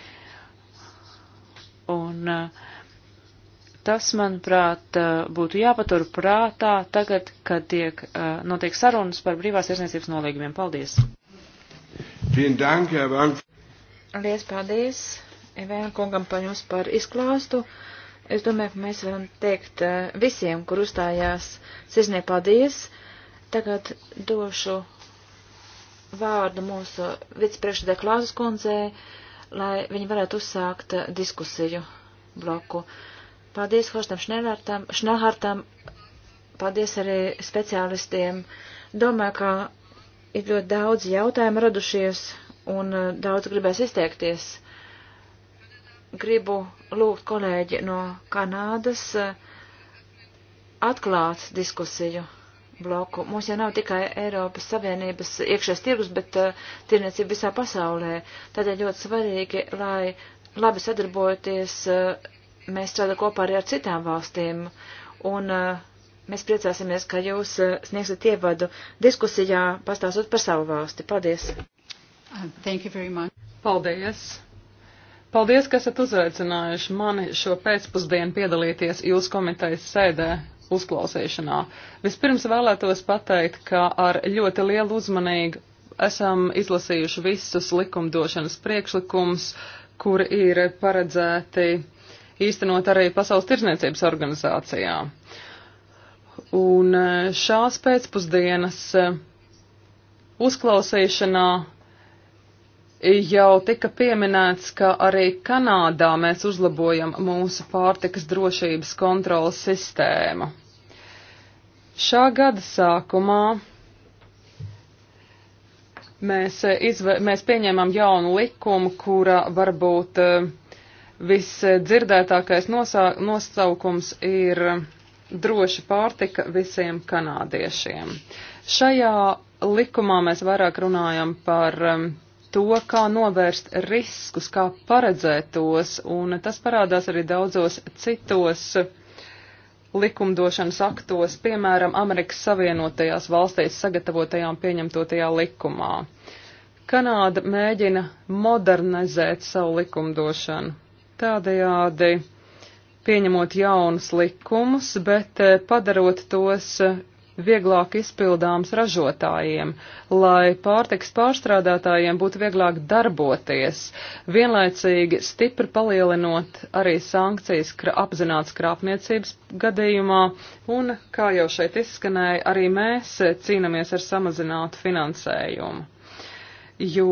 Un eh, tas, manuprāt, eh, būtu jāpatur prātā tagad, kad tiek, eh, notiek sarunas par brīvās tirsniecības nolīgumiem. Paldies! Lies paldies Evēna kungam par jums par izklāstu. Es domāju, ka mēs varam teikt visiem, kur uzstājās, sirsnē paldies. Tagad došu vārdu mūsu vicepriekšredē Klāzes kundzei lai viņi varētu uzsākt eh, diskusiju bloku. Paldies Horstam Šnelhartam, paldies arī speciālistiem. Domāju, ka ir ļoti daudz jautājumu radušies un eh, daudz gribēs izteikties. Gribu lūgt kolēģi no Kanādas eh, atklāt diskusiju bloku. Mums jau nav tikai Eiropas Savienības iekšējais tirgus, bet uh, tirniecība visā pasaulē. Tādēļ ļoti svarīgi, lai labi sadarbojoties, uh, mēs strādājam kopā arī ar citām valstīm. Un uh, mēs priecāsimies, ka jūs uh, sniegsiet ievadu diskusijā, pastāstot par savu valsti. Paldies! Uh, thank you very much. Paldies! Paldies, ka esat uzaicinājuši mani šo pēcpusdienu piedalīties jūsu komitejas sēdē uzklausīšanā. Vispirms vēlētos pateikt, ka ar ļoti lielu uzmanību esam izlasījuši visus likumdošanas priekšlikumus, kuri ir paredzēti īstenot arī Pasaules tirzniecības organizācijā. Un šās pēcpusdienas uzklausīšanā Jau tika pieminēts, ka arī Kanādā mēs uzlabojam mūsu pārtikas drošības kontrolas sistēmu. Šā gada sākumā mēs, eh, izve, mēs pieņēmām jaunu likumu, kura varbūt eh, visdzirdētākais nosā, nosaukums ir droša pārtika visiem kanādiešiem. Šajā likumā mēs vairāk runājam par um, to, kā novērst riskus, kā paredzēt tos, un tas parādās arī daudzos citos likumdošanas aktos, piemēram, Amerikas Savienotajās valstīs sagatavotajā un pieņemtotajā likumā. Kanāda mēģina modernizēt savu likumdošanu, tādējādi pieņemot jaunus likumus, bet eh, padarot tos vieglāk izpildāms ražotājiem, lai pārtiks pārstrādātājiem būtu vieglāk darboties, vienlaicīgi stipri palielinot arī sankcijas apzināts krāpniecības gadījumā, un, kā jau šeit izskanēja, arī mēs cīnamies ar samazinātu finansējumu. Jo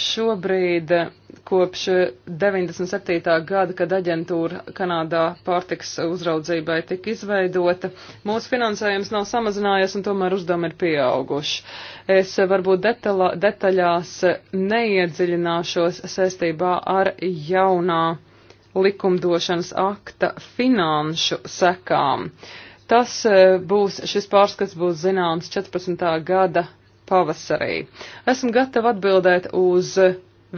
šobrīd eh, kopš 97. Eh, gada, kad aģentūra Kanādā pārtiks uzraudzībai tika izveidota, mūsu finansējums nav samazinājies un tomēr uzdevumi ir pieauguši. Es eh, varbūt detalā, detaļās neiedziļināšos saistībā ar jaunā likumdošanas akta finanšu sekām. Tas būs, šis pārskats būs zināms 14. gada pavasarī. Esmu gatava atbildēt uz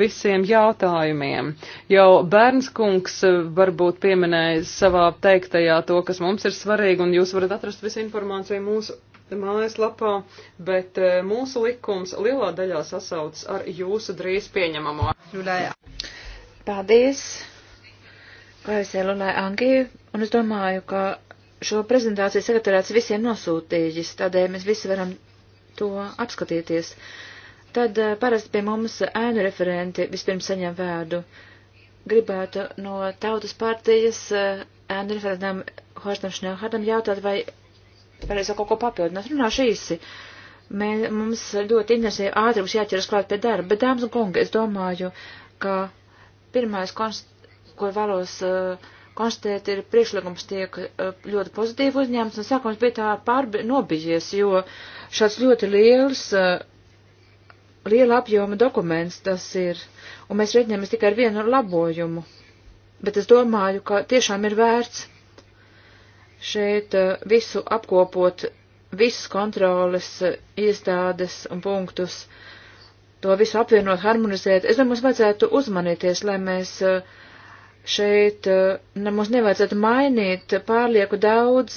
visiem jautājumiem. Jau bērns kungs eh, varbūt pieminēja savā teiktajā to, kas mums ir svarīgi, un jūs varat atrast visu informāciju mūsu mājaslapā, bet eh, mūsu likums lielā daļā sasauc ar jūsu drīz pieņemamo. Jūlējā. Paldies! Kā es jau runāju Angiju, un es domāju, ka šo prezentāciju sekretariāts visiem nosūtījis, tādēļ mēs visi varam to apskatieties. Tad eh, parasti pie mums ēnu referenti vispirms saņem vērdu. Gribētu no tautas partijas eh, ēnu referentam Horstam Šnelhardam jautāt, vai varēs kaut ko papildināt. Runāšu īsi. Mē, mums ļoti interesē ātri mums jāķeras klāt pie darba, bet, dāmas un kungi, es domāju, ka pirmais, konst, ko vēlos uh, konstatēt, ir priekšlikums tiek uh, ļoti pozitīvi uzņēmts, un sākums bija tā pārbi nobijies, jo uh, šāds ļoti liels, uh, liela apjoma dokuments tas ir, un mēs rēķinamies tikai ar vienu labojumu, bet es domāju, ka tiešām ir vērts šeit uh, visu apkopot, visas kontroles uh, iestādes un punktus, to visu apvienot, harmonizēt. Es domāju, mums vajadzētu uzmanīties, lai mēs šeit ne, mums nevajadzētu mainīt pārlieku daudz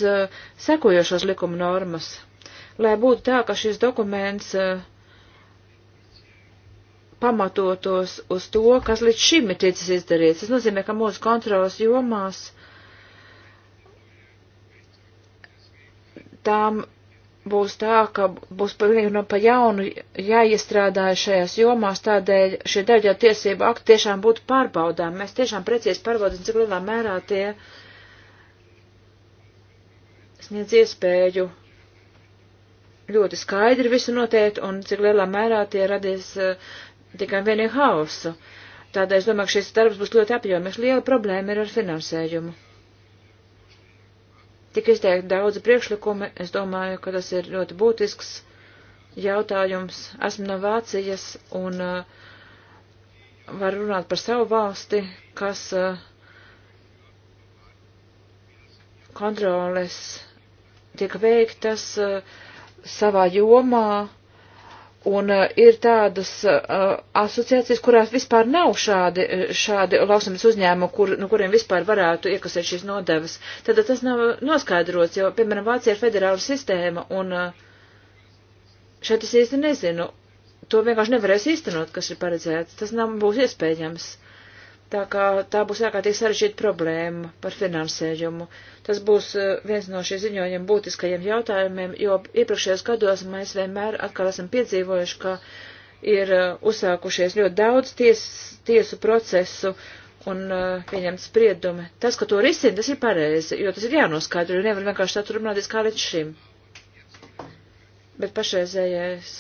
sekojošos likuma normas lai būtu tā, ka šis dokuments eh, pamatotos uz to, kas līdz šim ir ticis izdarīts. Tas nozīmē, ka mūsu kontrolas jomās tām būs tā, ka būs pilnīgi no pa jaunu jāiestrādāja šajās jomās, tādēļ šie daļģā tiesība akti tiešām būtu pārbaudām. Mēs tiešām precīzi pārbaudām, cik lielā mērā tie sniedz iespēju ļoti skaidri visu noteikt un cik lielā mērā tie radīs eh, tikai vienīgi hausu. Tādēļ es domāju, ka šis darbs būs ļoti apjomīgs. Liela problēma ir ar finansējumu. Tik izteikti daudzi priekšlikumi, es domāju, ka tas ir ļoti būtisks jautājums. Esmu no Vācijas un uh, eh, var runāt par savu valsti, kas uh, kontroles tiek veiktas. Uh, savā jomā, un uh, ir tādas uh, asociācijas, kurās vispār nav šādi, uh, šādi lauksamies uzņēmumi, kur, no nu, kuriem vispār varētu iekasēt šīs nodevas. Tad tas nav noskaidrots, jo, piemēram, Vācija ir federāla sistēma, un uh, šeit es īsti nezinu, to vienkārši nevarēs īstenot, kas ir paredzēts. Tas nav būs iespējams. Tā kā tā būs ārkārtīgi sarežģīta problēma par finansējumu. Tas būs eh, viens no šī ziņojuma būtiskajiem jautājumiem, jo iepriekšējos gados mēs vienmēr atkal esam piedzīvojuši, ka ir eh, uzsākušies ļoti daudz ties, tiesu procesu un uh, pieņemt spriedumi. Tas, ka to risina, tas ir pareizi, jo tas ir jānoskaidro, nevar vienkārši tā turpināties kā līdz šim. Bet pašreizējais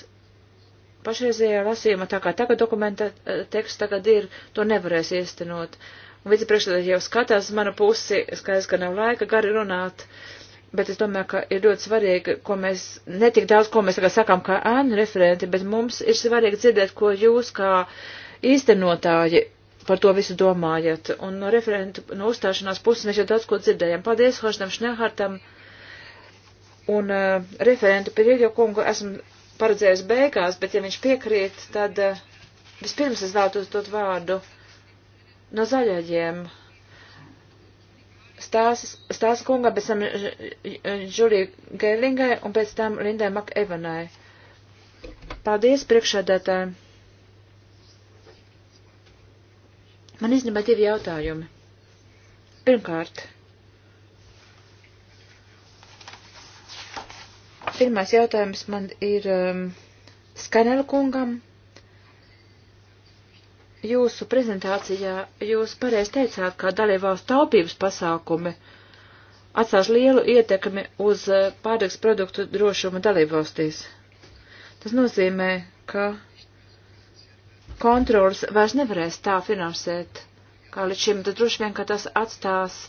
pašreizējā lasījuma, tā kā tagad dokumenta eh, teksts tagad ir, to nevarēs iestenot. Un vicepriekšsēdētāji jau skatās mana pusi, skaidrs, ka nav laika gari runāt, bet es domāju, ka ir ļoti svarīgi, ko mēs, netik daudz, ko mēs tagad sakām kā ēnu referenti, bet mums ir svarīgi dzirdēt, ko jūs kā īstenotāji par to visu domājat. Un no referentu, no uzstāšanās puses mēs jau daudz ko dzirdējam. Paldies Hošnam Šnehartam un uh, referentu Pirīļo kungu esmu paredzējis beigās, bet ja viņš piekrīt, tad eh, vispirms es vēlētos dot vārdu no zaļajiem. Stāsts, stāsts kungam, pēc tam Žulija eh, eh, Gerlingai un pēc tam Lindai Makevanai. Paldies priekšādātājiem. Man izņemā divi jautājumi. Pirmkārt, pirmais jautājums man ir um, Skanela kungam. Jūsu prezentācijā jūs pareiz teicāt, ka dalībvalstu taupības pasākumi atstās lielu ietekmi uz uh, pārtiks produktu drošumu dalībvalstīs. Tas nozīmē, ka kontrols vairs nevarēs tā finansēt, kā līdz šim, tad droši vien, ka tas atstās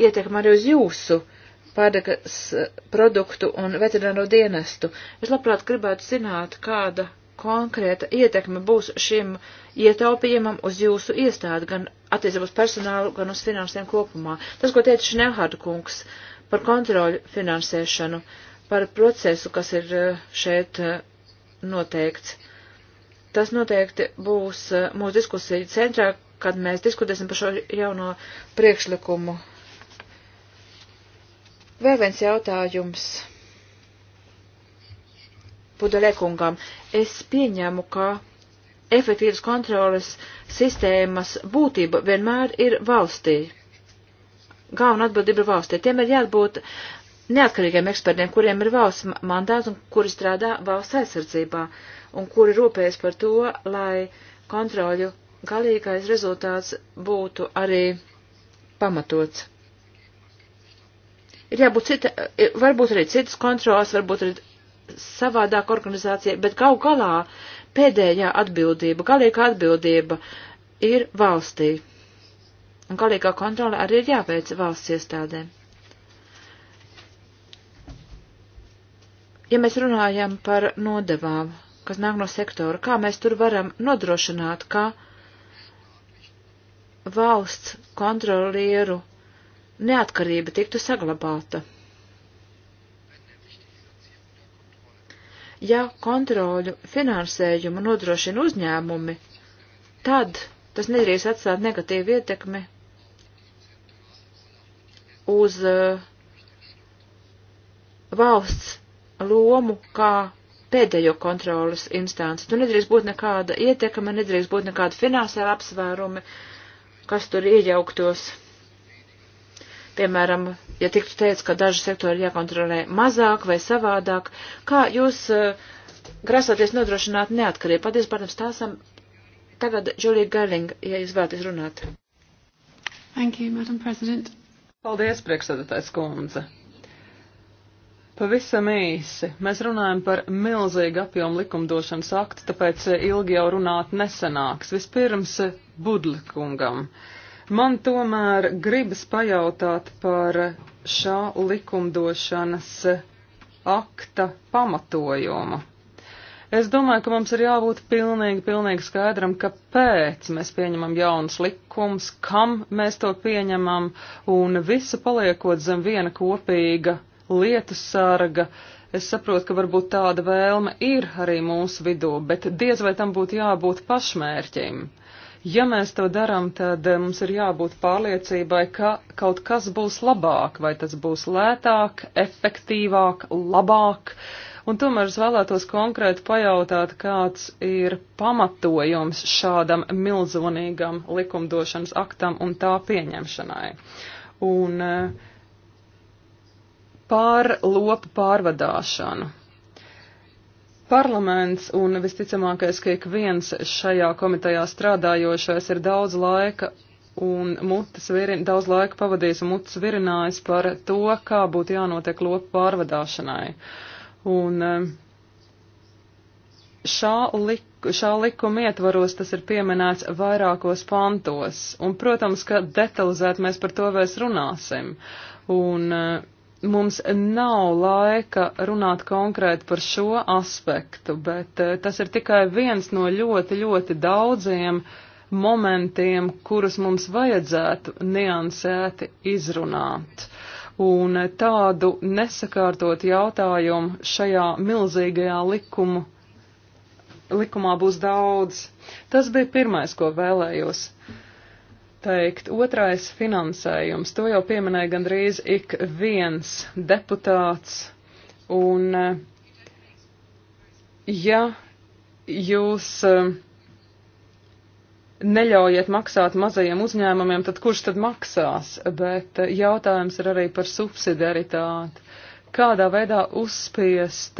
ietekmi arī uz jūsu uh, pārdegas eh, produktu un veterināro dienestu. Es labprāt gribētu zināt, kāda konkrēta ietekme būs šim ietaupījumam uz jūsu iestādi, gan attiecībā uz personālu, gan uz finansēm kopumā. Tas, ko teica Šnehārda kungs par kontroļu finansēšanu, par procesu, kas ir eh, šeit eh, noteikts. Tas noteikti būs mūsu diskusiju centrā, kad mēs diskutēsim par šo jauno priekšlikumu Vēl viens jautājums. Pudelekungam, es pieņemu, ka efektīvas kontrolas sistēmas būtība vienmēr ir valstī. Galvena atbildība ir valstī. Tiem ir jābūt neatkarīgiem ekspertiem, kuriem ir valsts mandāts un kuri strādā valsts aizsardzībā un kuri rūpējas par to, lai kontroļu galīgais rezultāts būtu arī pamatots. Ir jābūt cita, varbūt arī citas kontrolas, varbūt arī savādāk organizācija, bet gal galā pēdējā atbildība, galīga atbildība ir valstī. Un galīgā kontrola arī ir jāveic valsts iestādēm. Ja mēs runājam par nodevām, kas nāk no sektora, kā mēs tur varam nodrošināt, ka valsts kontrolieru neatkarība tiktu saglabāta. Ja kontroļu finansējumu nodrošina uzņēmumi, tad tas nedrīkst atstāt negatīvu ietekmi uz uh, valsts lomu kā pēdējo kontrolas instanci. Tur nedrīkst būt nekāda ietekme, nedrīkst būt nekāda finansēla apsvērumi, kas tur iejauktos. Piemēram, ja tiktu teikt, ka daži sektori jākontrolē mazāk vai savādāk, kā jūs uh, grasāties nodrošināt neatkarību? Paldies, protams, tāsam. Tagad Julija Gerling, ja jūs vēlaties runāt. Thank you, Madam President. Paldies, priekšsēdētājs kundze. Pavisam īsi. Mēs runājam par milzīgu apjomu likumdošanas aktu, tāpēc eh, ilgi jau runāt nesenāks. Vispirms eh, Budlikungam. kungam. Man tomēr gribas pajautāt par šā likumdošanas akta pamatojumu. Es domāju, ka mums ir jābūt pilnīgi, pilnīgi skaidram, kāpēc mēs pieņemam jaunas likums, kam mēs to pieņemam, un visu paliekot zem viena kopīga lietu sarga. Es saprotu, ka varbūt tāda vēlme ir arī mūsu vidū, bet diez vai tam būtu jābūt pašmērķim. Uh, Ja mēs to darām, tad eh, mums ir jābūt pārliecībai, ka kaut kas būs labāk, vai tas būs lētāk, efektīvāk, labāk. Un tomēr es vēlētos konkrēti pajautāt, kāds ir pamatojums šādam milzonīgam likumdošanas aktam un tā pieņemšanai. Un eh, pār lopu pārvadāšanu Parlaments un visticamākais, ka ik viens šajā komitejā strādājošais ir daudz laika un mutes virin, daudz laika pavadījis un mutes virinājis par to, kā būtu jānotiek lopu pārvadāšanai. Un eh, šā, lik, šā likuma ietvaros tas ir pieminēts vairākos pantos, un, protams, ka detalizēt mēs par to vairs runāsim. Un eh, mums nav laika runāt konkrēti par šo aspektu, bet eh, tas ir tikai viens no ļoti, ļoti daudziem momentiem, kurus mums vajadzētu niansēti izrunāt. Un tādu nesakārtot jautājumu šajā milzīgajā likumu, likumā būs daudz. Tas bija pirmais, ko vēlējos pateikt. Otrais - finansējums. To jau pieminēja gandrīz ik viens deputāts. Un, eh, ja jūs eh, neļaujiet maksāt mazajiem uzņēmumiem, tad kurš tad maksās? Bet eh, jautājums ir arī par subsidiaritāti. Kādā veidā uzspiest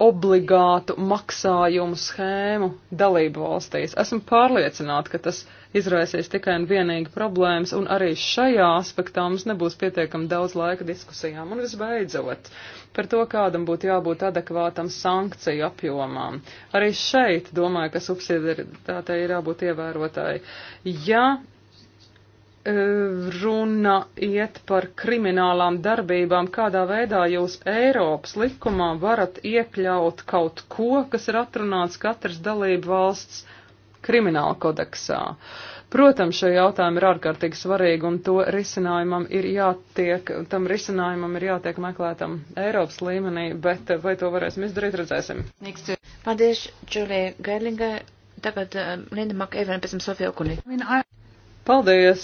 obligātu maksājumu schēmu dalību valstīs? Esmu pārliecināta, ka tas ir izraisīs tikai un vienīgi problēmas, un arī šajā aspektā mums nebūs pietiekami daudz laika diskusijām. Un visbeidzot, par to, kādam būtu jābūt adekvātam sankciju apjomām. Arī šeit domāju, ka subsidiaritātei ir jābūt ievērotāji. Ja e, runa iet par kriminālām darbībām, kādā veidā jūs Eiropas likumā varat iekļaut kaut ko, kas ir atrunāts katras dalību valsts krimināla kodeksā. Protams, šie jautājumi ir ārkārtīgi svarīgi, un to risinājumam ir jātiek, tam risinājumam ir jātiek meklētam Eiropas līmenī, bet eh, vai to varēsim izdarīt, redzēsim. Paldies, Čulija Gerlinga. Tagad eh, Linda Makēvena, pēc tam Sofija Okuni. Paldies!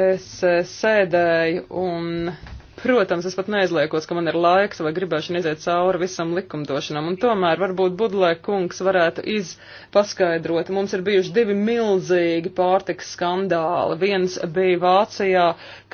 Es eh, sēdēju un Protams, es pat neizliekos, ka man ir laiks vai gribēšana iziet cauri visam likumdošanam, un tomēr varbūt Budlē kungs varētu izpaskaidrot. Mums ir bijuši divi milzīgi pārtiks skandāli. Viens bija Vācijā,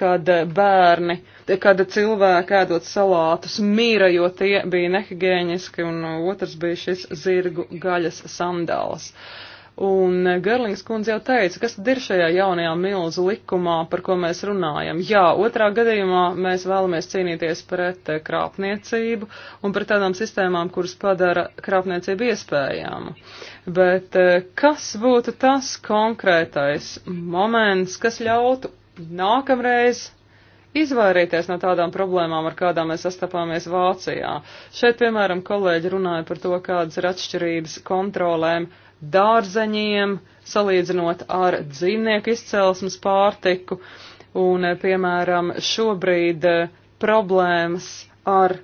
kad bērni, kad cilvēki ēdot salātus mīra, jo tie bija nehigēniski, un otrs bija šis zirgu gaļas sandāls. Uh, Un Gerlings kundze jau teica, kas tad ir šajā jaunajā milzu likumā, par ko mēs runājam. Jā, otrā gadījumā mēs vēlamies cīnīties pret eh, krāpniecību un par tādām sistēmām, kuras padara krāpniecību iespējamu. Bet eh, kas būtu tas konkrētais moments, kas ļautu nākamreiz izvairīties no tādām problēmām, ar kādām mēs sastapāmies Vācijā. Šeit, piemēram, kolēģi runāja par to, kādas ir atšķirības kontrolēm dārzeņiem, salīdzinot ar dzīvnieku izcelsmes pārtiku. Un, eh, piemēram, šobrīd eh, problēmas ar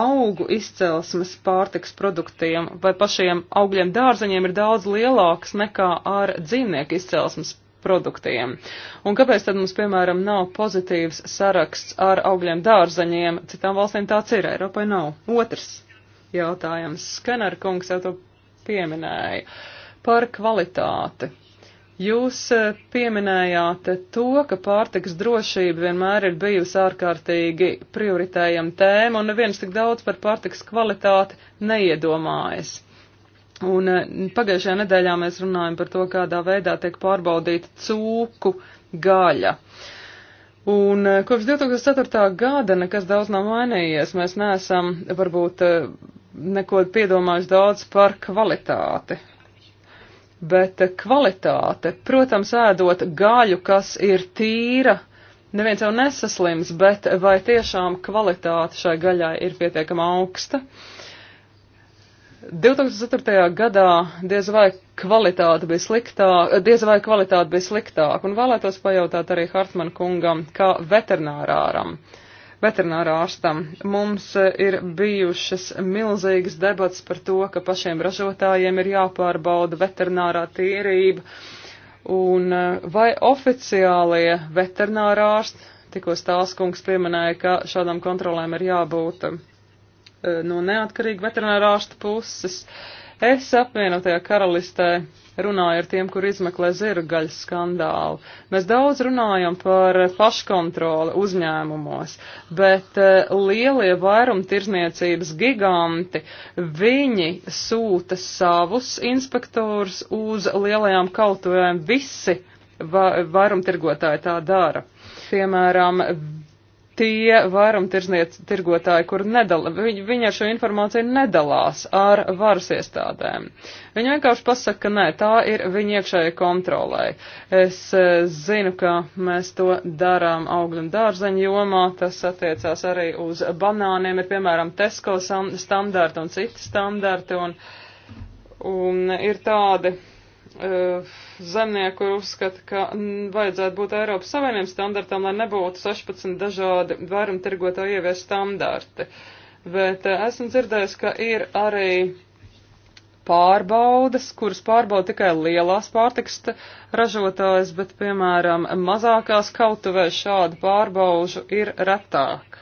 augu izcelsmes pārtiks produktiem vai pašiem augļiem dārzeņiem ir daudz lielāks nekā ar dzīvnieku izcelsmes produktiem. Un kāpēc tad mums, piemēram, nav pozitīvs saraksts ar augļiem dārzeņiem? Citām valstīm tāds ir, Eiropai nav. Otrs jautājums. Skener kungs jau to pieminēja. Par kvalitāti. Jūs eh, pieminējāt to, ka pārtiks drošība vienmēr ir bijusi ārkārtīgi prioritējama tēma, un neviens tik daudz par pārtiks kvalitāti neiedomājas. Un eh, pagājušajā nedēļā mēs runājam par to, kādā veidā tiek pārbaudīta cūku gaļa. Un eh, kopš 2004. gada nekas daudz nav mainījies. Mēs neesam varbūt neko piedomājuši daudz par kvalitāti. Bet kvalitāte, protams, ēdot gaļu, kas ir tīra, neviens jau nesaslims, bet vai tiešām kvalitāte šai gaļai ir pietiekama augsta? 2004. gadā diez vai kvalitāte bija sliktā, diez vai kvalitāte bija sliktāka, un vēlētos pajautāt arī Hartman kungam, kā veterinārāram. Uh, veterinārārstam. Mums e, ir bijušas milzīgas debats par to, ka pašiem ražotājiem ir jāpārbauda veterinārā tīrība. Un e, vai oficiālie veterinārārsti, tikko stāsts kungs pieminēja, ka šādām kontrolēm ir jābūt e, no neatkarīga veterinārārsta puses, uh, Es apvienotajā karalistē runāju ar tiem, kur izmeklē zirgaļas skandālu. Mēs daudz runājam par paškontroli uzņēmumos, bet eh, lielie vairumtirzniecības giganti, viņi sūta savus inspektors uz lielajām kautuvēm, visi vairumtirgotāji tā dara. Piemēram, tie vairumtirgotāji, kur nedala, viņi, viņi ar šo informāciju nedalās ar varas iestādēm. Viņi vienkārši pasaka, ka nē, tā ir viņa iekšēja kontrolē. Es eh, zinu, ka mēs to darām augļu un dārzeņu jomā, tas attiecās arī uz banāniem, ir piemēram Tesco standarti un citi standarti, un, un ir tādi Eh, zemnieku uzskata, ka vajadzētu būt Eiropas Savienības standartam, lai nebūtu 16 dažādi vairumtirgotāji ievies standarti. Bet eh, esmu dzirdējis, ka ir arī pārbaudas, kuras pārbauda tikai lielās pārtiks ražotājas, bet, piemēram, mazākās kautuvēs šādu pārbaužu ir retāk.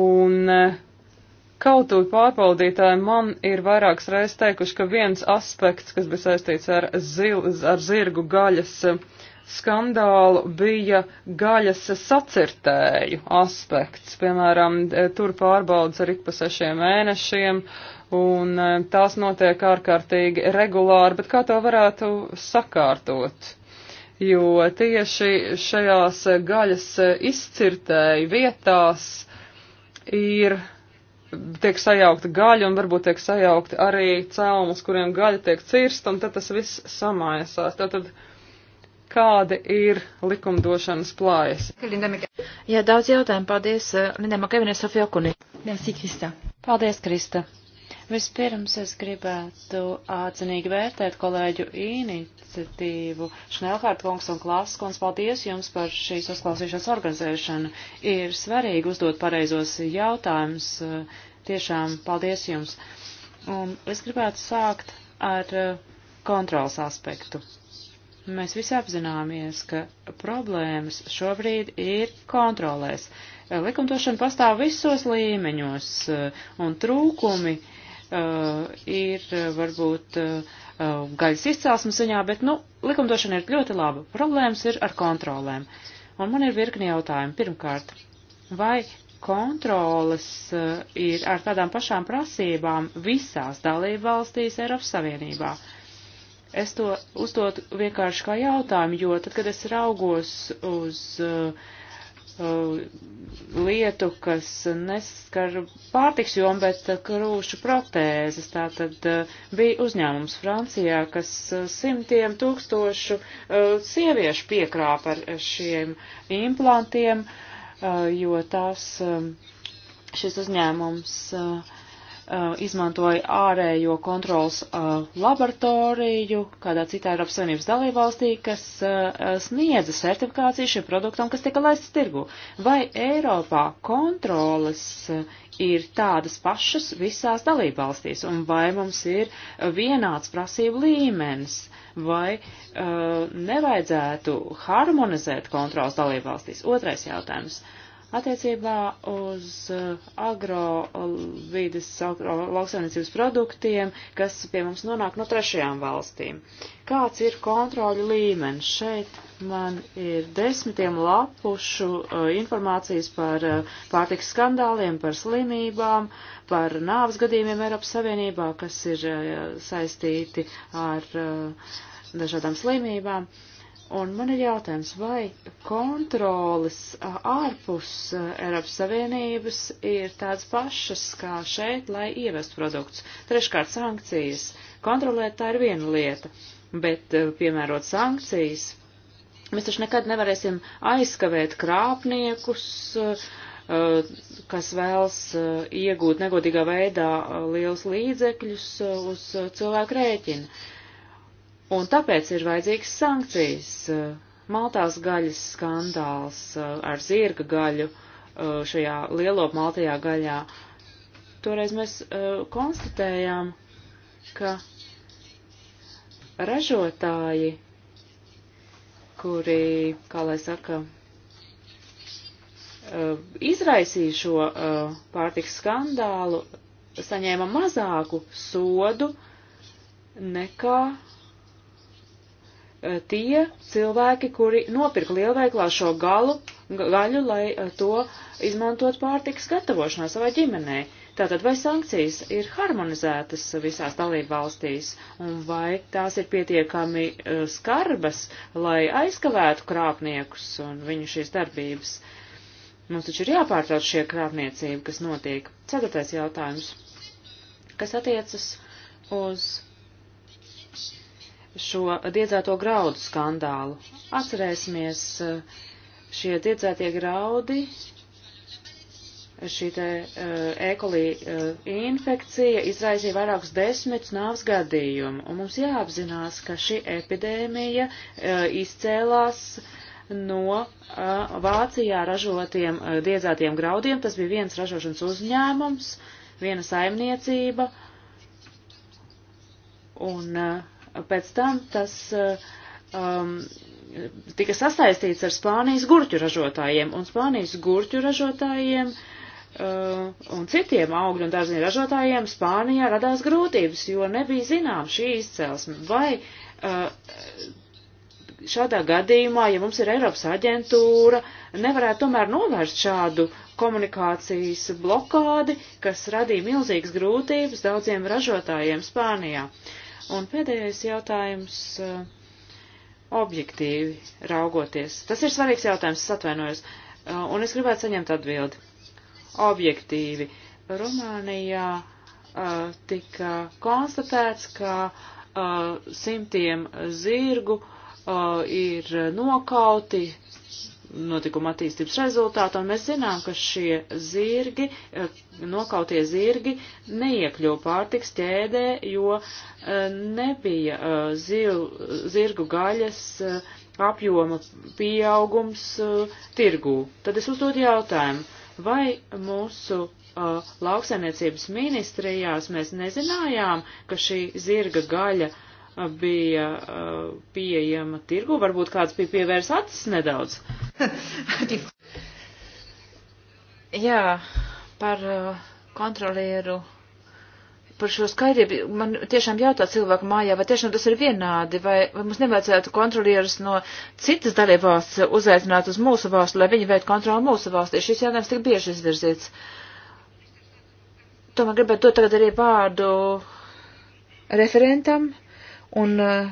Un eh, Kautuvi pārvaldītāji man ir vairākas reizes teikuši, ka viens aspekts, kas bija saistīts ar, zil, ar zirgu gaļas eh, skandālu, bija gaļas sacirtēju aspekts. Piemēram, eh, tur pārbaudas arī pa sešiem mēnešiem, un eh, tās notiek ārkārtīgi regulāri, bet kā to varētu sakārtot? Jo tieši šajās gaļas izcirtēju vietās ir tiek sajaukta gaļa un varbūt tiek sajaukta arī cēlumus, kuriem gaļa tiek cirsta, un tad tas viss samaisās. Tātad, kāda ir likumdošanas plājas? Jā, daudz jautājumu. Paldies, eh, Lindai Makavina Sofija Okuni. Paldies, Krista. Paldies, Krista. Vispirms es gribētu atzinīgi vērtēt kolēģu iniciatīvu. Šnelhārt kungs un Klāsas kungs, paldies jums par šīs uzklausīšanas organizēšanu. Ir svarīgi uzdot pareizos jautājumus. Tiešām paldies jums. Un es gribētu sākt ar eh, kontrols aspektu. Mēs visi apzināmies, ka problēmas šobrīd ir kontrolēs. Likumdošana pastāv visos līmeņos, eh, un trūkumi uh, uh, ir eh, varbūt uh, gaļas izcelsmes ziņā, bet, nu, likumdošana ir ļoti laba. Problēmas ir ar kontrolēm. Un man ir virkni jautājumi. Pirmkārt, vai kontrolas uh, ir ar tādām pašām prasībām visās dalību valstīs Eiropas Savienībā? Es to uzdotu vienkārši kā jautājumu, jo tad, kad es raugos uz uh, Uh, lietu, kas neskar pārtiks jomu, bet uh, krūšu protēzes. Tātad uh, bija uzņēmums Francijā, kas simtiem tūkstošu sieviešu piekrāpa ar šiem implantiem, jo tās um, šis uzņēmums uh, Uh, izmantoja ārējo kontrols uh, laboratoriju kādā citā Eiropas Savienības dalībvalstī, kas uh, sniedza certifikāciju šim produktam, kas tika laists tirgu. Vai Eiropā kontroles ir tādas pašas visās dalībvalstīs, un vai mums ir vienāds prasību līmenis, vai uh, nevajadzētu harmonizēt kontrols dalībvalstīs? Otrais jautājums. Uh, Attiecībā uz uh, agro uh, vides, agro lauksainicības produktiem, kas pie mums nonāk no trešajām valstīm. Kāds ir kontroļu līmenis? Šeit man ir desmitiem lapušu uh, informācijas par pārtiks skandāliem, par slimībām, par nāvas gadījumiem Eiropas Savienībā, kas ir saistīti ar dažādām slimībām. Uh, Un man ir jautājums, vai kontrolas ārpus Eiropas Savienības ir tādas pašas kā šeit, lai ievest produktus? Treškārt, sankcijas. Kontrolēt tā ir viena lieta, bet piemērot sankcijas, mēs taču nekad nevarēsim aizskavēt krāpniekus, kas vēlas iegūt negodīgā veidā liels līdzekļus uz cilvēku rēķinu Un tāpēc ir vajadzīgas sankcijas. Eh, Maltās gaļas skandāls eh, ar zirga gaļu eh, šajā lielo maltajā gaļā. Toreiz mēs konstatējām, ka ražotāji, kuri, kā lai saka, izraisīja šo pārtiks skandālu, saņēma mazāku sodu nekā Eh, tie cilvēki, kuri nopirka lielveiklā šo galu, gaļu, lai eh, to izmantot pārtikas gatavošanā savai ģimenei. Tātad vai sankcijas ir harmonizētas visās dalību valstīs un vai tās ir pietiekami eh, skarbas, lai aizkavētu krāpniekus un viņu šīs darbības? Mums taču ir jāpārtrauc šie krāpniecība, kas notiek. Ceturtais jautājums, kas attiecas uz šo diedzēto graudu skandālu. Atcerēsimies, eh, šie diedzētie graudi, šī te ekolī eh, e. eh, infekcija izraisīja vairākus desmitus nāvs gadījumu, un mums jāapzinās, ka šī epidēmija izcēlās no Vācijā ražotiem diedzētiem graudiem. Tas bija viens ražošanas uzņēmums, viena saimniecība, un uh, pēc tam tas eh, um, tika sasaistīts ar Spānijas gurķu ražotājiem, un Spānijas gurķu ražotājiem uh, un citiem augļu un dārziņu ražotājiem Spānijā radās grūtības, jo nebija zinām šī izcelsme. Vai uh, šādā gadījumā, ja mums ir Eiropas aģentūra, nevarētu tomēr novērst šādu komunikācijas blokādi, kas radīja milzīgas grūtības daudziem ražotājiem Spānijā. Uh, Un pēdējais jautājums eh, objektīvi raugoties. Tas ir svarīgs jautājums, es atvainojos, eh, un es gribētu saņemt atbildi. Objektīvi. Rumānijā eh, tika konstatēts, ka simtiem zirgu ir nokauti notikuma attīstības rezultātu, un mēs zinām, ka šie zirgi, eh, nokautie zirgi, neiekļuva pārtiks ķēdē, jo eh, nebija eh, zil, zirgu gaļas apjoma pieaugums tirgū. Tad es uzdodu jautājumu, vai mūsu lauksaimniecības ministrijās mēs nezinājām, ka šī zirga gaļa uh, bija uh, pieejama tirgu, varbūt kāds bija pievērs acis nedaudz. Jā, par uh, kontrolieru par šo skaidrību. Man tiešām jautā cilvēku mājā, vai tiešām tas ir vienādi, vai, vai mums nevajadzētu kontrolierus no citas dalībvalsts uzaicināt uz mūsu valsti, lai viņi veiktu kontroli mūsu valstī. Šis jautājums tik bieži izvirzīts. Tomēr gribētu dot tagad arī vārdu referentam, Un eh,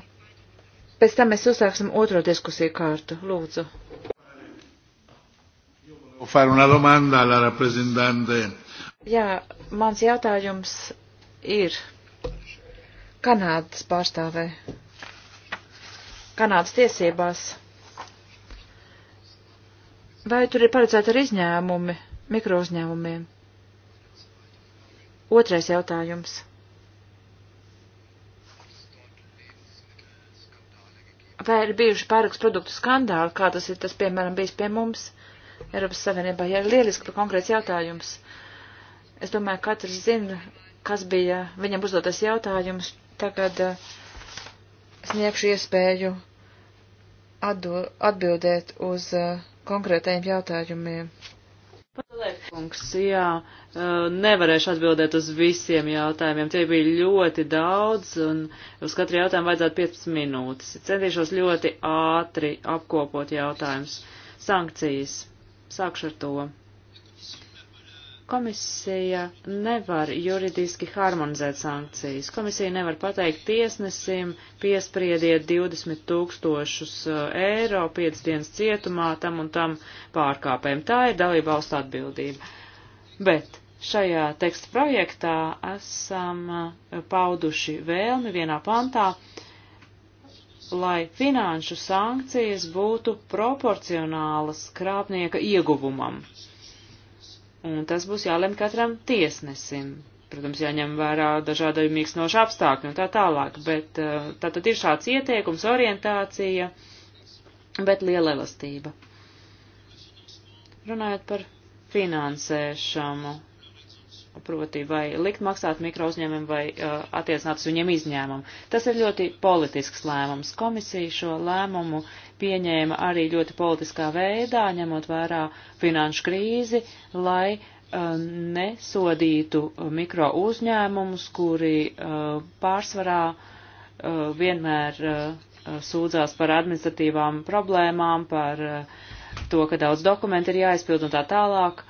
pēc tam mēs uzsāksim otro diskusiju kārtu. Lūdzu. Jā, mans jautājums ir Kanādas pārstāvē. Kanādas tiesībās. Vai tur ir paredzēti arī izņēmumi mikrouzņēmumiem? Otrais jautājums. vai ir bijuši pārāks produktu skandāli, kā tas ir tas, piemēram, bijis pie mums Eiropas Savienībā, ja ir lieliski par konkrēts jautājums. Es domāju, katrs zina, kas bija viņam uzdotais jautājums. Tagad eh, sniegšu iespēju atdo, atbildēt uz eh, konkrētajiem jautājumiem. Palēkungs, jā, eh, nevarēšu atbildēt uz visiem jautājumiem. Tie bija ļoti daudz, un uz katru jautājumu vajadzētu 15 minūtes. Centīšos ļoti ātri apkopot jautājumus. Sankcijas. Sākšu ar to. Komisija nevar juridiski harmonizēt sankcijas. Komisija nevar pateikt tiesnesim, piespriediet 20 tūkstošus uh, eiro, 5 dienas cietumā tam un tam pārkāpēm. Tā ir dalība valsts atbildība. Bet šajā teksta projektā esam uh, pauduši vēlmi vienā pantā, lai finanšu sankcijas būtu proporcionālas krāpnieka ieguvumam un tas būs jālem katram tiesnesim. Protams, jāņem vērā dažādi mīkstinoši apstākļi un tā tālāk, bet eh, tā tad ir šāds ieteikums, orientācija, bet liela elastība. Runājot par finansēšanu, proti vai likt maksāt mikrouzņēmumiem vai uh, attiecināt uz viņiem izņēmumu. Tas ir ļoti politisks lēmums. Komisija šo lēmumu pieņēma arī ļoti politiskā veidā, ņemot vērā finanšu krīzi, lai um, nesodītu mikro uzņēmumus, kuri uh, pārsvarā uh, vienmēr uh, sūdzās par administratīvām problēmām, par to, ka daudz dokumentu ir jāizpild un tā tālāk.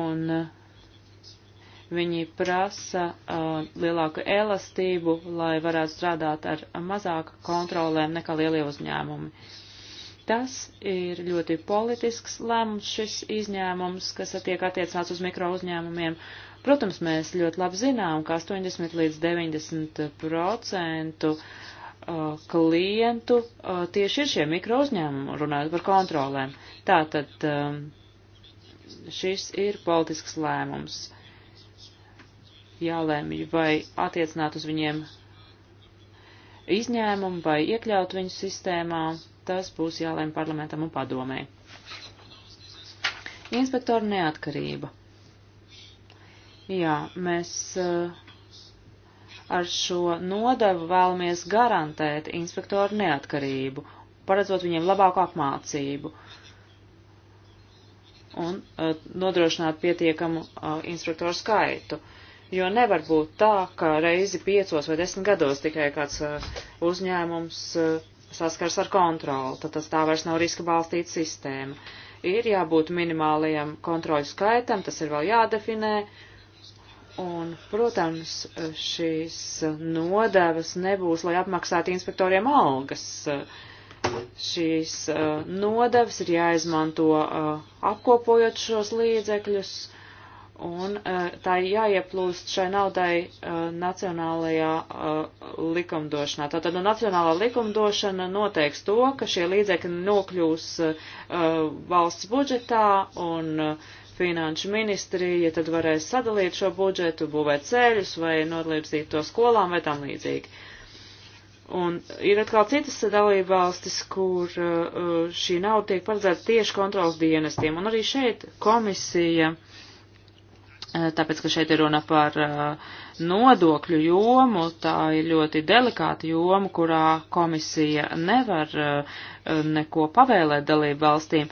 Un uh, Viņi prasa uh, lielāku elastību, lai varētu strādāt ar mazāku kontrolēm nekā lielie uzņēmumi. Tas ir ļoti politisks lēmums, šis izņēmums, kas tiek attiecināts uz mikro uzņēmumiem. Protams, mēs ļoti labi zinām, ka 80 līdz 90 procentu uh, klientu uh, tieši ir šie mikro uzņēmumi, runājot par kontrolēm. Tātad um, šis ir politisks lēmums jālēmj, vai attiecināt uz viņiem izņēmumu vai iekļaut viņu sistēmā. Tas būs jālēm parlamentam un padomē. Inspektora neatkarība. Jā, mēs eh, ar šo nodevu vēlamies garantēt inspektoru neatkarību, paredzot viņiem labāku apmācību un eh, nodrošināt pietiekamu eh, inspektoru skaitu. Uh, jo nevar būt tā, ka reizi piecos vai desmit gados tikai kāds uh, uzņēmums uh, saskars ar kontroli, tad tas tā vairs nav riska balstīta sistēma. Ir jābūt minimālajam kontroļu skaitam, tas ir vēl jādefinē, Un, protams, šīs nodevas nebūs, lai apmaksātu inspektoriem algas. Šīs uh, nodevas ir jāizmanto apkopojot šos līdzekļus un e, tā jāieplūst šai naudai e, nacionālajā e, likumdošanā. Tātad no nu, nacionālā likumdošana noteiks to, ka šie līdzekļi nokļūs valsts budžetā un finanšu ministrija tad varēs sadalīt šo budžetu, būvēt ceļus vai nodlīdzīt to skolām vai tam līdzīgi. Un ir atkal citas dalība valstis, kur šī nauda tiek paredzēta tieši kontrols dienestiem. Un arī šeit komisija uh, Eh, tāpēc, ka šeit ir runa par eh, nodokļu jomu, tā ir ļoti delikāta joma, kurā komisija nevar eh, neko pavēlēt dalību valstīm,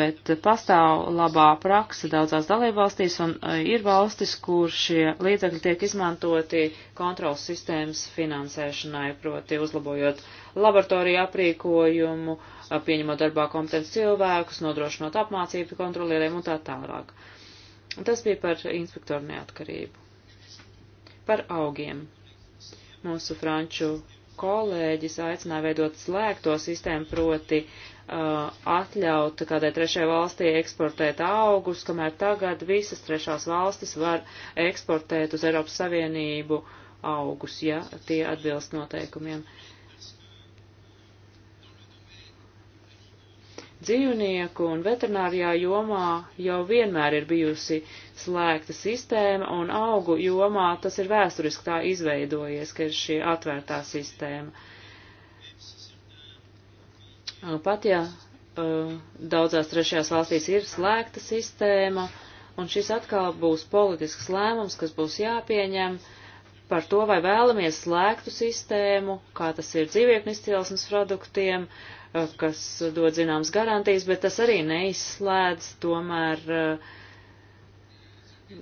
bet pastāv labā praksa daudzās dalību valstīs, un ir valstis, kur šie līdzekļi tiek izmantoti kontrols sistēmas finansēšanai, proti uzlabojot laboratoriju aprīkojumu, pieņemot darbā kompetenci cilvēkus, nodrošinot apmācību kontrolieriem un tā tālāk. Tā Un tas bija par inspektoru neatkarību. Par augiem. Mūsu franču kolēģis aicināja veidot slēgto sistēmu, proti uh, atļaut kādai trešai valstī eksportēt augus, kamēr tagad visas trešās valstis var eksportēt uz Eiropas Savienību augus, ja tie atbilst noteikumiem. Uh, dzīvnieku un veterinārijā jomā jau vienmēr ir bijusi slēgta sistēma, un augu jomā tas ir vēsturiski tā izveidojies, ka ir šī atvērtā sistēma. Pat ja daudzās trešajās valstīs ir slēgta sistēma, un šis atkal būs politisks lēmums, kas būs jāpieņem par to, vai vēlamies slēgtu sistēmu, kā tas ir dzīvnieku izcelsmes produktiem, uh, Eh, kas dod zināmas garantijas, bet tas arī neizslēdz tomēr eh,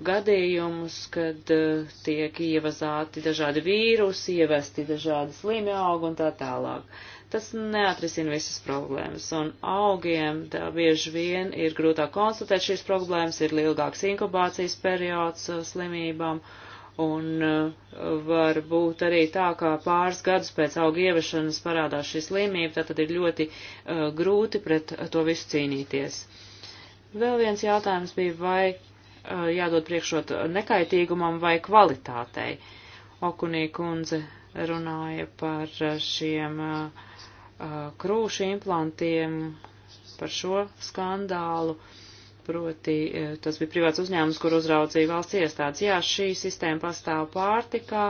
gadījumus, kad eh, tiek ievazāti dažādi vīrusi, ievesti dažādi slimi augi un tā tālāk. Tas neatrisina visas problēmas, un augiem tā bieži vien ir grūtāk konstatēt šīs problēmas, ir ilgāks inkubācijas periods slimībām, uh, Un uh, var būt arī tā, ka pāris gadus pēc auga ievešanas parādās šī slimība, tad ir ļoti uh, grūti pret to visu cīnīties. Vēl viens jautājums bija, vai uh, jādod priekšrot nekaitīgumam vai kvalitātei. Okunī kundze runāja par šiem uh, uh krūšu implantiem, par šo skandālu. Uh, proti e, tas bija privāts uzņēmums, kur uzraudzīja valsts iestādes. Jā, šī sistēma pastāv pārtikā,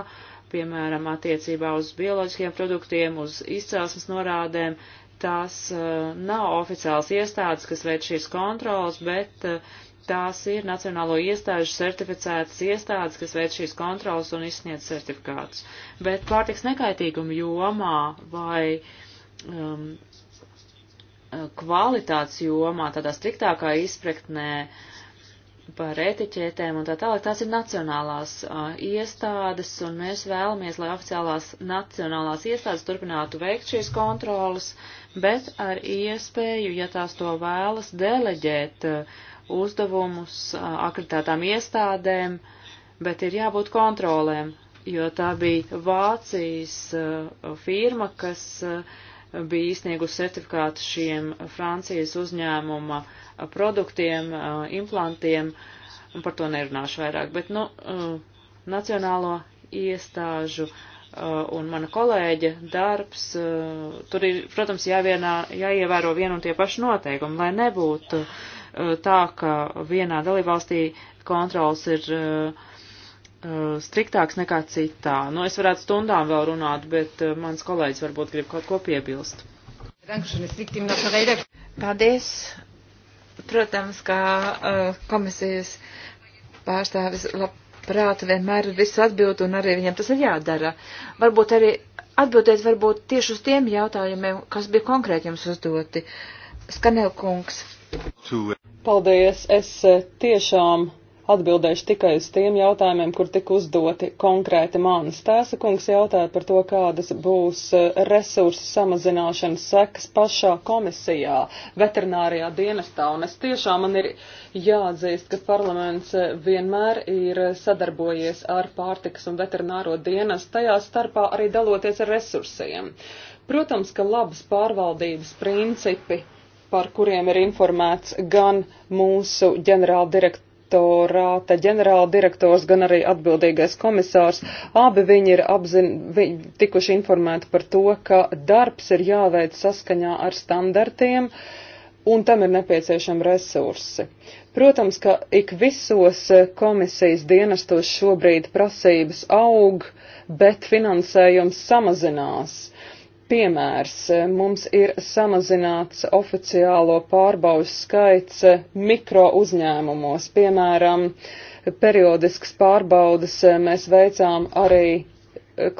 piemēram, attiecībā uz bioloģiskiem produktiem, uz izcelsmes norādēm. Tās uh, e, nav oficiāls iestādes, kas veic šīs kontrolas, bet uh, tās ir Nacionālo iestāžu certificētas iestādes, kas veic šīs kontrolas un izsniedz certifikātus. Bet pārtiks nekaitīguma jomā vai um, Eh, kvalitātes jomā, tādā striktākā izpratnē par etiķetēm un tā tālāk, tās ir nacionālās uh, iestādes, un mēs vēlamies, lai oficiālās nacionālās iestādes turpinātu veikt šīs kontrolas, bet ar iespēju, ja tās to vēlas, deleģēt uh, uzdevumus uh, akreditētām iestādēm, bet ir jābūt kontrolēm, jo tā bija Vācijas uh, firma, kas uh, bija izsniegusi certifikātu šiem Francijas uzņēmuma produktiem, implantiem, un par to nerunāšu vairāk, bet, nu, nacionālo iestāžu un mana kolēģa darbs, tur ir, protams, jāvienā, jāievēro vienu un tie paši noteikumi, lai nebūtu tā, ka vienā dalībvalstī kontrols ir uh, Uh, striktāks nekā citā. Nu, es varētu stundām vēl runāt, bet uh, mans kolēģis varbūt grib kaut ko piebilst. Paldies. Protams, kā uh, komisijas pārstāvis labprāt vienmēr visu atbild un arī viņam tas ir jādara. Varbūt arī atbildēt varbūt tieši uz tiem jautājumiem, kas bija konkrēti jums uzdoti. Skanēl kungs. Paldies. Es eh, tiešām Atbildēšu tikai uz tiem jautājumiem, kur tika uzdoti konkrēti manas. Tēsa kungs jautāja par to, kādas būs eh, resursu samazināšanas sekas pašā komisijā, veterinārijā dienestā. Un es tiešām man ir jāatzīst, ka parlaments eh, vienmēr ir sadarbojies ar pārtikas un veterināro dienestu, tajā starpā arī daloties ar resursiem. Protams, ka labas pārvaldības principi par kuriem ir informēts gan mūsu ģenerāldirektora direktorāta ģenerāla direktors, gan arī atbildīgais komisārs, abi viņi ir apzin, viņi tikuši informēti par to, ka darbs ir jāveic saskaņā ar standartiem, un tam ir nepieciešami resursi. Protams, ka ik visos komisijas dienestos šobrīd prasības aug, bet finansējums samazinās Piemērs mums ir samazināts oficiālo pārbaudas skaits mikro uzņēmumos. Piemēram, periodisks pārbaudas mēs veicām arī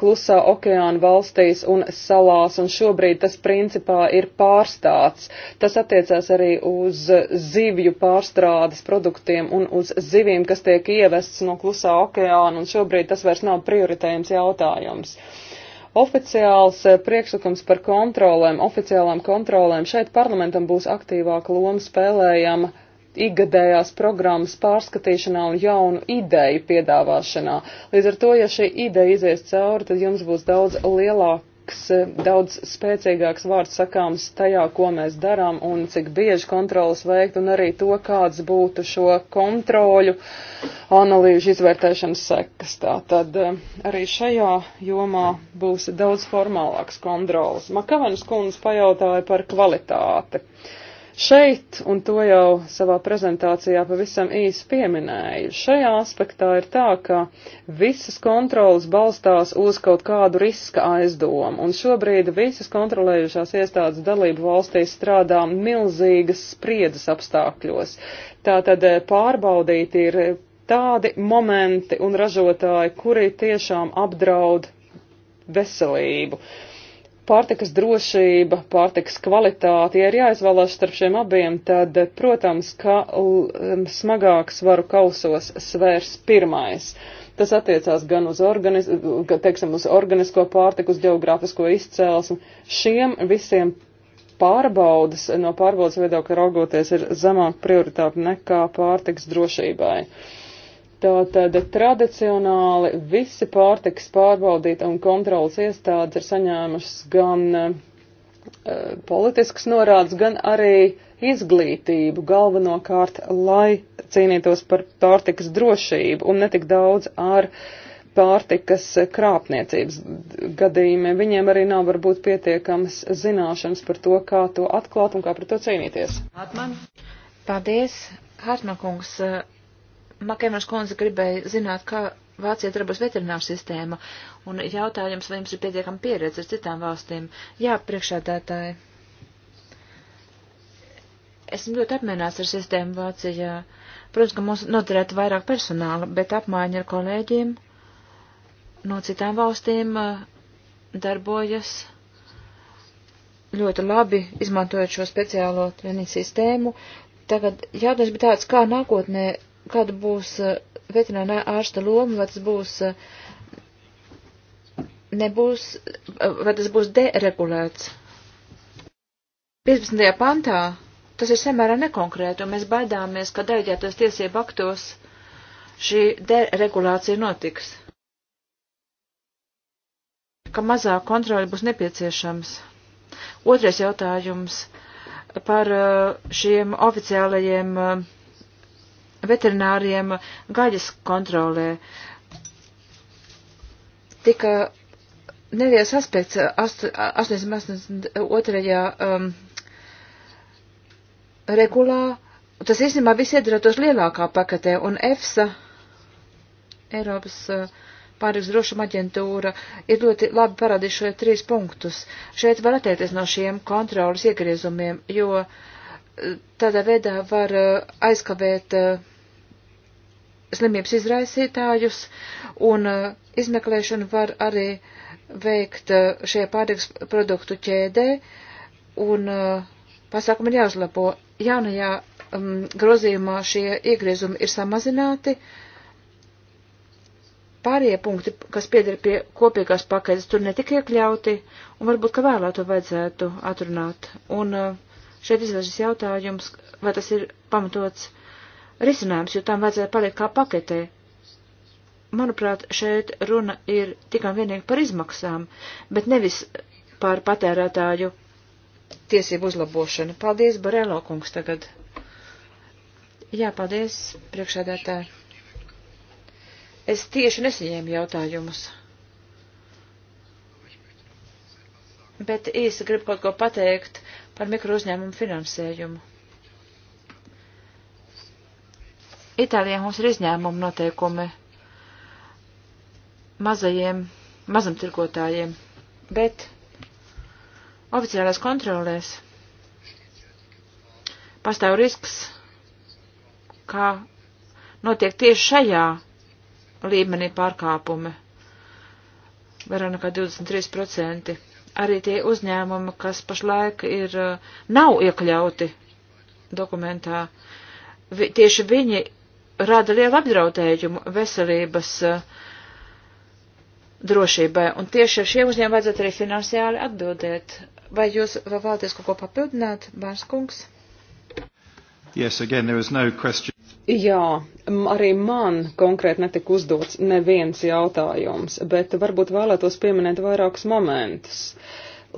klusā okeāna valstīs un salās, un šobrīd tas principā ir pārstāts. Tas attiecās arī uz zivju pārstrādes produktiem un uz zivīm, kas tiek ievests no klusā okeāna, un šobrīd tas vairs nav prioritējums jautājums. Uh, Oficiāls eh, priekšlikums par kontrolēm, oficiālām kontrolēm šeit parlamentam būs aktīvāka loma spēlējama ikgadējās programmas pārskatīšanā un jaunu ideju piedāvāšanā. Līdz ar to, ja šī ideja izies cauri, tad jums būs daudz lielāka tiks eh, daudz spēcīgāks vārds sakāms tajā, ko mēs darām un cik bieži kontrolas veikt un arī to, kāds būtu šo kontroļu analīžu izvērtēšanas sekas. Tā tad eh, arī šajā jomā būs daudz formālāks kontrols. Makavenas kundze pajautāja par kvalitāti. Uh, Šeit, un to jau savā prezentācijā pavisam īsi pieminēju, šajā aspektā ir tā, ka visas kontrolas balstās uz kaut kādu riska aizdomu, un šobrīd visas kontrolējušās iestādes dalību valstīs strādā milzīgas spriedzes apstākļos. Tātad eh, pārbaudīt ir tādi momenti un ražotāji, kuri tiešām apdraud veselību pārtikas drošība, pārtikas kvalitāte, ja ir jāizvēlās starp šiem abiem, tad, protams, ka um, smagāks varu kausos svērs pirmais. Tas attiecās gan uz, organiz, teiksim, uz organisko pārtiku, uz geogrāfisko izcēlesmi. Šiem visiem pārbaudas, no pārbaudas viedokļa raugoties, ir zemāk prioritāte nekā pārtiks drošībai. Uh, Tātad tradicionāli visi pārtiks pārbaudīt un kontrolas iestādes ir saņēmušas gan uh, politiskas norādes, gan arī izglītību galvenokārt, lai cīnītos par pārtikas drošību un netik daudz ar pārtikas krāpniecības gadījumiem. Viņiem arī nav varbūt pietiekamas zināšanas par to, kā to atklāt un kā par to cīnīties. Atman. Paldies, Hartmakungs. Uh Makēmers kundze gribēja zināt, kā Vācija darbos veterināru sistēma, un jautājums, vai jums ir pietiekama pieredze ar citām valstīm. Jā, priekšādātāji. Esmu ļoti apmienāts ar sistēmu Vācijā. Protams, ka mums noturētu vairāk personāla, bet apmaiņa ar kolēģiem no citām valstīm eh, darbojas ļoti labi, izmantojot šo speciālo treniņu sistēmu. Tagad jautājums bija tāds, kā nākotnē kāda būs eh, veterinārā ārsta loma, vai tas būs eh, nebūs, eh, vai tas būs deregulēts. 15. pantā tas ir samērā nekonkrēti, un mēs baidāmies, ka dēļģētos tiesību aktos šī deregulācija notiks, ka mazāk kontroli būs nepieciešams. Otrais jautājums par šiem oficiālajiem uh, veterināriem gaļas kontrolē. Tika neviens aspekts 882. Um, regulā, tas īstenībā viss iedarētos lielākā paketē, un EFSA, Eiropas uh, pārīgs drošuma aģentūra ir ļoti labi parādījuši šie trīs punktus. Šeit var attiekties no šiem kontrolas iegriezumiem, jo tādā veidā var eh, aizkavēt eh, slimības izraisītājus, un eh, izmeklēšanu var arī veikt šajā pārtiks produktu ķēdē, un pasākumi ir jāuzlabo. Jaunajā um, grozījumā šie iegriezumi ir samazināti. Pārējie punkti, kas pieder pie kopīgās pakaļas, tur netika iekļauti, un varbūt, ka vēlāk to vajadzētu atrunāt. Un uh, Šeit izvēršas jautājums, vai tas ir pamatots risinājums, jo tam vajadzēja palikt kā paketē. Manuprāt, šeit runa ir tikai vienīgi par izmaksām, bet nevis par patērētāju tiesību uzlabošanu. Paldies, Barelo kungs, tagad. Jā, paldies, priekšādētāji. Es tieši nesaņēmu jautājumus. Bet īsi gribu kaut ko pateikt par mikrouzņēmumu finansējumu. Itālijā mums ir izņēmuma noteikumi mazajiem, mazumtirgotājiem, bet oficiālās kontrolēs pastāv risks, kā notiek tieši šajā līmenī pārkāpumi, vairāk nekā 23% arī tie uzņēmumi, kas pašlaik ir, eh, nav iekļauti dokumentā, vi, tieši viņi rada lielu apdraudējumu veselības eh, drošībai, un tieši ar šiem uzņēmumiem vajadzētu arī finansiāli atbildēt. Vai jūs vēl vēlaties kaut ko papildināt, Bārskungs? Yes, again, there was no question. Jā, arī man konkrēti netika uzdots neviens jautājums, bet varbūt vēlētos pieminēt vairākus momentus.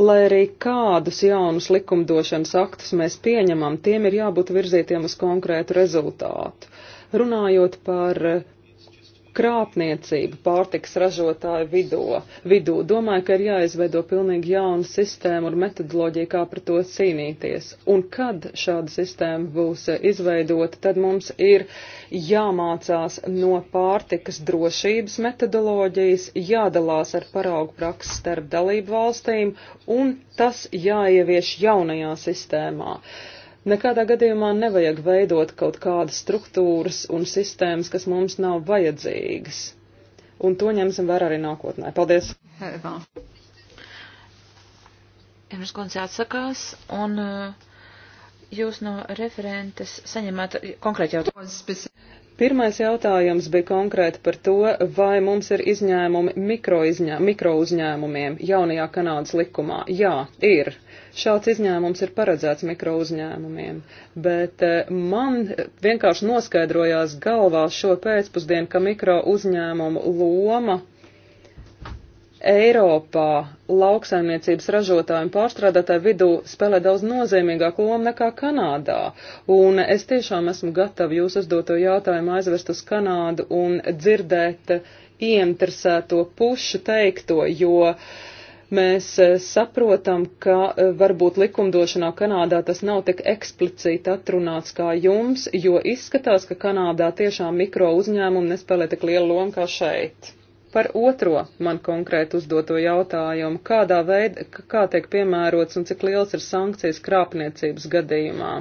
Lai arī kādus jaunus likumdošanas aktus mēs pieņemam, tiem ir jābūt virzītiem uz konkrētu rezultātu. Runājot par krāpniecību pārtiks ražotāju vidū. vidū. Domāju, ka ir jāizveido pilnīgi jauna sistēma un metodoloģija, kā par to cīnīties. Un kad šāda sistēma būs izveidota, tad mums ir jāmācās no pārtikas drošības metodoloģijas, jādalās ar paraugu praksi starp dalību valstīm un tas jāievieš jaunajā sistēmā. Uh, Nekādā gadījumā nevajag veidot kaut kādas struktūras un sistēmas, kas mums nav vajadzīgas. Un to ņemsim vērā arī nākotnē. Paldies! Emrs Guns atsakās, un uh, jūs no referentes saņemat konkrēti jautājumu. Pirmais jautājums bija konkrēti par to, vai mums ir izņēmumi mikrouzņēmumiem mikro, izņē, mikro jaunajā Kanādas likumā. Jā, ir. Šāds izņēmums ir paredzēts mikrouzņēmumiem, bet eh, man vienkārši noskaidrojās galvā šo pēcpusdienu, ka mikrouzņēmumu loma uh, Eiropā lauksaimniecības ražotāju un pārstrādātāju vidū spēlē daudz nozīmīgāku lomu nekā Kanādā. Un es tiešām esmu gatava jūs uzdoto jautājumu aizvest uz Kanādu un dzirdēt ieinteresēto pušu teikto, jo mēs saprotam, ka e, varbūt likumdošanā Kanādā tas nav tik eksplicīti atrunāts kā jums, jo izskatās, ka Kanādā tiešām mikro uzņēmumi nespēlē tik lielu lomu kā šeit. Par otro man konkrēti uzdoto jautājumu, kādā veidā, kā tiek piemērots un cik liels ir sankcijas krāpniecības gadījumā.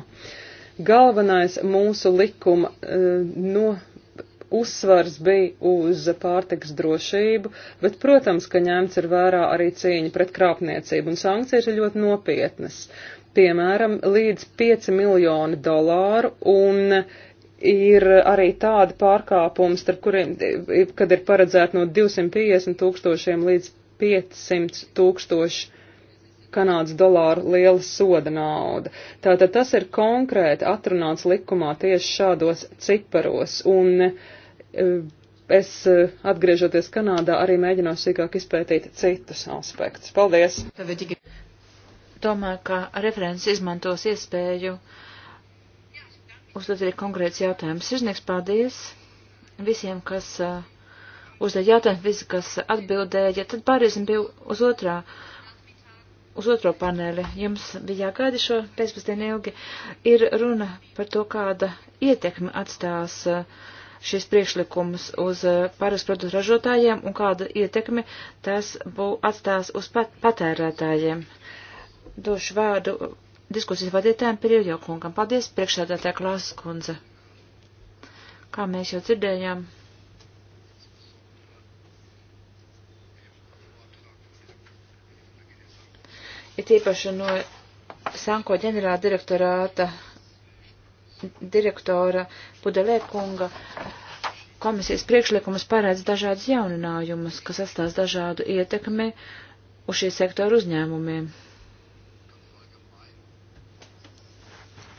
Galvenais mūsu likuma eh, no uzsvars bija uz pārtiks drošību, bet, protams, ka ņemts ir vērā arī cīņa pret krāpniecību, un sankcijas ir ļoti nopietnas. Piemēram, līdz 5 miljoni dolāru un uh, ir arī tādi pārkāpumi, starp kuriem, kad ir paredzēti no 250 tūkstošiem līdz 500 tūkstoši Kanādas dolāru liela soda nauda. Tātad tas ir konkrēti atrunāts likumā tieši šādos ciparos, un e, es, e, atgriežoties Kanādā, arī mēģināšu sīkāk izpētīt citus aspektus. Paldies! Domāju, ka referents izmantos iespēju uh, uzdot arī konkrēts jautājums. Sirsnieks, paldies visiem, kas uh, uzdev jautājumu, visi, kas atbildēja. Tad pāriesim pie uz otrā. Uz otro paneli jums bija jāgaida šo pēcpusdienu ilgi. Ir runa par to, kāda ietekme atstās uh, šis priekšlikums uz uh, pāris produktu ražotājiem un kāda ietekme tas būs atstās uz pat patērētājiem. Došu vārdu diskusijas vadītājiem Pirjo kungam. Paldies, priekšsēdētāja klāsas kundze. Kā mēs jau dzirdējām, ir tīpaši no Sanko ģenerāla direktorāta direktora Pudelēkunga komisijas priekšlikums paredz dažādas jauninājumus, kas atstās dažādu ietekmi uz šī sektora uzņēmumiem.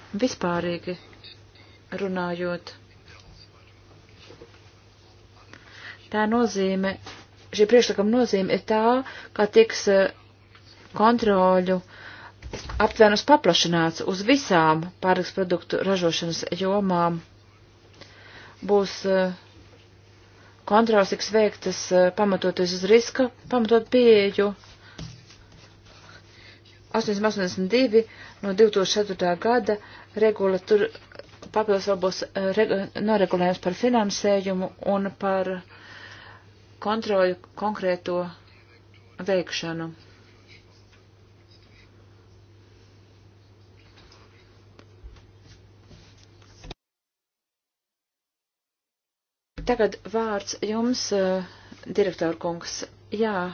Vispārīgi runājot, tā nozīme, šī priekšlikuma nozīme ir tā, kā tiks eh, kontroļu aptvērums paplašināts uz visām pārtiks produktu ražošanas jomām. Būs eh, kontrols tiks veiktas eh, pamatoties uz riska, pamatot pieeju 882 no 2004. gada regula tur papildus vēl būs eh, regu, noregulējums par finansējumu un par kontroli konkrēto veikšanu. Tagad vārds jums, eh, direktorkungs. Jā,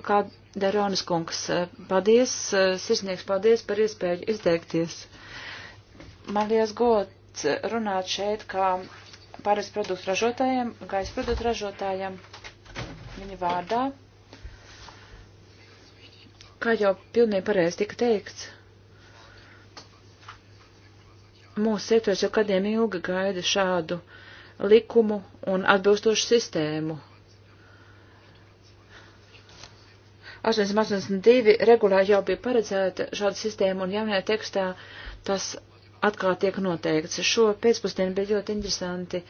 kā Daronas kungs. Eh, paldies, eh, sirsnieks, paldies par iespēju izteikties. Man liels gods runāt šeit kā pāris produktu ražotājiem, gaisa produktu ražotājiem viņa vārdā. Kā jau pilnīgi pareizi tika teikts, mūsu sektors jau gadiem ilgi gaida šādu likumu un atbilstošu sistēmu 882 regulā jau bija paredzēta šāda sistēma, un jaunajā tekstā tas atkal tiek noteikts. Šo pēcpusdienu bija ļoti interesanti,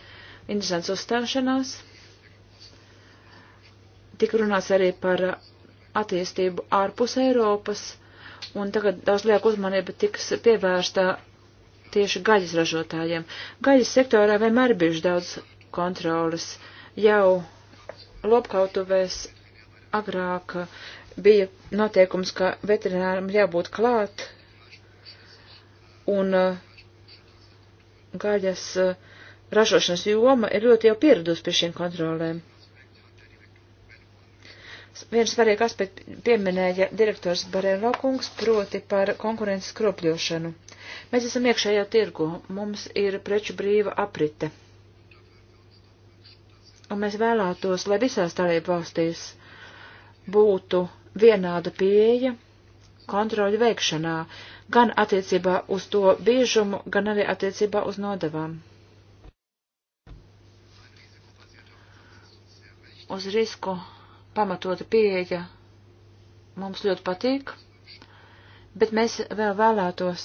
interesants uzstāšanās. Tik runāts arī par attīstību ārpus Eiropas, un tagad daudz lieka uzmanība tiks pievērsta tieši gaļas ražotājiem. Gaļas sektorā vienmēr bijuši daudz kontrolas. Jau lopkautuvēs agrāk bija noteikums, ka veterināram jābūt klāt, un uh, gaļas uh, ražošanas joma ir ļoti jau pieradusi pie šīm kontrolēm. Viens svarīgi aspekts pieminēja direktors Barēlo kungs, proti par konkurences kropļošanu. Mēs esam iekšējā tirgu, mums ir preču brīva aprite. Un mēs vēlētos, lai visās dalību valstīs būtu vienāda pieeja kontroļu veikšanā, gan attiecībā uz to biežumu, gan arī attiecībā uz nodevām. Uz risku pamatota pieeja mums ļoti patīk, bet mēs vēl vēlētos,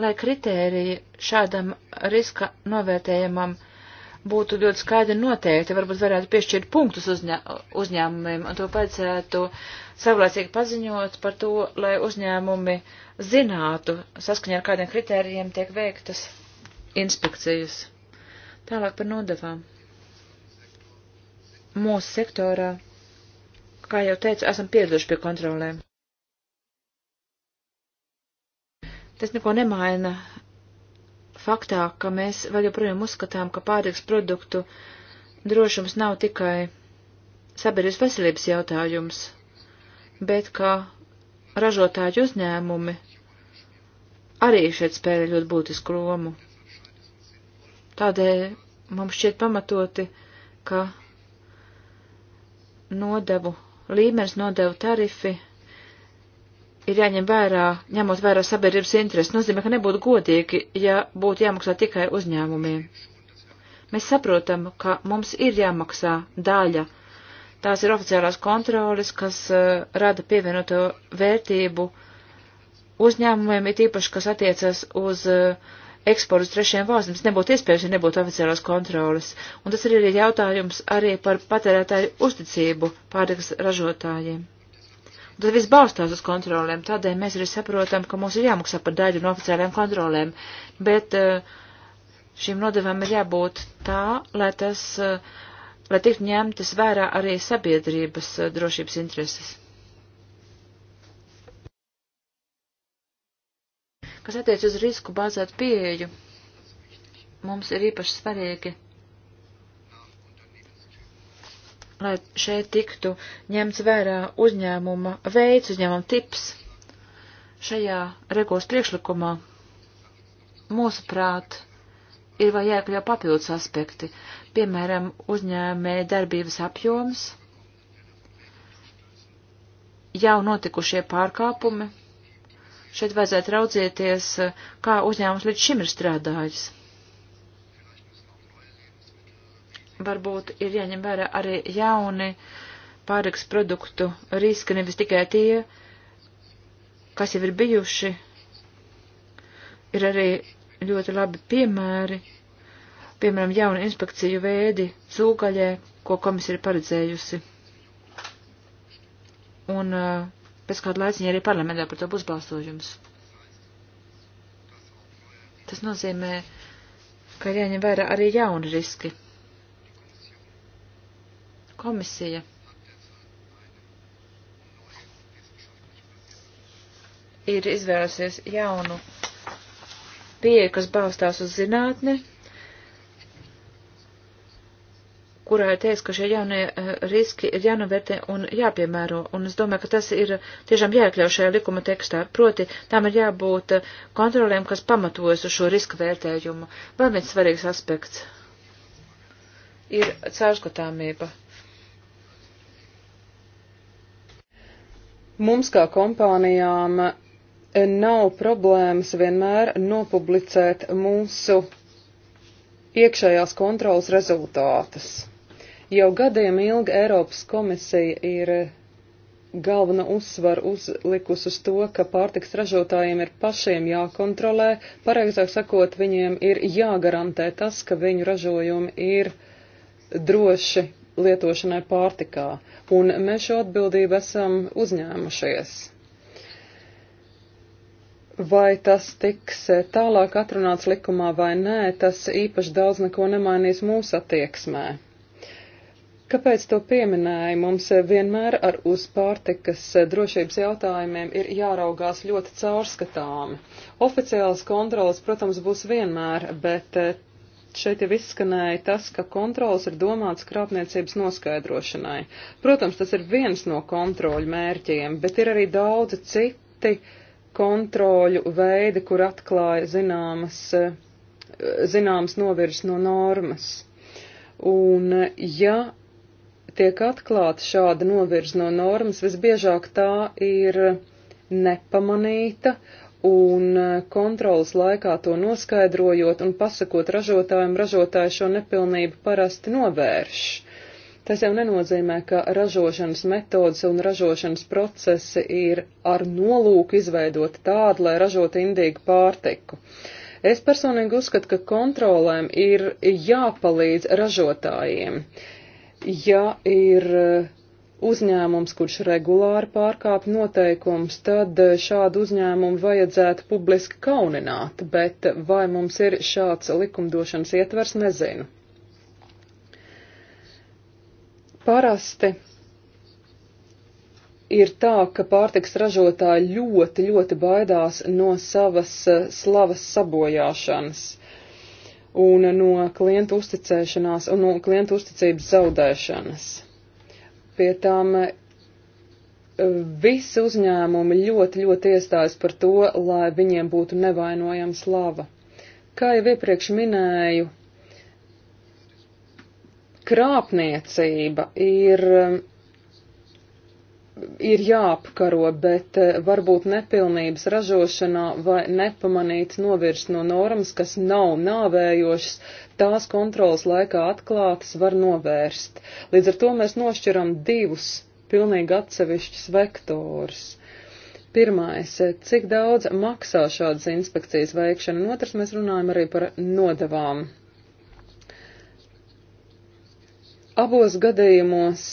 lai kritērija šādam riska novērtējumam būtu ļoti skaidri noteikti, varbūt varētu piešķirt punktus uzņē, uzņēmumiem, un to vajadzētu savlaicīgi paziņot par to, lai uzņēmumi zinātu, saskaņā ar kādiem kritērijiem tiek veiktas inspekcijas. Tālāk par nodevām. Mūsu sektorā, kā jau teicu, esam pieraduši pie kontrolēm. Tas neko nemaina faktā, ka mēs vēl joprojām uzskatām, ka pārtiks produktu drošums nav tikai sabiedrības veselības jautājums, bet ka ražotāju uzņēmumi arī šeit spēlē ļoti būtisku lomu. Tādēļ mums šķiet pamatoti, ka nodevu līmenis, nodevu tarifi ir jāņem vērā, ņemot vērā sabiedrības interesi. Nozīmē, ka nebūtu godīgi, ja būtu jāmaksā tikai uzņēmumiem. Mēs saprotam, ka mums ir jāmaksā daļa. Tās ir oficiālās kontroles, kas uh, rada pievienoto vērtību uzņēmumiem, ir īpaši, kas attiecas uz uh, eksportu uz trešiem valstīm. Tas nebūtu iespējams, ja nebūtu oficiālās kontroles. Un tas ir arī jautājums arī par patērētāju uzticību pārtikas ražotājiem. Tas viss balstās uz kontrolēm, tādēļ mēs arī saprotam, ka mums ir jāmaksā par daļu no oficiālajām kontrolēm, bet eh, šīm nodevam ir jābūt tā, lai tas, eh, lai tiktu ņemtas vērā arī sabiedrības eh, drošības intereses. Kas attiec uz risku bāzētu pieeju, mums ir īpaši svarīgi lai šeit tiktu ņemts vērā uzņēmuma veids, uzņēmuma tips šajā regulas priekšlikumā. Mūsuprāt, ir vai jāiekļau papildus aspekti, piemēram, uzņēmē darbības apjoms, jau notikušie pārkāpumi. Šeit vajadzētu raudzieties, kā uzņēmums līdz šim ir strādājis varbūt ir jāņem vērā arī jauni pāriks produktu riski, nevis tikai tie, kas jau ir bijuši. Ir arī ļoti labi piemēri, piemēram, jauna inspekciju veidi cūgaļē, ko komisija ir paredzējusi. Un eh, pēc kāda laiciņa arī parlamentā par to būs balsojums. Tas nozīmē, ka ir jāņem vērā arī jauni riski. Komisija ir izvēlēsies jaunu pieeja, kas balstās uz zinātni, kurā ir teiks, ka šie jaunie eh, riski ir jānovērtē un jāpiemēro. Un es domāju, ka tas ir tiešām jāiekļauj šajā likuma tekstā. Proti, tām ir jābūt eh, kontrolēm, kas pamatojas uz šo riska vērtējumu. Vēl viens svarīgs aspekts ir caurskatāmība. Mums kā kompānijām nav problēmas vienmēr nopublicēt mūsu iekšējās kontrolas rezultātus. Jau gadiem ilgi Eiropas komisija ir galveno uzsvaru uzlikus uz to, ka pārtiks ražotājiem ir pašiem jākontrolē, pareizāk sakot, viņiem ir jāgarantē tas, ka viņu ražojumi ir droši lietošanai pārtikā, un mēs šo atbildību esam uzņēmušies. Vai tas tiks tālāk atrunāts likumā vai nē, tas īpaši daudz neko nemainīs mūsu attieksmē. Kāpēc to pieminēju? Mums vienmēr ar uz pārtikas drošības jautājumiem ir jāraugās ļoti caurskatāmi. Oficiālas kontrolas, protams, būs vienmēr, bet Šeit jau izskanēja tas, ka kontrols ir domāts krāpniecības noskaidrošanai. Protams, tas ir viens no kontroļu mērķiem, bet ir arī daudzi citi kontroļu veidi, kur atklāja zināmas, zināmas novirs no normas. Un ja tiek atklāta šāda novirz no normas, visbiežāk tā ir nepamanīta un eh, kontrolas laikā to noskaidrojot un pasakot ražotājiem, ražotāji šo nepilnību parasti novērš. Tas jau nenozīmē, ka ražošanas metodas un ražošanas procesi ir ar nolūku izveidot tādu, lai ražotu indīgu pārtiku. Es personīgi uzskatu, ka kontrolēm ir jāpalīdz ražotājiem. Ja ir uh, uzņēmums, kurš regulāri pārkāp noteikums, tad eh, šādu uzņēmumu vajadzētu publiski kaunināt, bet vai mums ir šāds likumdošanas ietvers, nezinu. Parasti ir tā, ka pārtiks ražotāji ļoti, ļoti baidās no savas eh, slavas sabojāšanas un no klientu uzticēšanās un no klientu uzticības zaudēšanas. Pie tām e, visi uzņēmumi ļoti, ļoti iestājas par to, lai viņiem būtu nevainojama slava. Kā jau iepriekš minēju, krāpniecība ir, ir jāapkaro, bet e, varbūt nepilnības ražošanā vai nepamanīt novirst no normas, kas nav nāvējošas, tās kontrolas laikā atklātas var novērst. Līdz ar to mēs nošķiram divus pilnīgi atsevišķus vektorus. Pirmais, cik daudz maksā šādas inspekcijas veikšana, un otrs mēs runājam arī par nodavām. Abos gadījumos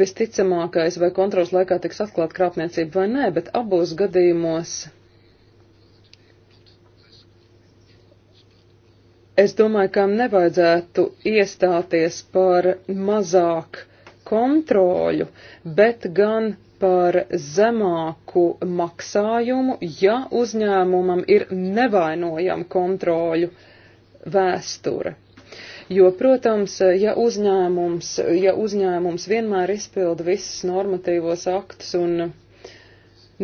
visticamākais vai kontrols laikā tiks atklāt krāpniecība vai nē, bet abos gadījumos Es domāju, ka nevajadzētu iestāties par mazāk kontroļu, bet gan par zemāku maksājumu, ja uzņēmumam ir nevainojama kontroļu vēsture. Jo, protams, ja uzņēmums, ja uzņēmums vienmēr izpilda visus normatīvos aktus un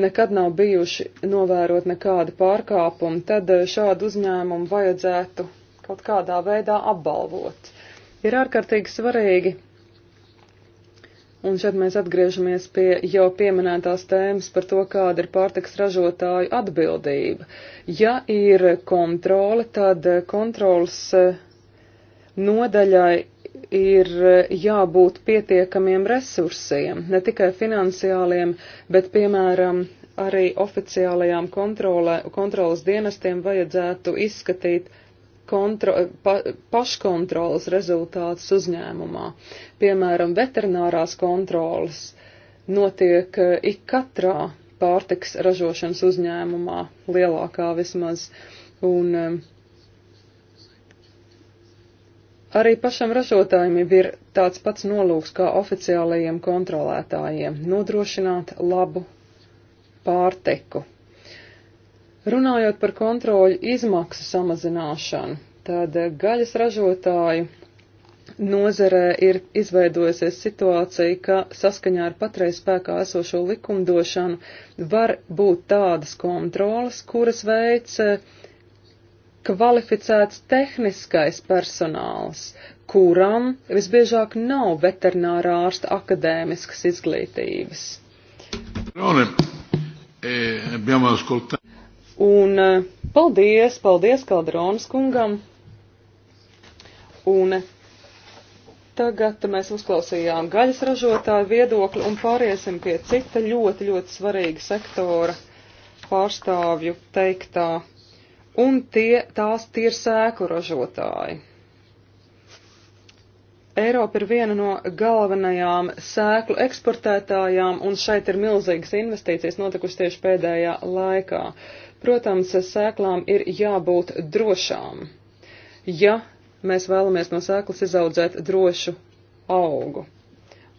nekad nav bijuši novērot nekāda pārkāpuma, tad šādu uzņēmumu vajadzētu kaut kādā veidā apbalvot. Ir ārkārtīgi svarīgi, un šeit mēs atgriežamies pie jau pieminētās tēmas par to, kāda ir pārtiks ražotāju atbildība. Ja ir kontrole, tad kontrols eh, nodaļai ir eh, jābūt pietiekamiem resursiem, ne tikai finansiāliem, bet, piemēram, arī oficiālajām kontrole, kontrolas dienestiem vajadzētu izskatīt kontro, pa, paškontrolas rezultātus uzņēmumā. Piemēram, veterinārās kontrolas notiek eh, ik katrā pārtiks ražošanas uzņēmumā, lielākā vismaz. Un eh, arī pašam ražotājiem ir tāds pats nolūks kā oficiālajiem kontrolētājiem - nodrošināt labu pārtiku. Runājot par kontroļu izmaksu samazināšanu, tad gaļas ražotāju nozerē ir izveidojusies situācija, ka saskaņā ar patreiz spēkā esošo likumdošanu var būt tādas kontrolas, kuras veic eh, kvalificēts tehniskais personāls, kuram visbiežāk nav veterinārā ārsta akadēmiskas izglītības. Rone, eh, Un eh, paldies, paldies Kaldronas kungam. Un eh, tagad mēs uzklausījām gaļas ražotāju viedokli un pāriesim pie cita ļoti, ļoti svarīga sektora pārstāvju teiktā. Un tie, tās tie ir sēklu ražotāji. Eiropa ir viena no galvenajām sēklu eksportētājām, un šeit ir milzīgas investīcijas notikušas tieši pēdējā laikā. Uh, Protams, sēklām ir jābūt drošām, ja mēs vēlamies no sēklas izaudzēt drošu augu.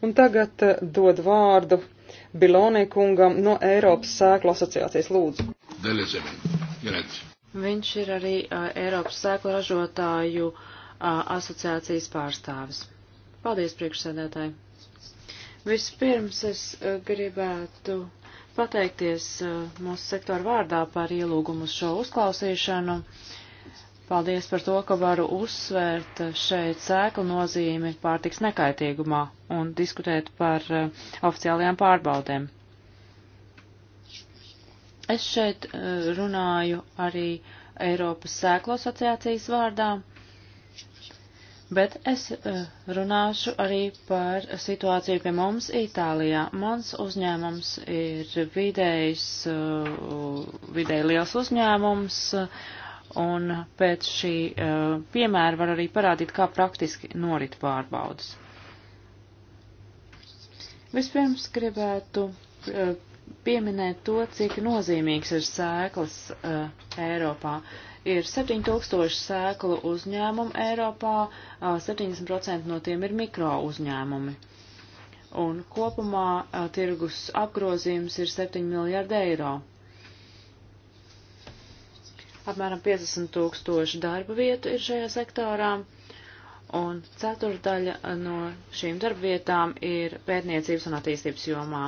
Un tagad eh, dod vārdu Bilonī kungam no Eiropas sēklu asociācijas lūdzu. Viņš ir arī uh, Eiropas sēklu ražotāju uh, asociācijas pārstāvis. Paldies, priekšsēdētāji! Vispirms es gribētu pateikties uh, mūsu sektoru vārdā par ielūgumu uz šo uzklausīšanu. Paldies par to, ka varu uzsvērt uh, šeit sēklu nozīmi pārtiks nekaitīgumā un diskutēt par uh, oficiālajām pārbaudēm. Es šeit runāju arī Eiropas sēklu asociācijas vārdā bet es eh, runāšu arī par situāciju pie mums Itālijā. Mans uzņēmums ir vidējs, eh, vidēji liels uzņēmums, un pēc šī eh, piemēra var arī parādīt, kā praktiski norit pārbaudas. Vispirms gribētu pieminēt to, cik nozīmīgs ir sēklas Eiropā. Uh, Ir 7000 sēklu uzņēmumu Eiropā, 70% no tiem ir mikro uzņēmumi. Un kopumā a, tirgus apgrozījums ir 7 miljārdi eiro. Apmēram 50 tūkstoši darba vietu ir šajā sektorā un ceturdaļa no šīm darbvietām ir pētniecības un attīstības jomā.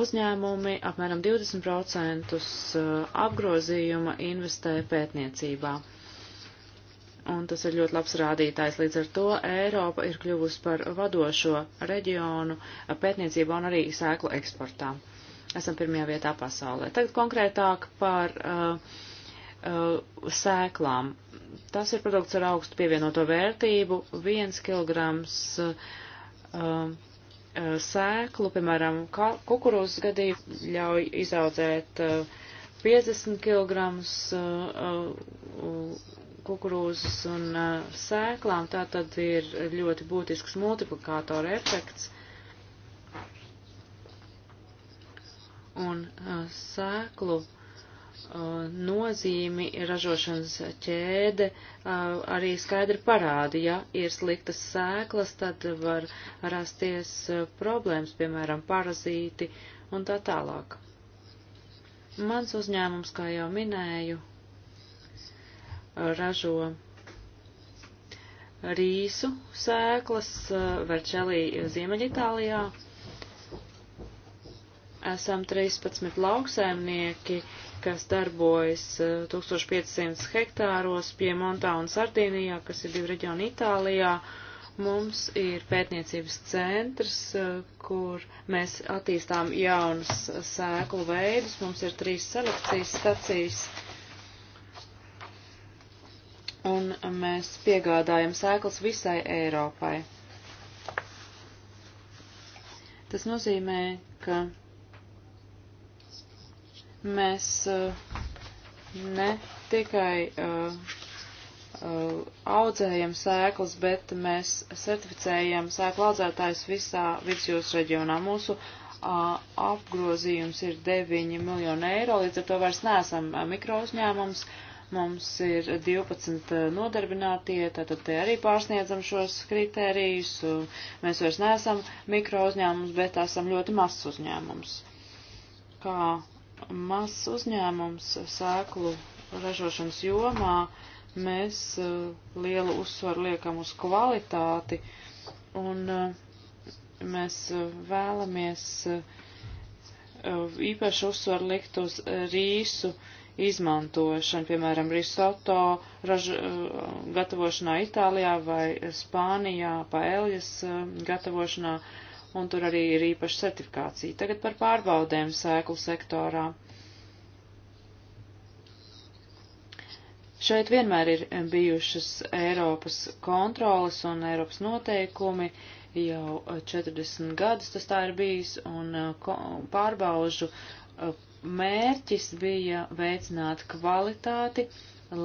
Uzņēmumi apmēram 20% uh, apgrozījuma investē pētniecībā. Un tas ir ļoti labs rādītājs. Līdz ar to Eiropa ir kļuvusi par vadošo reģionu pētniecībā un arī sēklu eksportā. Esam pirmajā vietā pasaulē. Tagad konkrētāk par uh, uh, sēklām. Tas ir produkts ar augstu pievienoto vērtību. Viens kilograms. Uh, Uh, sēklu, piemēram, kukurūzas gadījumā ļauj izaudzēt 50 uh, kg uh, kukurūzas un sēklām, tā tad ir ļoti būtisks multiplikātora efekts. Un sēklu uh, nozīmi ražošanas ķēde arī skaidri parāda. Ja ir sliktas sēklas, tad var rasties problēmas, piemēram, parazīti un tā tālāk. Mans uzņēmums, kā jau minēju, ražo rīsu sēklas Verčelī Ziemeļitālijā. Esam 13 lauksēmnieki, kas darbojas 1500 eh, hektāros pie Montā un Sardīnijā, kas ir divi reģioni Itālijā. Mums ir pētniecības centrs, eh, kur mēs attīstām jaunas sēklu veidus. Mums ir trīs selekcijas stacijas. Un mēs piegādājam sēklas visai Eiropai. Tas nozīmē, ka mēs eh, ne tikai eh, eh, audzējam sēklas, bet mēs certificējam sēklu audzētājus visā vidusjūras reģionā. Mūsu apgrozījums ir 9 miljoni eiro, līdz ar to vairs neesam mikrouzņēmums. Mums ir 12 nodarbinātie, tātad te arī pārsniedzam šos kritērijus. Mēs vairs neesam mikrouzņēmums, bet esam ļoti mazs uzņēmums. Kā mazs uzņēmums sēklu ražošanas jomā, mēs eh, lielu uzsvaru liekam uz kvalitāti un eh, mēs eh, vēlamies īpaši uzsvaru likt uz rīsu izmantošanu, piemēram, risoto ražu, gatavošanā Itālijā vai Spānijā, paēļas gatavošanā un tur arī ir īpaša certifikācija. Tagad par pārbaudēm sēklu sektorā. Šeit vienmēr ir bijušas Eiropas kontrolas un Eiropas noteikumi, jau 40 eh, gadus tas tā ir bijis, un eh, pārbaužu eh, mērķis bija veicināt kvalitāti,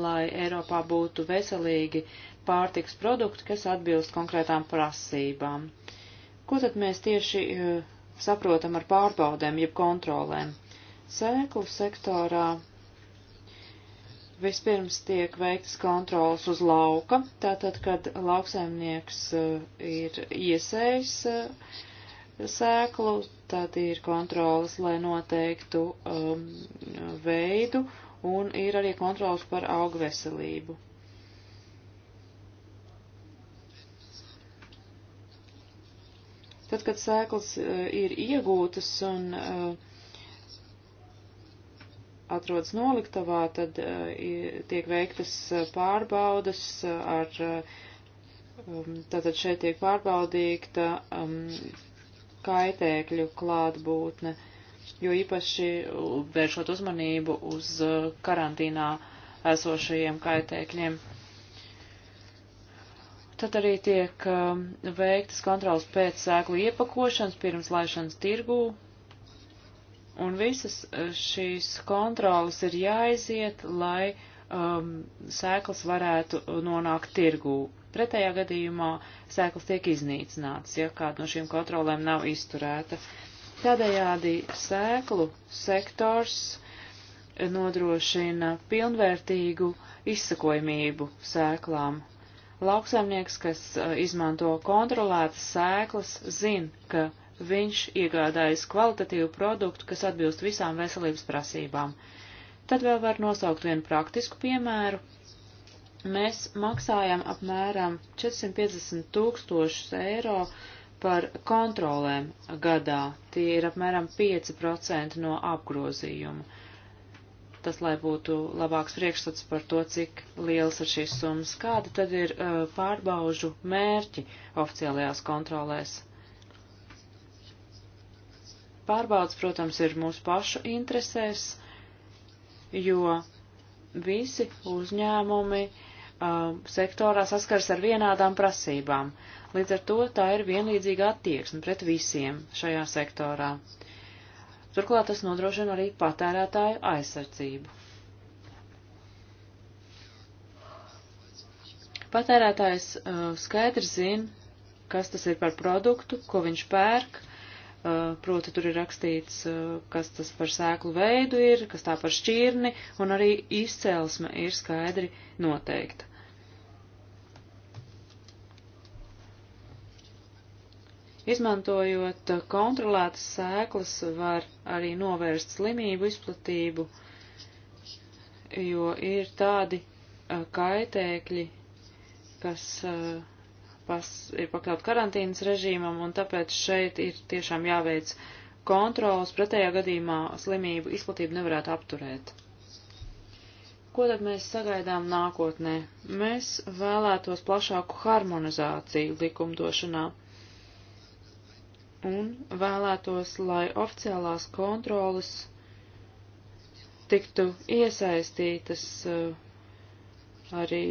lai Eiropā būtu veselīgi pārtiks produkti, kas atbilst konkrētām prasībām. Uh, Ko tad mēs tieši e, saprotam ar pārbaudēm, jeb kontrolēm? Sēklu sektorā vispirms tiek veiktas kontrolas uz lauka, tātad, kad lauksaimnieks e, ir iesējis e, sēklu, tad ir kontrolas, lai noteiktu um, veidu, un ir arī kontrolas par augu veselību. Tad, kad sēklas e, ir iegūtas un e, atrodas noliktavā, tad e, tiek veiktas pārbaudas ar, um, tātad šeit tiek pārbaudīta um, kaitēkļu klātbūtne, jo īpaši vēršot uzmanību uz karantīnā esošajiem kaitēkļiem. Tad arī tiek um, veiktas kontrols pēc sēklu iepakošanas, pirms laišanas tirgū, un visas uh, šīs kontrolas ir jāaiziet, lai um, sēklas varētu uh, nonākt tirgū. Pretējā gadījumā sēklas tiek iznīcināts, ja kāda no šīm kontrolēm nav izturēta. Tādējādi sēklu sektors uh, nodrošina pilnvērtīgu izsakojamību sēklām Lauksaimnieks, kas uh, izmanto kontrolētas sēklas, zin, ka viņš iegādājas kvalitatīvu produktu, kas atbilst visām veselības prasībām. Tad vēl var nosaukt vienu praktisku piemēru. Mēs maksājam apmēram 450 tūkstošus eiro par kontrolēm gadā. Tie ir apmēram 5% no apgrozījuma tas, lai būtu labāks priekšstats par to, cik liels ir šīs summas. Kāda tad ir uh, pārbaužu mērķi oficiālajās kontrolēs? Pārbaudas, protams, ir mūsu pašu interesēs, jo visi uzņēmumi uh, sektorā saskars ar vienādām prasībām. Līdz ar to tā ir vienlīdzīga attieksme pret visiem šajā sektorā. Uh, Turklāt tas nodrošina arī patērētāju aizsardzību. Patērētājs uh, skaidri zina, kas tas ir par produktu, ko viņš pērk, uh, proti tur ir rakstīts, uh, kas tas par sēklu veidu ir, kas tā par šķirni, un arī izcelsme ir skaidri noteikta. Izmantojot kontrolētas sēklas, var arī novērst slimību izplatību, jo ir tādi kaitēkļi, kas pas, ir pakļaut karantīnas režīmam, un tāpēc šeit ir tiešām jāveic kontrols, pretējā gadījumā slimību izplatību nevarētu apturēt. Ko tad mēs sagaidām nākotnē? Mēs vēlētos plašāku harmonizāciju likumdošanā un vēlētos, lai oficiālās kontrolas tiktu iesaistītas eh, arī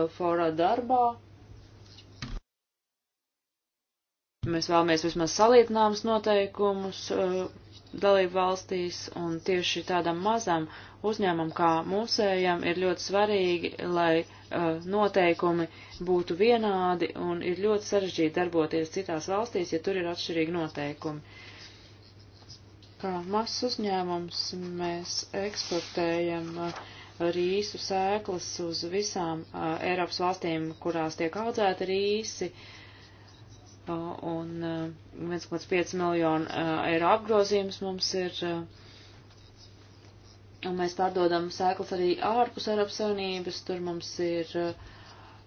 Elforā darbā. Mēs vēlamies vismaz salīdzināmas noteikumus eh, dalību valstīs, un tieši tādam mazam uzņēmumam kā mūsējam ir ļoti svarīgi, lai uh, noteikumi būtu vienādi, un ir ļoti sarežģīti darboties citās valstīs, ja tur ir atšķirīgi noteikumi. Kā mazs uzņēmums mēs eksportējam uh, rīsu sēklas uz visām uh, Eiropas valstīm, kurās tiek audzēti rīsi. Uh, un 1,5 eh, miljonu eh, eiro apgrozījums mums ir, eh, un mēs pārdodam sēklas arī ārpus Eiropas Savienības, tur mums ir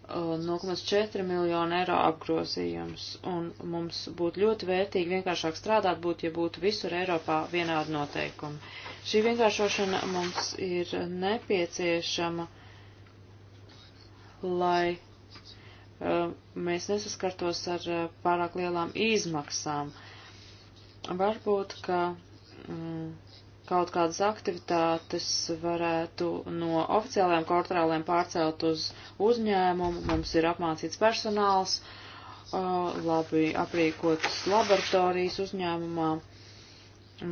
0,4 miljonu eiro apgrozījums, un mums būtu ļoti vērtīgi vienkāršāk strādāt būtu, ja būtu visur Eiropā vienādi noteikumi. Šī vienkāršošana mums ir nepieciešama, lai mēs nesaskartos ar pārāk lielām izmaksām. Varbūt, ka mm, kaut kādas aktivitātes varētu no oficiālajiem korporāliem pārcelt uz uzņēmumu. Mums ir apmācīts personāls, labi aprīkotas laboratorijas uzņēmumā.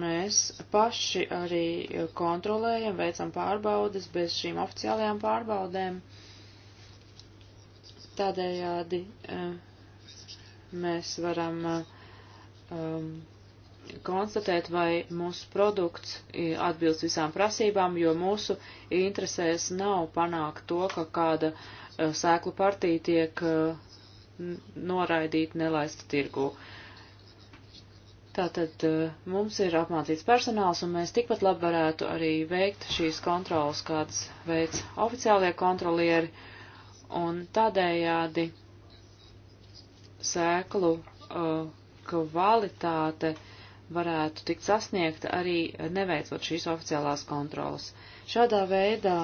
Mēs paši arī kontrolējam, veicam pārbaudes bez šīm oficiālajām pārbaudēm. Uh, Tādējādi eh, mēs varam eh, um, konstatēt, vai mūsu produkts eh, atbilst visām prasībām, jo mūsu interesēs nav panākt to, ka kāda sēklu partija tiek noraidīta, nelaista tirgū. Tātad mums ir apmācīts personāls, un mēs tikpat labi varētu arī veikt šīs kontrolas, kādas veids oficiālie kontrolieri un tādējādi sēklu uh, kvalitāte varētu tikt sasniegta arī neveicot šīs oficiālās kontrolas. Šādā veidā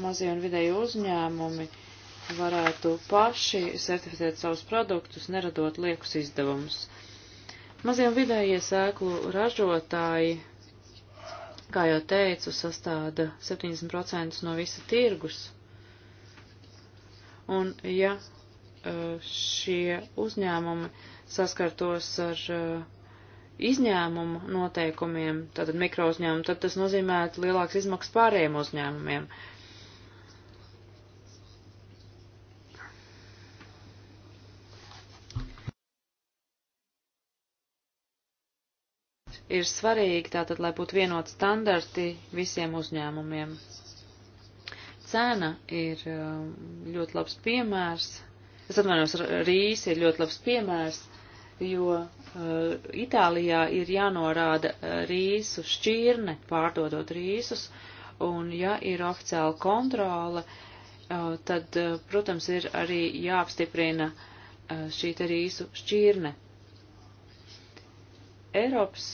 mazie un vidēji uzņēmumi varētu paši certificēt savus produktus, neradot liekus izdevumus. Mazie un vidējie sēklu ražotāji, kā jau teicu, sastāda 70% no visa tirgus Un ja e, šie uzņēmumi saskartos ar e, izņēmumu noteikumiem, tātad mikrouzņēmumu, tad tas nozīmētu lielāks izmaksas pārējiem uzņēmumiem. Ir svarīgi tātad, lai būtu vienot standarti visiem uzņēmumiem cena ir um, ļoti labs piemērs. Es atvainojos, rīs ir ļoti labs piemērs, jo uh, Itālijā ir jānorāda uh, rīsu šķirne, pārdodot rīsus, un ja ir oficiāla kontrole, uh, tad, protams, ir arī jāapstiprina šī te rīsu šķirne. Eiropas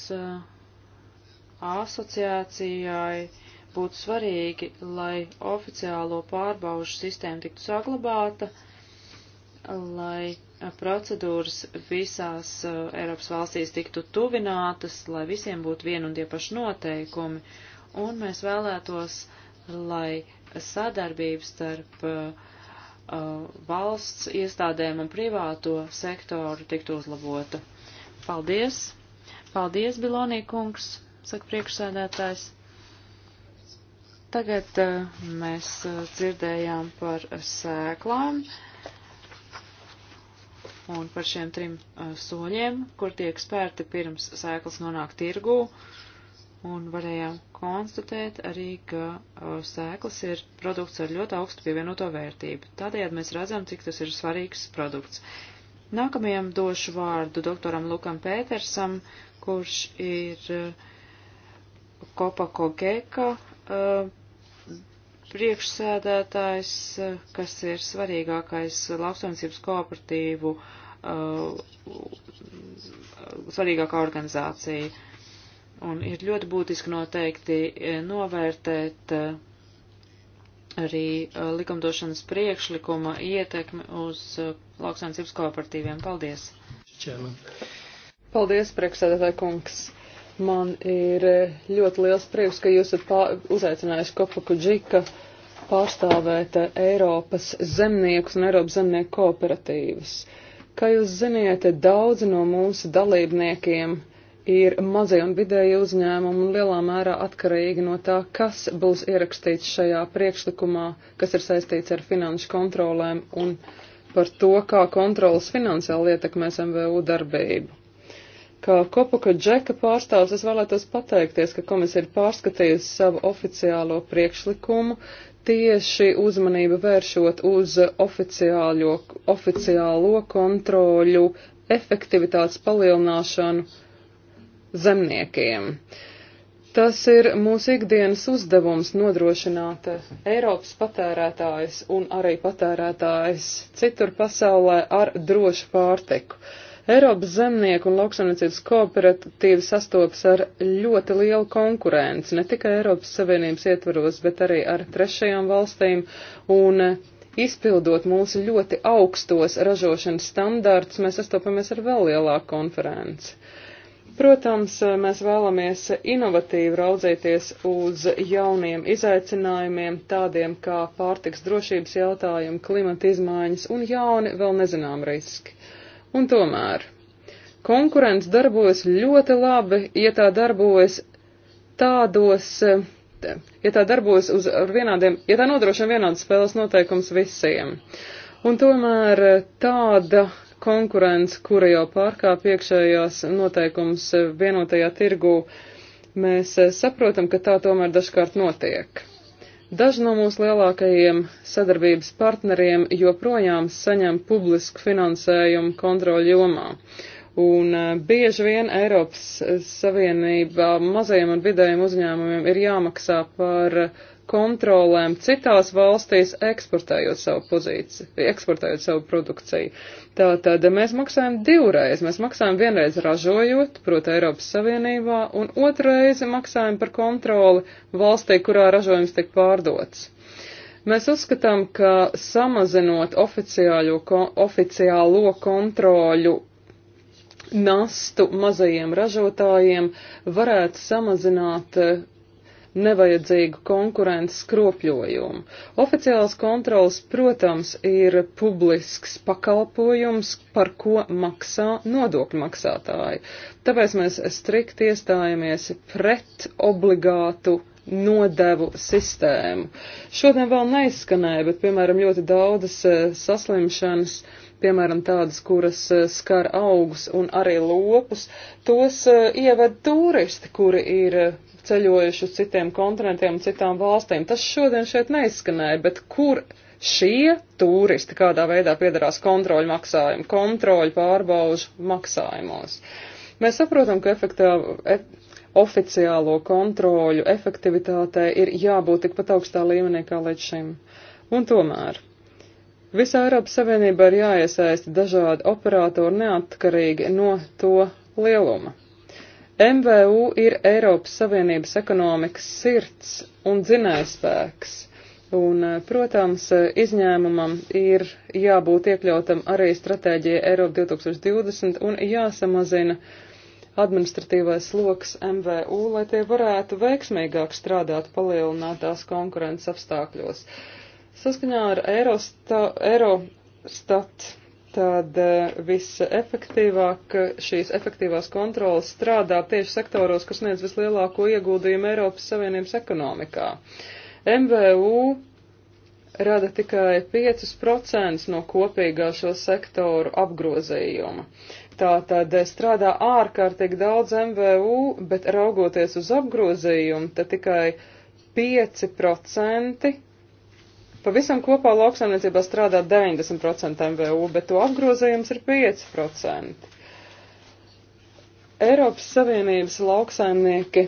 asociācijai būtu svarīgi, lai oficiālo pārbaužu sistēma tiktu saglabāta, lai procedūras visās Eiropas valstīs tiktu tuvinātas, lai visiem būtu vien un tie paši noteikumi, un mēs vēlētos, lai sadarbības starp uh, valsts iestādēm un privāto sektoru tiktu uzlabota. Paldies! Paldies, Bilonī kungs, saka priekšsēdētājs. Tagad eh, mēs eh, dzirdējām par sēklām un par šiem trim eh, soļiem, kur tiek spērti pirms sēklas nonāk tirgū. Un varējām konstatēt arī, ka sēklas ir produkts ar ļoti augstu pievienoto vērtību. Tādējādi mēs redzam, cik tas ir svarīgs produkts. Nākamajam došu vārdu doktoram Lukam Pētersam, kurš ir Kopako Geka priekšsēdētājs, kas ir svarīgākais lauksaimniecības kooperatīvu, uh, svarīgākā organizācija. Un ir ļoti būtiski noteikti eh, novērtēt eh, arī eh, likumdošanas priekšlikuma ietekmi uz lauksaimniecības kooperatīviem. Paldies! Čēlā. Paldies, priekšsēdētāji kungs! Man ir eh, ļoti liels prieks, ka jūs esat uzaicinājuši Kopaku Džika pārstāvēt eh, Eiropas zemniekus un Eiropas zemnieku kooperatīvas. Kā jūs ziniet, daudzi no mūsu dalībniekiem ir mazie un vidēji uzņēmumi un lielā mērā atkarīgi no tā, kas būs ierakstīts šajā priekšlikumā, kas ir saistīts ar finanšu kontrolēm un par to, kā kontrolas finansiāli ietekmēs MVU darbību. Kā Kopaka Džeka pārstāvs es vēlētos pateikties, ka komisija ir pārskatījusi savu oficiālo priekšlikumu, tieši uzmanību vēršot uz oficiālo, oficiālo kontroļu efektivitātes palielināšanu zemniekiem. Tas ir mūsu ikdienas uzdevums nodrošināt Eiropas patērētājs un arī patērētājs citur pasaulē ar drošu pārtiku. Uh, Eiropas zemnieku un lauksaimniecības kooperatīvi sastopas ar ļoti lielu konkurenci, ne tikai Eiropas Savienības ietvaros, bet arī ar trešajām valstīm. Un izpildot mūsu ļoti augstos ražošanas standārtus, mēs sastopamies ar vēl lielāku konferenci. Protams, mēs vēlamies inovatīvi raudzēties uz jauniem izaicinājumiem, tādiem kā pārtiks drošības jautājumi, klimata izmaiņas un jauni vēl nezinām riski. Un tomēr konkurence darbojas ļoti labi, ja tā darbojas tādos, ja tā darbojas uz vienādiem, ja tā nodrošina vienādas spēles noteikums visiem. Un tomēr tāda konkurence, kura jau pārkāp iekšējās noteikums vienotajā tirgū, mēs saprotam, ka tā tomēr dažkārt notiek. Daži no mūsu lielākajiem sadarbības partneriem joprojām saņem publisku finansējumu kontroļu jomā. Un eh, bieži vien Eiropas Savienībā mazajiem un vidējiem uzņēmumiem ir jāmaksā par uh, kontrolēm citās valstīs, eksportējot savu pozīciju, eksportējot savu produkciju. Tātad mēs maksājam divreiz. Mēs maksājam vienreiz ražojot, proti Eiropas Savienībā, un otrreiz maksājam par kontroli valstī, kurā ražojums tiek pārdots. Mēs uzskatām, ka samazinot oficiālo, oficiālo kontroļu nastu mazajiem ražotājiem varētu samazināt nevajadzīgu konkurences skropļojumu. Oficiāls kontrols, protams, ir publisks pakalpojums, par ko maksā nodokļu maksātāji. Tāpēc mēs strikt iestājamies pret obligātu nodevu sistēmu. Šodien vēl neizskanēja, bet, piemēram, ļoti daudzas eh, saslimšanas, piemēram, tādas, kuras eh, skar augus un arī lopus, tos eh, ieved turisti, kuri ir ceļojuši uz citiem kontinentiem un citām valstīm. Tas šodien šeit neizskanēja, bet kur šie turisti kādā veidā piedarās kontroļu maksājumu, kontroļu pārbaužu maksājumos? Mēs saprotam, ka efektā, e, oficiālo kontroļu efektivitātei ir jābūt tikpat augstā līmenī kā līdz šim. Un tomēr. Visā Eiropas Savienībā ir jāiesaista dažādi operatori neatkarīgi no to lieluma. MVU ir Eiropas Savienības ekonomikas sirds un dzinējspēks. Un, eh, protams, eh, izņēmumam ir jābūt iekļautam arī stratēģija Eiropa 2020 un jāsamazina administratīvais sloks MVU, lai tie varētu veiksmīgāk strādāt palielinātās konkurences apstākļos. Saskaņā ar Eurostat, Eurostat tad eh, visefektīvāk šīs efektīvās kontrolas strādā tieši sektoros, kas sniedz vislielāko ieguldījumu Eiropas Savienības ekonomikā. MVU rada tikai 5% no kopīgā šo sektoru apgrozījuma. Tātad eh, strādā ārkārtīgi daudz MVU, bet raugoties uz apgrozījumu, tad tikai 5% Pavisam kopā lauksaimniecībā strādā 90% MVU, bet to apgrozījums ir 5%. Eiropas Savienības lauksaimnieki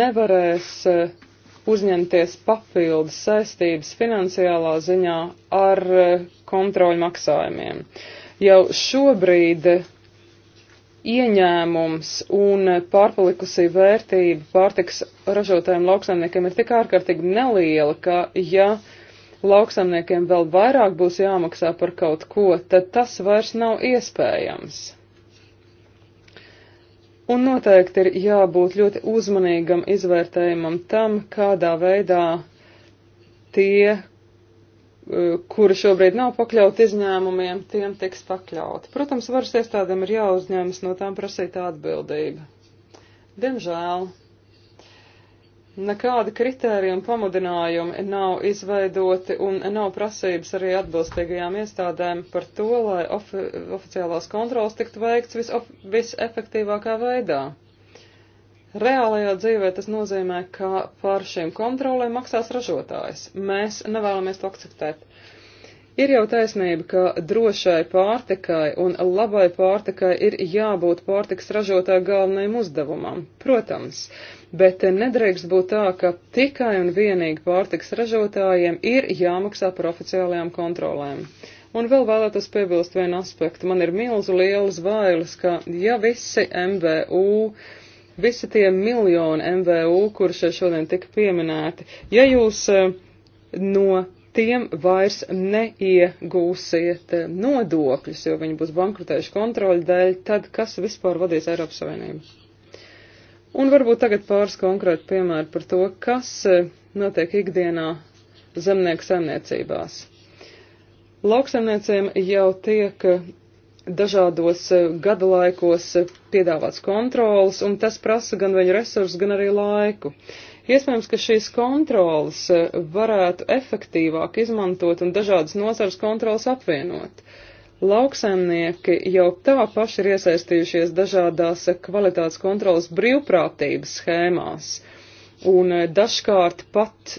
nevarēs eh, uzņemties papildus saistības finansiālā ziņā ar eh, kontroļu maksājumiem. Jau šobrīd ieņēmums un pārpalikusī vērtība pārtiks ražotājiem lauksaimniekiem ir tik ārkārtīgi neliela, ka ja lauksaimniekiem vēl vairāk būs jāmaksā par kaut ko, tad tas vairs nav iespējams. Un noteikti ir jābūt ļoti uzmanīgam izvērtējumam tam, kādā veidā tie, kuri šobrīd nav pakļauti izņēmumiem, tiem tiks pakļauti. Protams, varas iestādēm ir jāuzņemas no tām prasīta atbildība. Diemžēl nekādi kritērija un pamudinājumi nav izveidoti un nav prasības arī atbilstīgajām iestādēm par to, lai ofi oficiālās kontrolas tiktu veikts visefektīvākā veidā. Reālajā dzīvē tas nozīmē, ka par šīm kontrolēm maksās ražotājs. Mēs nevēlamies to akceptēt. Ir jau taisnība, ka drošai pārtikai un labai pārtikai ir jābūt pārtiks ražotāja galvenajam uzdevumam, protams, bet nedrīkst būt tā, ka tikai un vienīgi pārtiks ražotājiem ir jāmaksā par oficiālajām kontrolēm. Un vēl vēlētos piebilst vienu aspektu. Man ir milzu lielas vailes, ka ja visi MVU visi tie miljoni MVU, kurš šodien tika pieminēti, ja jūs e, no tiem vairs neiegūsiet e, nodokļus, jo viņi būs bankrutējuši kontroļu dēļ, tad kas vispār vadīs Eiropas Savienību? Un varbūt tagad pāris konkrēti piemēri par to, kas e, notiek ikdienā zemnieku saimniecībās. Lauksaimniecēm jau tiek dažādos eh, gada laikos eh, piedāvāts kontrols, un tas prasa gan viņu resursus, gan arī laiku. Iespējams, ka šīs kontrolas eh, varētu efektīvāk izmantot un dažādas nozares kontrolas apvienot. Lauksaimnieki jau tā paši ir iesaistījušies dažādās kvalitātes kontrolas brīvprātības schēmās, un dažkārt pat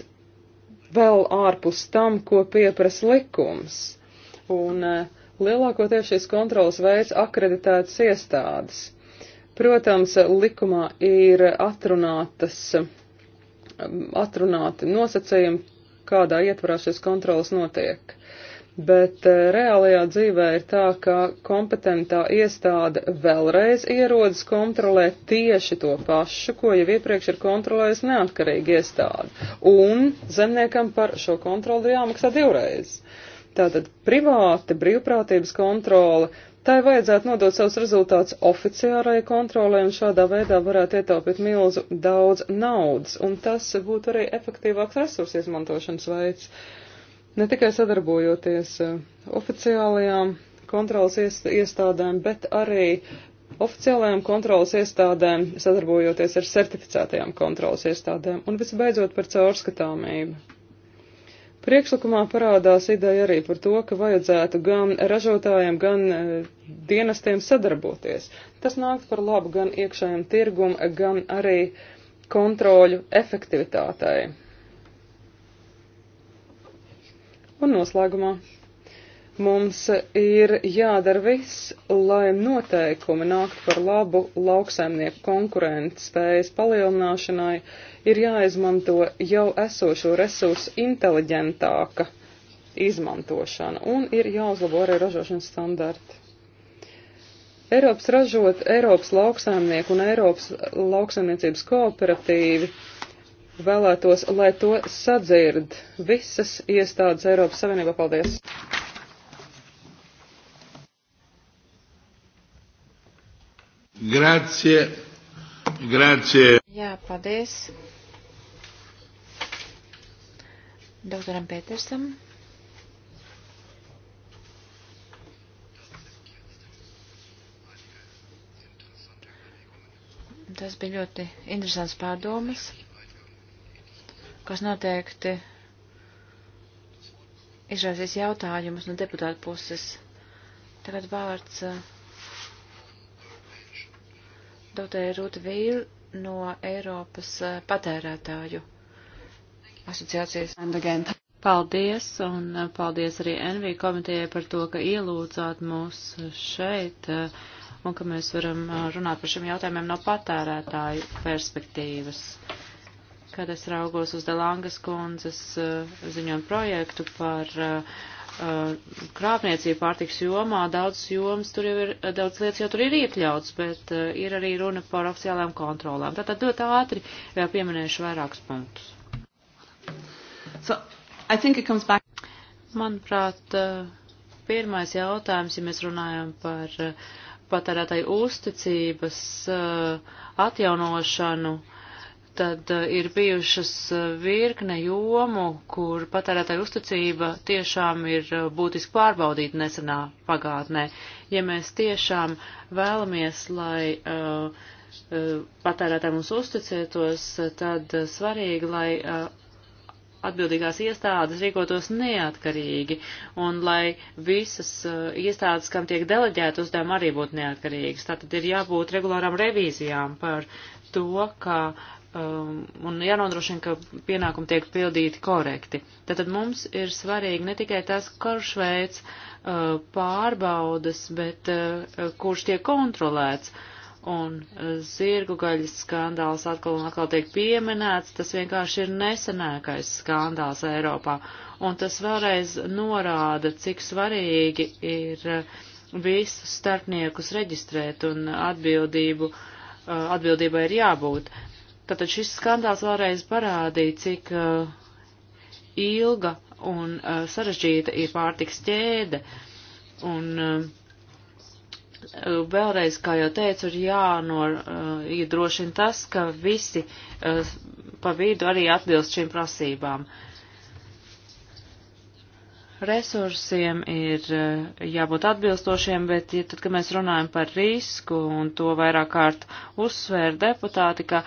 vēl ārpus tam, ko pieprasa likums. Un Lielākoties šīs kontrolas veids akreditētas iestādes. Protams, likumā ir atrunātas, atrunāti nosacījumi, kādā ietvarā šīs kontrolas notiek. Bet eh, reālajā dzīvē ir tā, ka kompetentā iestāde vēlreiz ierodas kontrolēt tieši to pašu, ko jau iepriekš ir kontrolējusi neatkarīga iestāde. Un zemniekam par šo kontroli ir jāmaksā divreiz. Uh, Tātad privāta brīvprātības kontrole, tai vajadzētu nodot savus rezultātus oficiālai kontrolē un šādā veidā varētu ietaupīt milzu daudz naudas, un tas būtu arī efektīvāks resursu izmantošanas veids, ne tikai sadarbojoties eh, oficiālajām kontrolas iestādēm, bet arī oficiālajām kontrolas iestādēm, sadarbojoties ar certificētajām kontrolas iestādēm, un visbeidzot par caurskatāmību. Priekšlikumā parādās ideja arī par to, ka vajadzētu gan ražotājiem, gan e, dienestiem sadarboties. Tas nāk par labu gan iekšējiem tirgum, gan arī kontroļu efektivitātei. Un noslēgumā Mums ir jādara viss, lai noteikumi nāktu par labu lauksaimnieku konkurences spējas palielināšanai, ir jāizmanto jau esošo resursu inteliģentāka izmantošana un ir jāuzlabo arī ražošanas standarti. Eiropas ražot, Eiropas lauksaimnieku un Eiropas lauksaimniecības kooperatīvi vēlētos, lai to sadzird visas iestādes Eiropas Savienībā. Paldies! Grācie, grācie. Jā, paldies. Doktoram Petersam. Tas bija ļoti interesants pārdomas, kas noteikti izraisīs jautājumus no deputāta puses. Tagad vārds uh, Dotē Rūta Vīl no Eiropas eh, patērētāju asociācijas. Paldies, un eh, paldies arī NV komitejai par to, ka ielūdzāt mūs šeit, eh, un ka mēs varam runāt par šiem jautājumiem no patērētāju perspektīvas. Kad es raugos uz Delangas kundzes ziņojumu projektu par uh, Uh, krāpniecību pārtiks jomā, daudz joms tur jau ir, uh, daudz lietas jau tur ir iekļauts, bet uh, ir arī runa par oficiālām kontrolām. Tātad ļoti ātri vēl pieminēšu vairākus punktus. So, I think it comes back. Manuprāt, pirmais jautājums, ja mēs runājam par patērētāju uzticības atjaunošanu, uh, tad eh, ir bijušas eh, virkne jomu, kur patērētāju uzticība tiešām ir eh, būtiski pārbaudīta nesenā pagātnē. Ja mēs tiešām vēlamies, lai uh, patērētāji mums uzticētos, tad svarīgi, lai uh, atbildīgās iestādes rīkotos neatkarīgi un lai visas uh, iestādes, kam tiek deleģēta uzdevuma, arī būtu neatkarīgas. Tātad ir jābūt regulārām revīzijām par to, ka uh, um, un jānodrošina, ka pienākumi tiek pildīti korekti. Tātad mums ir svarīgi ne tikai tas, kurš veids uh, pārbaudas, bet uh, kurš tiek kontrolēts. Un uh, zirgu gaļas skandāls atkal un atkal tiek pieminēts, tas vienkārši ir nesenākais skandāls Eiropā. Un tas vēlreiz norāda, cik svarīgi ir uh, visus starpniekus reģistrēt un atbildību, uh, atbildībai ir jābūt. Uh, Tātad šis skandāls vēlreiz parādīja, cik uh, ilga un uh, sarežģīta ir pārtiks ķēde. Un uh, vēlreiz, kā jau teicu, ir jānodrošina uh, tas, ka visi uh, pa vidu arī atbilst šīm prasībām resursiem ir eh, jābūt atbilstošiem, bet, ja tad, kad mēs runājam par risku, un to vairāk kārt uzsvēra deputāti, ka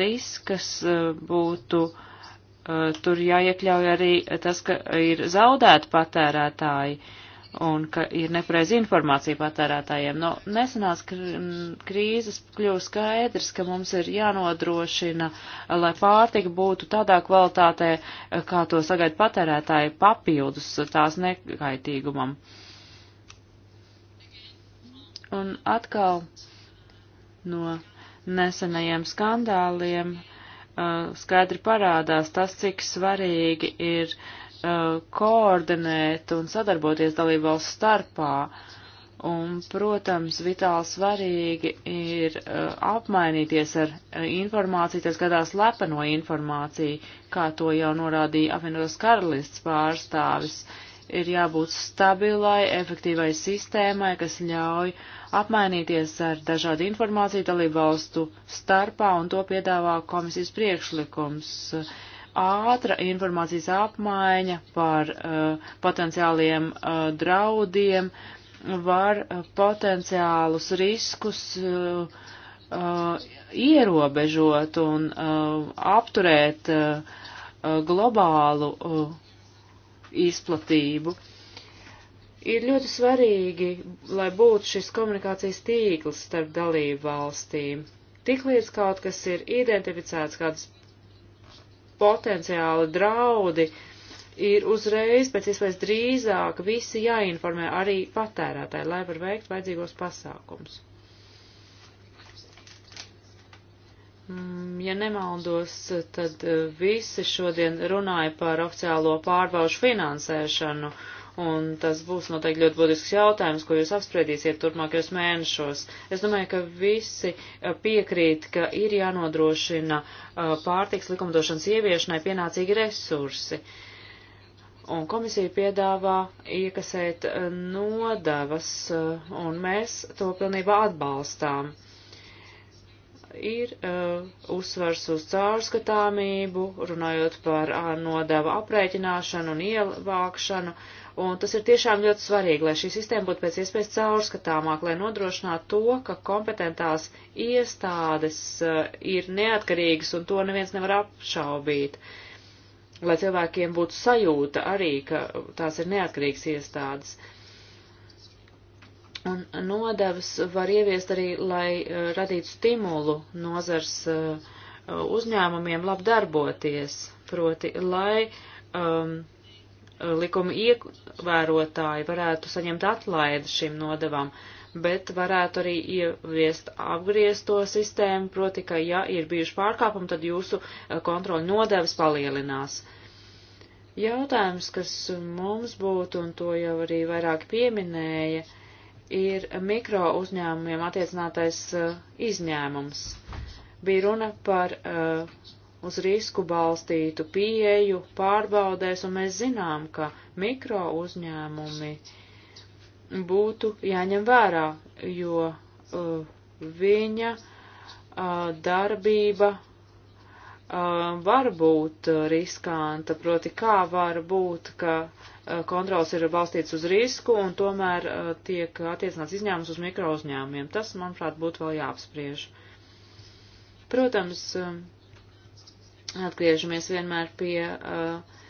riskas eh, būtu, eh, tur jāiekļauj arī tas, ka ir zaudēti patērētāji. Uh, un ka ir nepareiza informācija patērētājiem. No nesenās krīzes kļūst skaidrs, ka mums ir jānodrošina, lai pārtika būtu tādā kvalitātē, kā to sagaida patērētāji papildus tās nekaitīgumam. Un atkal no nesenajiem skandāliem uh, skaidri parādās tas, cik svarīgi ir uh, uh, koordinēt un sadarboties dalībvalsts starpā. Un, protams, vitāli svarīgi ir uh, apmainīties ar uh, informāciju, tas gadās lepeno informāciju, kā to jau norādīja apvienotās karalists pārstāvis. Ir jābūt stabilai, efektīvai sistēmai, kas ļauj apmainīties ar dažādu informāciju dalībvalstu starpā, un to piedāvā komisijas priekšlikums. Uh, ātra informācijas apmaiņa par uh, potenciāliem uh, draudiem var uh, potenciālus riskus uh, uh, ierobežot un uh, apturēt uh, uh, globālu uh, izplatību. Ir ļoti svarīgi, lai būtu šis komunikācijas tīkls starp dalību valstīm. Tiklīdz kaut kas ir identificēts, kādas potenciāli draudi, ir uzreiz, pēc iespējas drīzāk, visi jāinformē arī patērētāji, lai var veikt vajadzīgos pasākums. Mm, ja nemaldos, tad visi šodien runāja par oficiālo pārbaušu finansēšanu. Uh, Un tas būs noteikti ļoti būtisks jautājums, ko jūs apspriedīsiet turpmākajos mēnešos. Es domāju, ka visi eh, piekrīt, ka ir jānodrošina eh, pārtiks likumdošanas ieviešanai pienācīgi resursi. Un komisija piedāvā iekasēt eh, nodevas, un mēs to pilnībā atbalstām ir uh, uzsvars uz caurskatāmību, runājot par uh, nodevu aprēķināšanu un ievākšanu, Un tas ir tiešām ļoti svarīgi, lai šī sistēma būtu pēc iespējas caurskatāmāk, lai nodrošinātu to, ka kompetentās iestādes eh, ir neatkarīgas un to neviens nevar apšaubīt. Lai cilvēkiem būtu sajūta arī, ka tās ir neatkarīgas iestādes. Un nodevs var ieviest arī, lai eh, radītu stimulu nozars eh, uzņēmumiem labdarboties, proti, lai um, likuma ievērotāji varētu saņemt atlaidi šīm nodevām, bet varētu arī ieviest apgriezto sistēmu, proti, ka ja ir bijuši pārkāpumi, tad jūsu eh, kontroļu nodevas palielinās. Jautājums, kas mums būtu, un to jau arī vairāk pieminēja, ir mikro uzņēmumiem attiecinātais eh, izņēmums. Bija runa par uh, uz risku balstītu pieeju pārbaudēs, un mēs zinām, ka mikro uzņēmumi būtu jāņem vērā, jo uh, viņa uh, darbība uh, var būt riskanta, proti kā var būt, ka uh, kontrols ir balstīts uz risku un tomēr uh, tiek attiecināts izņēmums uz mikro uzņēmumiem. Tas, manuprāt, būtu vēl jāapspriež. Protams, uh, atgriežamies vienmēr pie uh,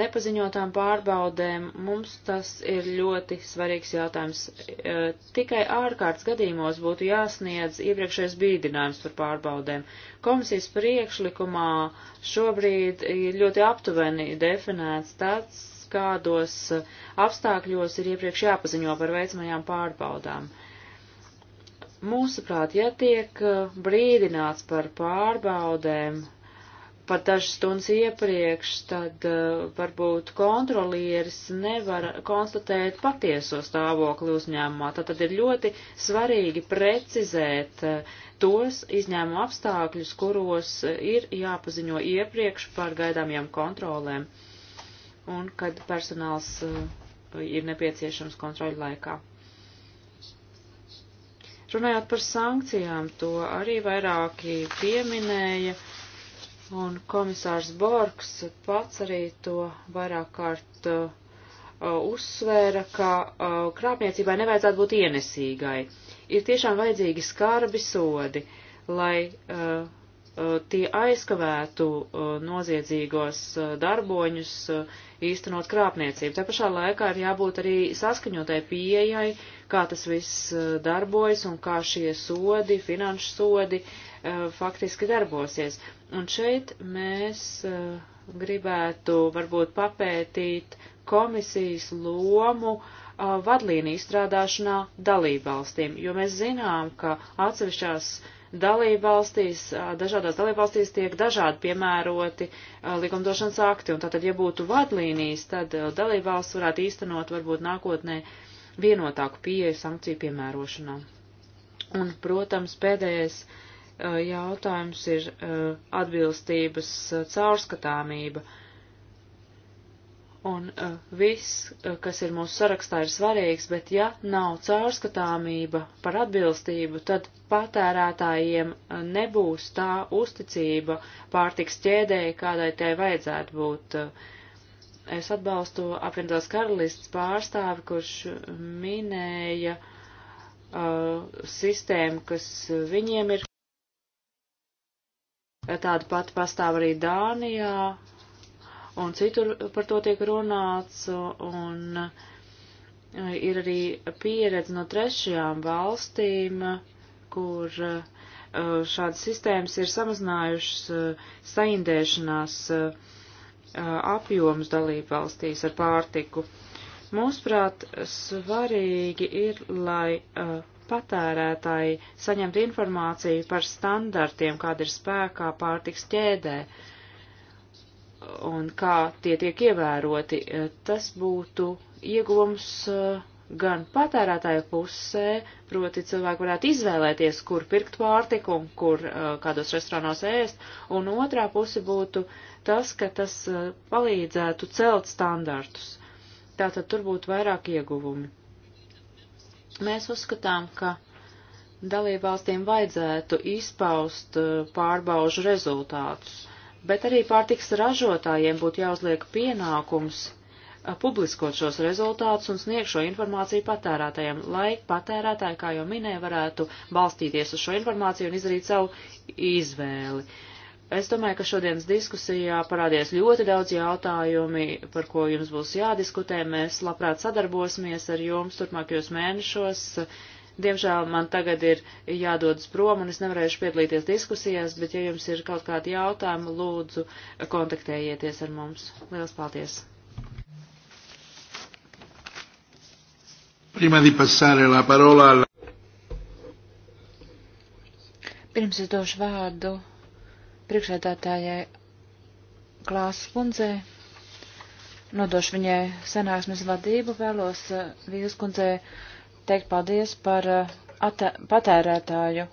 nepaziņotām pārbaudēm, mums tas ir ļoti svarīgs jautājums. Uh, tikai ārkārtas gadījumos būtu jāsniedz iepriekšējais brīdinājums par pārbaudēm. Komisijas priekšlikumā šobrīd ir ļoti aptuveni definēts tāds, kādos uh, apstākļos ir iepriekš jāpaziņo par veicamajām pārbaudām. Mūsuprāt, ja tiek uh, brīdināts par pārbaudēm, pat dažas stundas iepriekš, tad uh, varbūt kontrolieris nevar konstatēt patieso stāvokli uzņēmumā. Tad, tad ir ļoti svarīgi precizēt uh, tos izņēmuma apstākļus, kuros uh, ir jāpaziņo iepriekš par gaidāmajām kontrolēm un kad personāls ir nepieciešams kontroļu laikā. Runājot par sankcijām, to arī vairāki pieminēja. Uh, Un komisārs Borgs pats arī to vairāk kārt uh, uh, uzsvēra, ka uh, krāpniecībai nevajadzētu būt ienesīgai. Ir tiešām vajadzīgi skarbi sodi, lai uh, uh tie aizkavētu uh, noziedzīgos darboņus īstenot krāpniecību. Tā pašā laikā ir jābūt arī saskaņotai pieejai, kā tas viss darbojas un kā šie sodi, finanšu sodi Eh, faktiski darbosies. Un šeit mēs eh, gribētu varbūt papētīt komisijas lomu eh, vadlīniju izstrādāšanā dalībvalstīm, jo mēs zinām, ka atsevišķās dalībvalstīs, dažādās dalībvalstīs tiek dažādi piemēroti likumdošanas akti, un tātad, ja būtu vadlīnijas, tad dalībvalsts varētu īstenot varbūt nākotnē vienotāku pieeju sankciju piemērošanā. Un, protams, pēdējais uh, jautājums ir atbilstības caurskatāmība. Un viss, kas ir mūsu sarakstā, ir svarīgs, bet ja nav caurskatāmība par atbilstību, tad patērētājiem nebūs tā uzticība pārtiks ķēdē, kādai tai vajadzētu būt. Es atbalstu apvienotās karalists pārstāvi, kurš minēja uh, sistēmu, kas viņiem ir Tāda pati pastāv arī Dānijā, un citur par to tiek runāts, un e, ir arī pieredze no trešajām valstīm, kur e, šādas sistēmas ir samazinājušas e, saindēšanās apjomus dalību valstīs ar pārtiku. Mūsuprāt, svarīgi ir, lai uh, patērētāji saņemtu informāciju par standartiem, kāda ir spēkā pārtiks ķēdē un kā tie tiek ievēroti. Tas būtu ieguvums eh, gan patērētāja pusē, proti cilvēki varētu izvēlēties, kur pirkt pārtiku un kur eh, kādos restorānos ēst, un otrā puse būtu tas, ka tas eh, palīdzētu celt standartus. Tātad tur būtu vairāk ieguvumi. Mēs uzskatām, ka dalībvalstīm vajadzētu izpaust uh, pārbaužu rezultātus, bet arī pārtiks ražotājiem būtu jāuzliek pienākums uh, publiskot šos rezultātus un sniegt šo informāciju patērētājiem, lai patērētāji, kā jau minēja, varētu balstīties uz šo informāciju un izdarīt savu izvēli. Uh, Es domāju, ka šodienas diskusijā parādījās ļoti daudz jautājumi, par ko jums būs jādiskutē. Mēs labprāt sadarbosimies ar jums turpmākajos mēnešos. Diemžēl man tagad ir jādodas prom un es nevarēšu piedalīties diskusijās, bet ja jums ir kaut kādi jautājumi, lūdzu kontaktējieties ar mums. Lielas paldies! Prima di passare la parola alla... Pirms es došu vārdu priekšēdātājai Klāsas kundzei. Nodošu viņai sanāksmes vadību, vēlos eh, Vīles kundzei teikt paldies par eh, patērētāju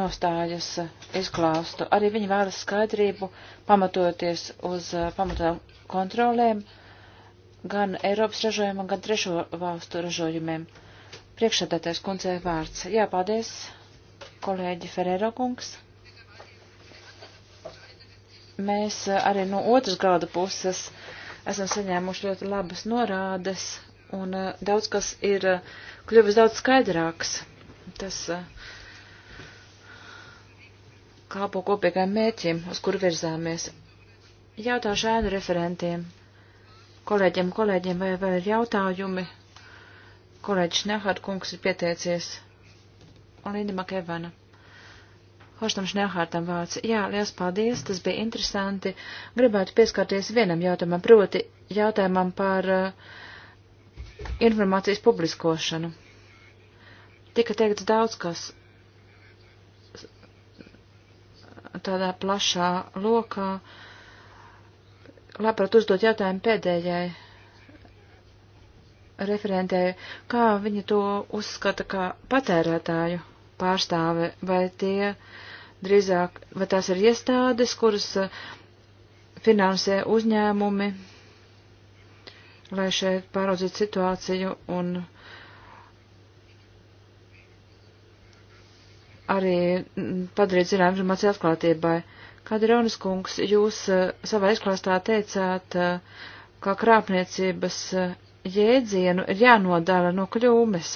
nostājas eh, izklāstu. Arī viņi vēlas skaidrību, pamatoties uz pamatām kontrolēm gan Eiropas ražojumam, gan trešo valstu ražojumiem. Priekšsēdētais kundzei vārds. Jā, paldies, kolēģi Ferēro kungs mēs eh, arī no otras grauda puses esam saņēmuši ļoti labas norādes, un eh, daudz kas ir eh, kļuvis daudz skaidrāks. Tas kāpo kopīgajiem mērķiem, uz kur virzāmies. Jautāšu ēnu referentiem, kolēģiem, kolēģiem, vai vēl ir jautājumi. Kolēģis Nehardkungs ir pieteicies. Un Linda Makevana. Horstam Šņahārtam vārds. Jā, liels paldies, tas bija interesanti. Gribētu pieskarties vienam jautājumam, proti jautājumam par uh, informācijas publiskošanu. Tika teikts daudz kas tādā plašā lokā. Labprāt uzdot jautājumu pēdējai referentēju, kā viņa to uzskata kā patērētāju pārstāve, vai tie drīzāk, vai tās ir iestādes, kuras eh, finansē uzņēmumi, lai šeit pāraudzītu situāciju un arī mm, padarīt zinām informāciju atklātībai. Kad Ronis kungs, jūs eh, savā izklāstā teicāt, eh, ka krāpniecības jēdzienu ir jānodala no kļūmes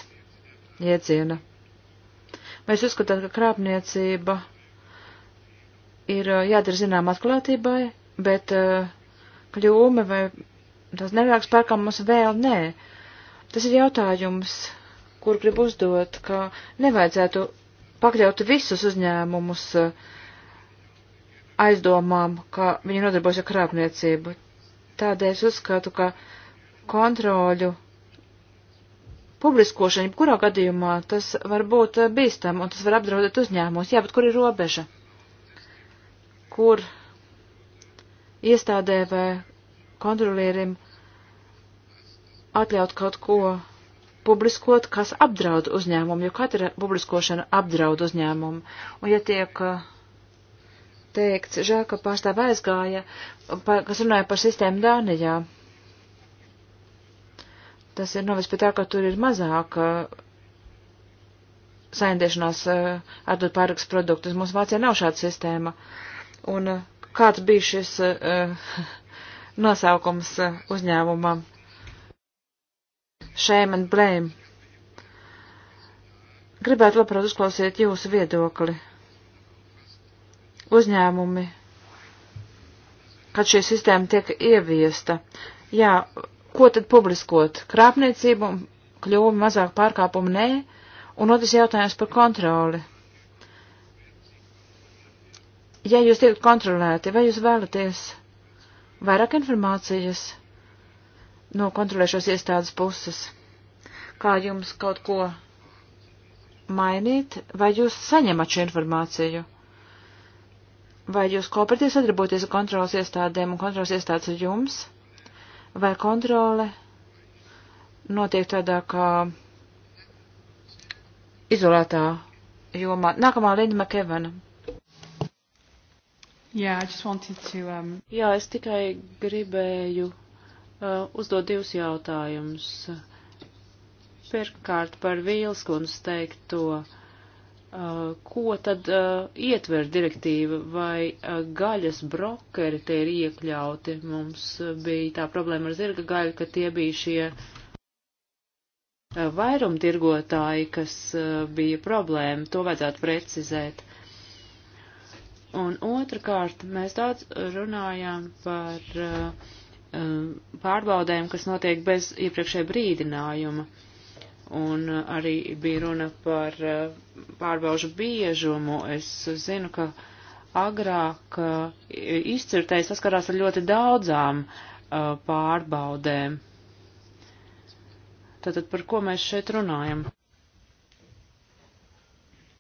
jēdziena. Vai jūs uzskatāt, ka krāpniecība ir eh, jādara zinām atklātībai, bet eh, kļūme vai tās nevēlāks pārkām mums vēl nē. Tas ir jautājums, kur grib uzdot, ka nevajadzētu pakļaut visus uzņēmumus eh, aizdomām, ka viņi nodarbojas ar krāpniecību. Tādēļ es uzskatu, ka kontroļu publiskošana, jebkurā gadījumā, tas var būt bīstam un tas var apdraudēt uzņēmumus. Jā, bet kur ir robeža? kur iestādē vai kontrolierim atļaut kaut ko publiskot, kas apdraud uzņēmumu, jo katra publiskošana apdraud uzņēmumu. Un ja tiek uh, teikts, žēl, ka pārstāv aizgāja, pa, kas runāja par sistēmu Dānijā, tas ir novest pie tā, ka tur ir mazāk uh, saindēšanās uh, atdot pārraks produktus. Mums Vācijā nav šāda sistēma. Uh, un eh, kāds bija šis uh, nosaukums eh, uzņēmumam. Shame and blame. Gribētu labprāt uzklausīt jūsu viedokli. Uzņēmumi, kad šī sistēma tiek ieviesta, jā, ko tad publiskot? Krāpniecību, kļūmi, mazāk pārkāpumu nē, un otrs jautājums par kontroli ja jūs tiek kontrolēti, vai jūs vēlaties vairāk informācijas no kontrolēšos iestādes puses, kā jums kaut ko mainīt, vai jūs saņemat šo informāciju, vai jūs kooperatīvi sadarboties ar kontrolas iestādēm un kontrolas iestādes ar jums, vai kontrole notiek tādā kā izolētā jomā. Nākamā Linda Makevana Yeah, to, um... Jā, es tikai gribēju uh, uzdot divus jautājumus. Pirmkārt, par Vīlskundas teikto, uh, ko tad uh, ietver direktīva vai uh, gaļas brokeri tie ir iekļauti. Mums uh, bija tā problēma ar zirga gaļu, ka tie bija šie uh, vairumtirgotāji, kas uh, bija problēma. To vajadzētu precizēt. Uh, Un otrkārt, mēs daudz runājām par uh, pārbaudēm, kas notiek bez iepriekšēja brīdinājuma. Un eh, arī bija runa par pārbaužu biežumu. Es zinu, ka agrāk izcirtēji saskarās ar ļoti daudzām pārbaudēm. Tātad par ko mēs šeit runājam?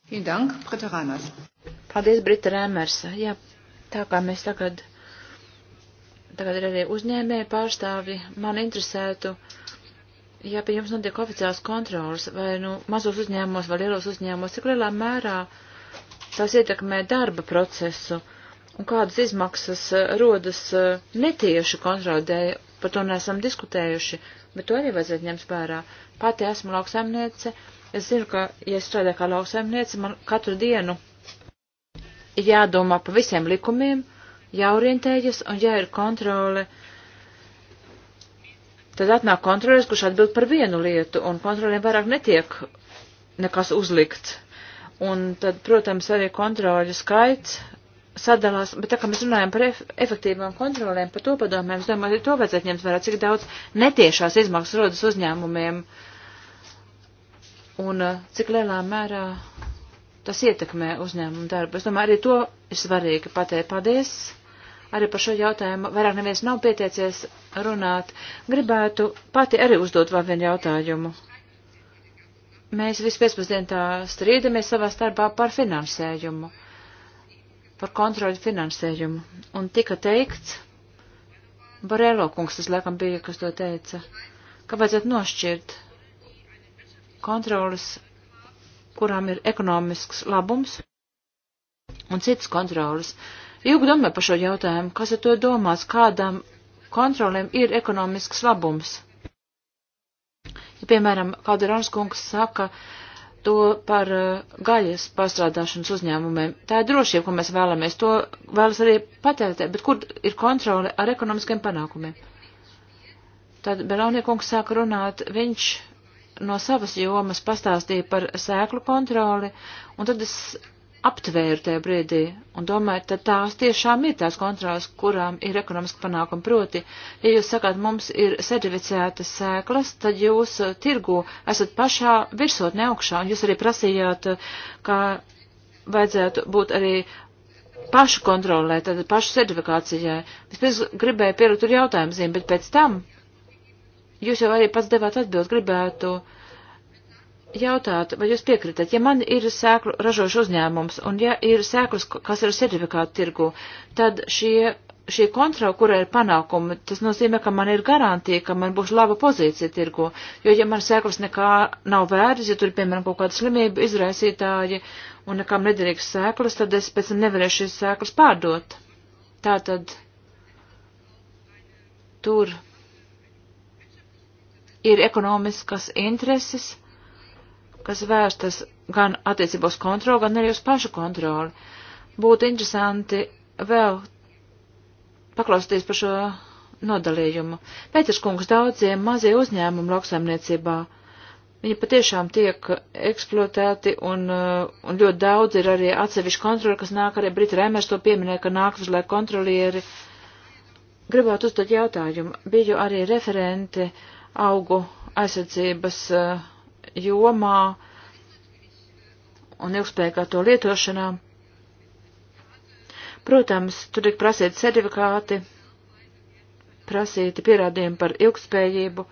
Dank, Brita Rēmers. Paldies, Brita Rēmers. Jā, tā kā mēs tagad, tagad ir arī uzņēmēja pārstāvi, man interesētu, ja pie jums notiek oficiāls kontrols, vai nu mazos uzņēmumos, vai lielos uzņēmumos, cik lielā mērā tās ietekmē darba procesu un kādas izmaksas eh, rodas eh, netieši kontrolēdēju, par to neesam diskutējuši, bet to arī vajadzētu ņemt vērā. Pati esmu lauksaimniece Es zinu, ka, ja strādāju kā lauksaimniece, man katru dienu ir jādomā pa visiem likumiem, jāorientējas, un ja ir kontrole, tad atnāk kontrolēs, kurš atbild par vienu lietu, un kontrolēm vairāk netiek nekas uzlikts. Un tad, protams, arī kontroļu skaits sadalās, bet tā kā mēs runājam par ef efektīvām kontrolēm, par to padomēm, es domāju, to vajadzētu ņemt vērā, cik daudz netiešās izmaksas rodas uzņēmumiem. Uh, un eh, cik lielā mērā tas ietekmē uzņēmumu darbu. Es domāju, arī to ir svarīgi pateikt paldies. Arī par šo jautājumu vairāk neviens nav pieteicies runāt. Gribētu pati arī uzdot vēl vienu jautājumu. Mēs visu pēcpusdienu tā strīdamies savā starpā par finansējumu, par kontroli finansējumu. Un tika teikts, Borelo kungs tas laikam bija, kas to teica, ka vajadzētu nošķirt kontrolas, kurām ir ekonomisks labums, un citas kontrolas. Ilgi domāju par šo jautājumu, kas ar to domās, kādām kontrolēm ir ekonomisks labums. Ja, piemēram, kāda Ronskungs saka to par uh, gaļas pārstrādāšanas uzņēmumiem, tā ir drošība, ko mēs vēlamies, to vēlas arī patērētē, bet kur ir kontrole ar ekonomiskiem panākumiem? Tad Belauniekungs sāka runāt, viņš no savas jomas pastāstīju par sēklu kontroli, un tad es aptvēru tajā brīdī un domāju, tad tās tiešām ir tās kontrolas, kurām ir ekonomiski panākumi. Proti, ja jūs sakāt, mums ir certificētas sēklas, tad jūs uh, tirgu esat pašā virsotne augšā, un jūs arī prasījāt, uh, ka vajadzētu būt arī pašu kontrolē, tad pašu certifikācijai. Vispirms gribēju pielikt tur jautājumu zīmi, bet pēc tam Jūs jau arī pats devāt atbild, gribētu jautāt, vai jūs piekritat, ja man ir sēklu ražošs uzņēmums un ja ir sēklas, kas ir certifikāta tirgu, tad šie, šī kontra, kurā ir panākumi, tas nozīmē, ka man ir garantija, ka man būs laba pozīcija tirgu, jo ja man sēklas nekā nav vērts, ja tur, piemēram, kaut kāda slimība izraisītāji un nekām nederīgs sēklas, tad es pēc tam nevarēšu šīs sēklas pārdot. Tātad tur ir ekonomiskas intereses, kas vērstas gan attiecībos kontroli, gan arī uz pašu kontroli. Būtu interesanti vēl paklausīties par šo nodalījumu. Pēters kungs daudziem mazie uzņēmumi lauksaimniecībā. Viņi patiešām tiek eksploatēti un, uh, un ļoti daudz ir arī atsevišķi kontroli, kas nāk arī Brita Rēmērs to pieminēja, ka nāk uz lai kontrolieri. Gribētu uzdot jautājumu. Biju arī referente uh, augu aizsardzības eh, jomā un ilgspējīgā to lietošanā. Protams, tur tiek prasīti certifikāti, prasīti pierādījumi par ilgspējību,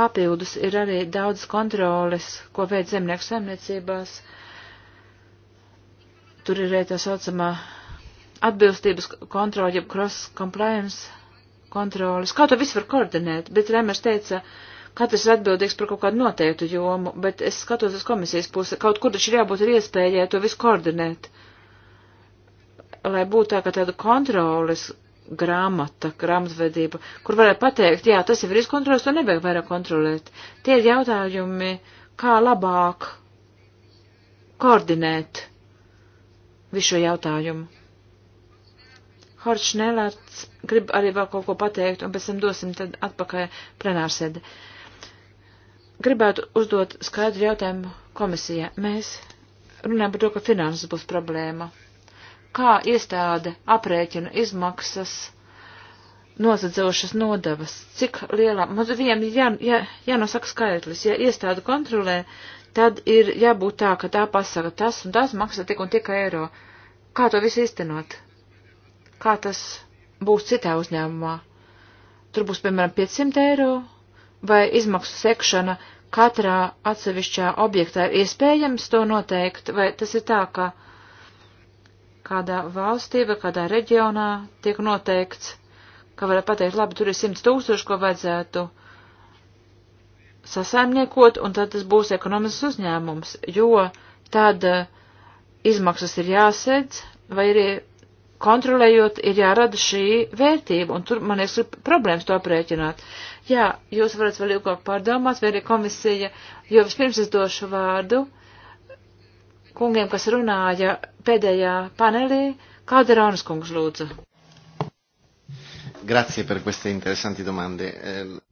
papildus ir arī daudz kontroles, ko veic zemnieku saimniecībās. Tur ir arī tā saucamā atbilstības kontrola, jeb cross compliance kontrolas. Kā to visu var koordinēt? Bet Rēmers teica, katrs ir atbildīgs par kaut kādu noteiktu jomu, bet es skatos uz komisijas pusi, kaut kur taču ir jābūt ir iespējai to visu koordinēt, lai būtu tā kā tāda kontrolas grāmata, grāmatvedība, kur varētu pateikt, jā, tas jau ir izkontrolēts, to nevajag vairāk kontrolēt. Tie ir jautājumi, kā labāk koordinēt visu šo jautājumu. Horčs Nelārds grib arī vēl kaut ko pateikt, un pēc tam dosim tad atpakaļ plenārsēdi. Gribētu uzdot skaidru jautājumu komisijā. Mēs runājam par to, ka finanses būs problēma. Kā iestāde aprēķina izmaksas nozadzošas nodevas? Cik lielā? Mums viņiem jā, jā, jānosaka skaitlis. Ja iestāde kontrolē, tad ir jābūt tā, ka tā pasaka tas un tas maksā tik un tik eiro. Kā to visu iztenot? kā tas būs citā uzņēmumā. Tur būs, piemēram, 500 eiro vai izmaksu sekšana katrā atsevišķā objektā ir iespējams to noteikt, vai tas ir tā, ka kādā valstī vai kādā reģionā tiek noteikts, ka varētu pateikt, labi, tur ir 100 tūkstoši, ko vajadzētu sasaimniekot, un tad tas būs ekonomisks uzņēmums, jo tad eh, izmaksas ir jāsedz, vai ir kontrolējot, ir jārada šī vērtība, un tur man ir problēmas to aprēķināt. Jā, jūs varat vēl ilgāk pārdomāt, vai arī komisija, jo vispirms es došu vārdu kungiem, kas runāja pēdējā panelī, kāda ir Aunas kungs lūdzu. Grazie par queste interesanti domande.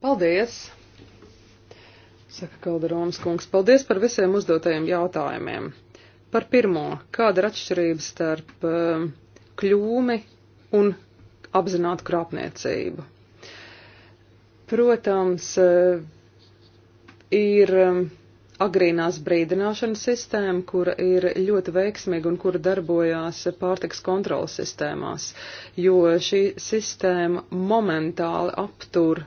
Paldies! Saka Kalderons kungs, paldies par visiem uzdotajiem jautājumiem. Par pirmo, kāda ir atšķirība starp uh, kļūmi un apzinātu krāpniecību. Protams, eh, ir eh, agrīnās brīdināšanas sistēma, kura ir ļoti veiksmīga un kura darbojās pārtiks kontrolas sistēmās, jo šī sistēma momentāli aptur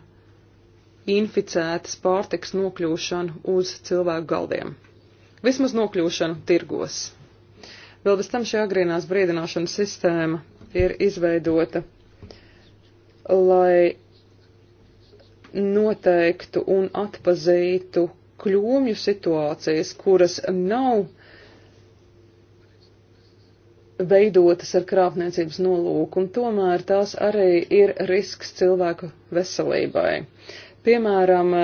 inficētas pārtiks nokļūšanu uz cilvēku galdiem. Vismaz nokļūšanu tirgos. Vēl bez tam šī agrīnās brīdināšanas sistēma ir izveidota, lai noteiktu un atpazītu kļūmju situācijas, kuras nav veidotas ar krāpniecības nolūku, un tomēr tās arī ir risks cilvēku veselībai. Piemēram,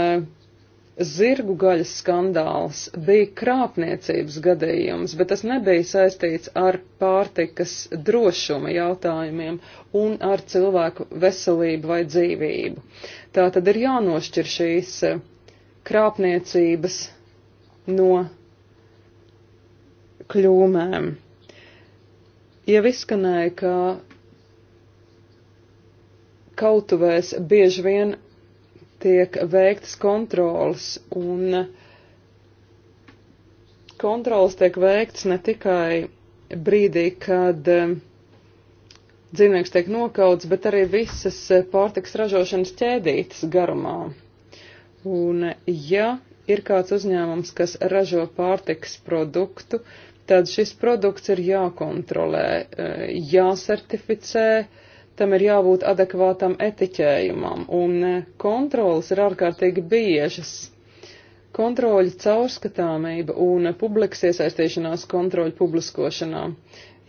zirgu gaļas skandāls bija krāpniecības gadījums, bet tas nebija saistīts ar pārtikas drošuma jautājumiem un ar cilvēku veselību vai dzīvību. Tā tad ir jānošķir šīs eh, krāpniecības no kļūmēm. Jau izskanēja, ka kautuvēs bieži vien tiek veiktas kontrolas, un kontrolas tiek veiktas ne tikai brīdī, kad eh, dzīvnieks tiek nokauts, bet arī visas eh, pārtiks ražošanas ķēdītas garumā. Un ja ir kāds uzņēmums, kas ražo pārtiks produktu, tad šis produkts ir jākontrolē, eh, jāsertificē, tam ir jābūt adekvātam etiķējumam, un e, kontrolas ir ārkārtīgi biežas. Kontroļa caurskatāmība un publikas iesaistīšanās kontroļa publiskošanā.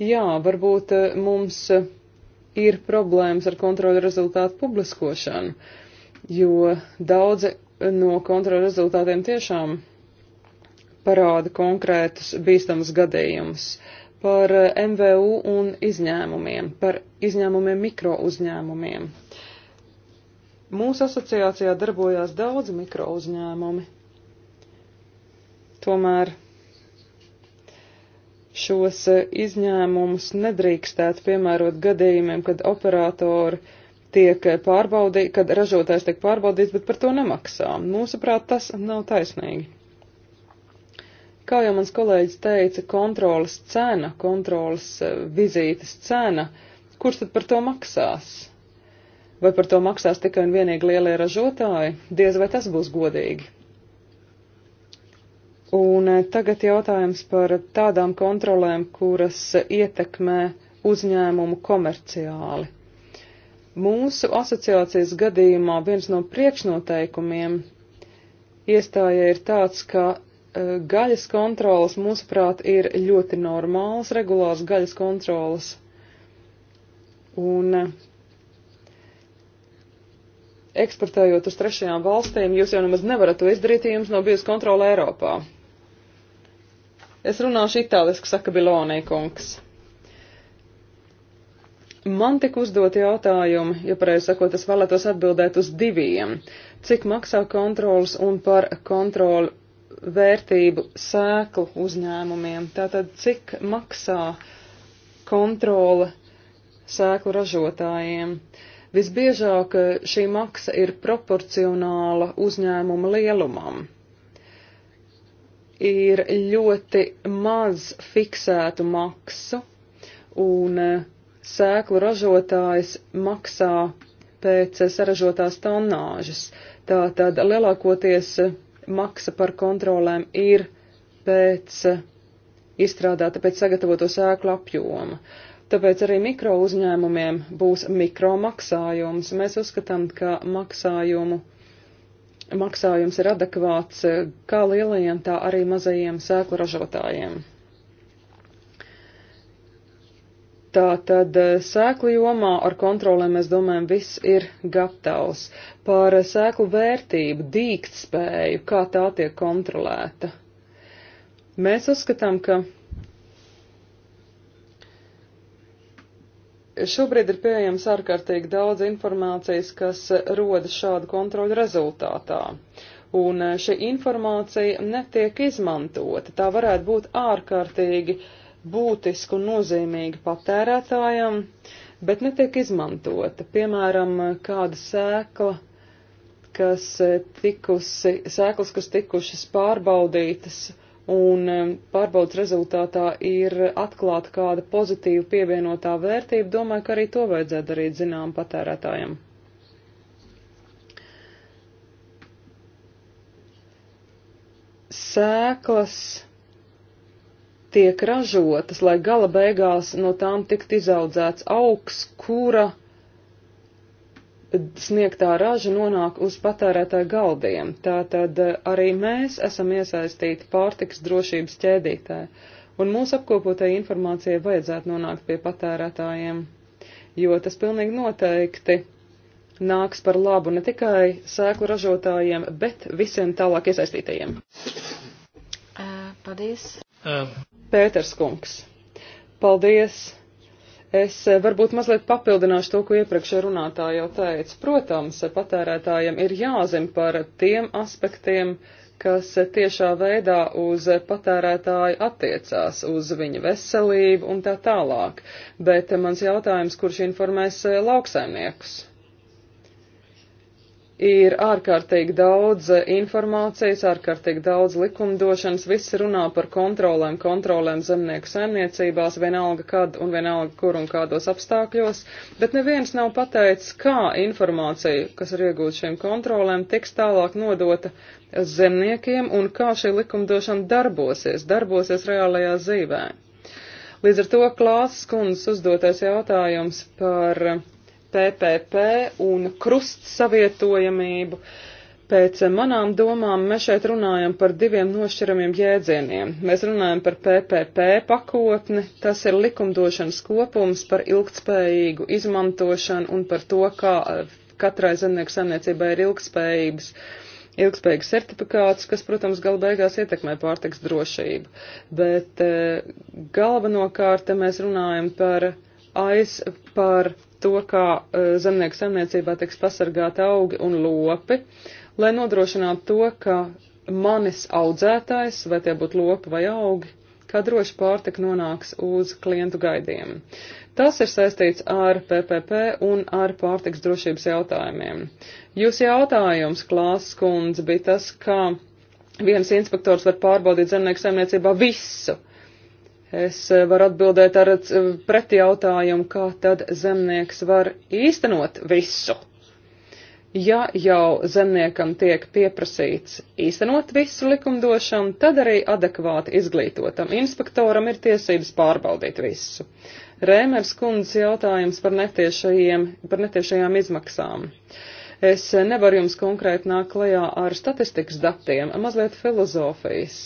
Jā, varbūt e, mums e, ir problēmas ar kontroļa rezultātu publiskošanu, jo daudzi no kontroļa rezultātiem tiešām parāda konkrētus bīstamus gadījumus. Uh, par eh, MVU un izņēmumiem, par izņēmumiem mikrouzņēmumiem. Mūsu asociācijā darbojās daudzi mikrouzņēmumi. Tomēr šos eh, izņēmumus nedrīkstētu piemērot gadījumiem, kad operatori tiek eh, pārbaudīti, kad ražotājs tiek pārbaudīts, bet par to nemaksā. Mūsuprāt, tas nav taisnīgi. Kā jau mans kolēģis teica, kontrolas cena, kontrolas e, vizītes cena, kurš tad par to maksās? Vai par to maksās tikai un vienīgi lielie ražotāji? Diez vai tas būs godīgi. Un e, tagad jautājums par tādām kontrolēm, kuras ietekmē uzņēmumu komerciāli. Mūsu asociācijas gadījumā viens no priekšnoteikumiem iestājai ir tāds, ka Eh, gaļas kontrolas, mūsuprāt, ir ļoti normāls, regulārs gaļas kontrolas. Un eh, eksportējot uz trešajām valstīm, jūs jau nemaz nevarat to izdarīt, ja jums nav bijusi kontrola Eiropā. Es runāšu itāliski, saka Bilonē kungs. Man tik uzdot jautājumu, ja pareizi sakot, es vēlētos atbildēt uz diviem. Cik maksā kontrols un par kontroli vērtību sēklu uzņēmumiem. Tātad, cik maksā kontrole sēklu ražotājiem? Visbiežāk eh, šī maksa ir proporcionāla uzņēmuma lielumam. Ir ļoti maz fiksētu maksu, un eh, sēklu ražotājs maksā pēc saražotās tonnāžas. Tātad lielākoties maksa par kontrolēm ir pēc izstrādāta, pēc sagatavoto sēklu apjoma. Tāpēc arī mikro uzņēmumiem būs mikro maksājums. Mēs uzskatām, ka maksājumu, maksājums ir adekvāts kā lielajiem, tā arī mazajiem sēklu ražotājiem. Tā tad eh, sēklu jomā ar kontrolēm, mēs domājam, viss ir gatavs. Par eh, sēklu vērtību, dīktspēju, kā tā tiek kontrolēta. Mēs uzskatām, ka šobrīd ir pieejams ārkārtīgi daudz informācijas, kas eh, rodas šādu kontroļu rezultātā. Un šī informācija netiek izmantota. Tā varētu būt ārkārtīgi uh, būtiska un nozīmīga patērētājam, bet netiek izmantota. Piemēram, kāda sēkla, kas tikusi, sēklas, kas tikušas pārbaudītas un pārbaudas rezultātā ir atklāta kāda pozitīva pievienotā vērtība, domāju, ka arī to vajadzētu darīt zinām patērētājiem. Sēklas tiek ražotas, lai gala beigās no tām tikt izaudzēts augs, kura sniegtā raža nonāk uz patērētāju galdiem. Tātad eh, arī mēs esam iesaistīti pārtiks drošības ķēdītē, un mūsu apkopotajai informācijai vajadzētu nonākt pie patērētājiem, jo tas pilnīgi noteikti nāks par labu ne tikai sēklu ražotājiem, bet visiem tālāk iesaistītajiem. Eh, paldies. Um. Pēters Kungs. Paldies! Es eh, varbūt mazliet papildināšu to, ko iepriekšējā runātāja jau teica. Protams, patērētājiem ir jāzina par tiem aspektiem, kas tiešā veidā uz patērētāju attiecās, uz viņa veselību un tā tālāk. Bet mans jautājums, kurš informēs eh, lauksaimniekus? ir ārkārtīgi daudz eh, informācijas, ārkārtīgi daudz likumdošanas, viss runā par kontrolēm, kontrolēm zemnieku saimniecībās, vienalga kad un vienalga kur un kādos apstākļos, bet neviens nav pateicis, kā informācija, kas ir iegūta šiem kontrolēm, tiks tālāk nodota zemniekiem un kā šī likumdošana darbosies, darbosies reālajā dzīvē. Līdz ar to klāsas kundzes uzdotais jautājums par PPP un krustsavietojamību. Pēc manām domām mēs šeit runājam par diviem nošķiramiem jēdzieniem. Mēs runājam par PPP pakotni, tas ir likumdošanas kopums par ilgtspējīgu izmantošanu un par to, kā katrai zemnieku saimniecībai ir ilgtspējības. Ilgspējīgs certifikāts, kas, protams, gala beigās ietekmē pārtiks drošību, bet e, galvenokārt mēs runājam par aiz, par to, kā e, zemnieku saimniecībā tiks pasargāti augi un lopi, lai nodrošinātu to, ka manis audzētājs, vai tie būtu lopi vai augi, kā droši pārtika nonāks uz klientu gaidiem. Tas ir saistīts ar PPP un ar pārtiks drošības jautājumiem. Jūs jautājums, Klāsas kundze, bija tas, ka viens inspektors var pārbaudīt zemnieku saimniecībā visu, Es eh, varu atbildēt ar eh, preti jautājumu, kā tad zemnieks var īstenot visu. Ja jau zemniekam tiek pieprasīts īstenot visu likumdošanu, tad arī adekvāti izglītotam inspektoram ir tiesības pārbaudīt visu. Rēmers kundzes jautājums par, par netiešajām izmaksām. Es nevaru jums konkrēti nākt klajā ar statistikas datiem, mazliet filozofijas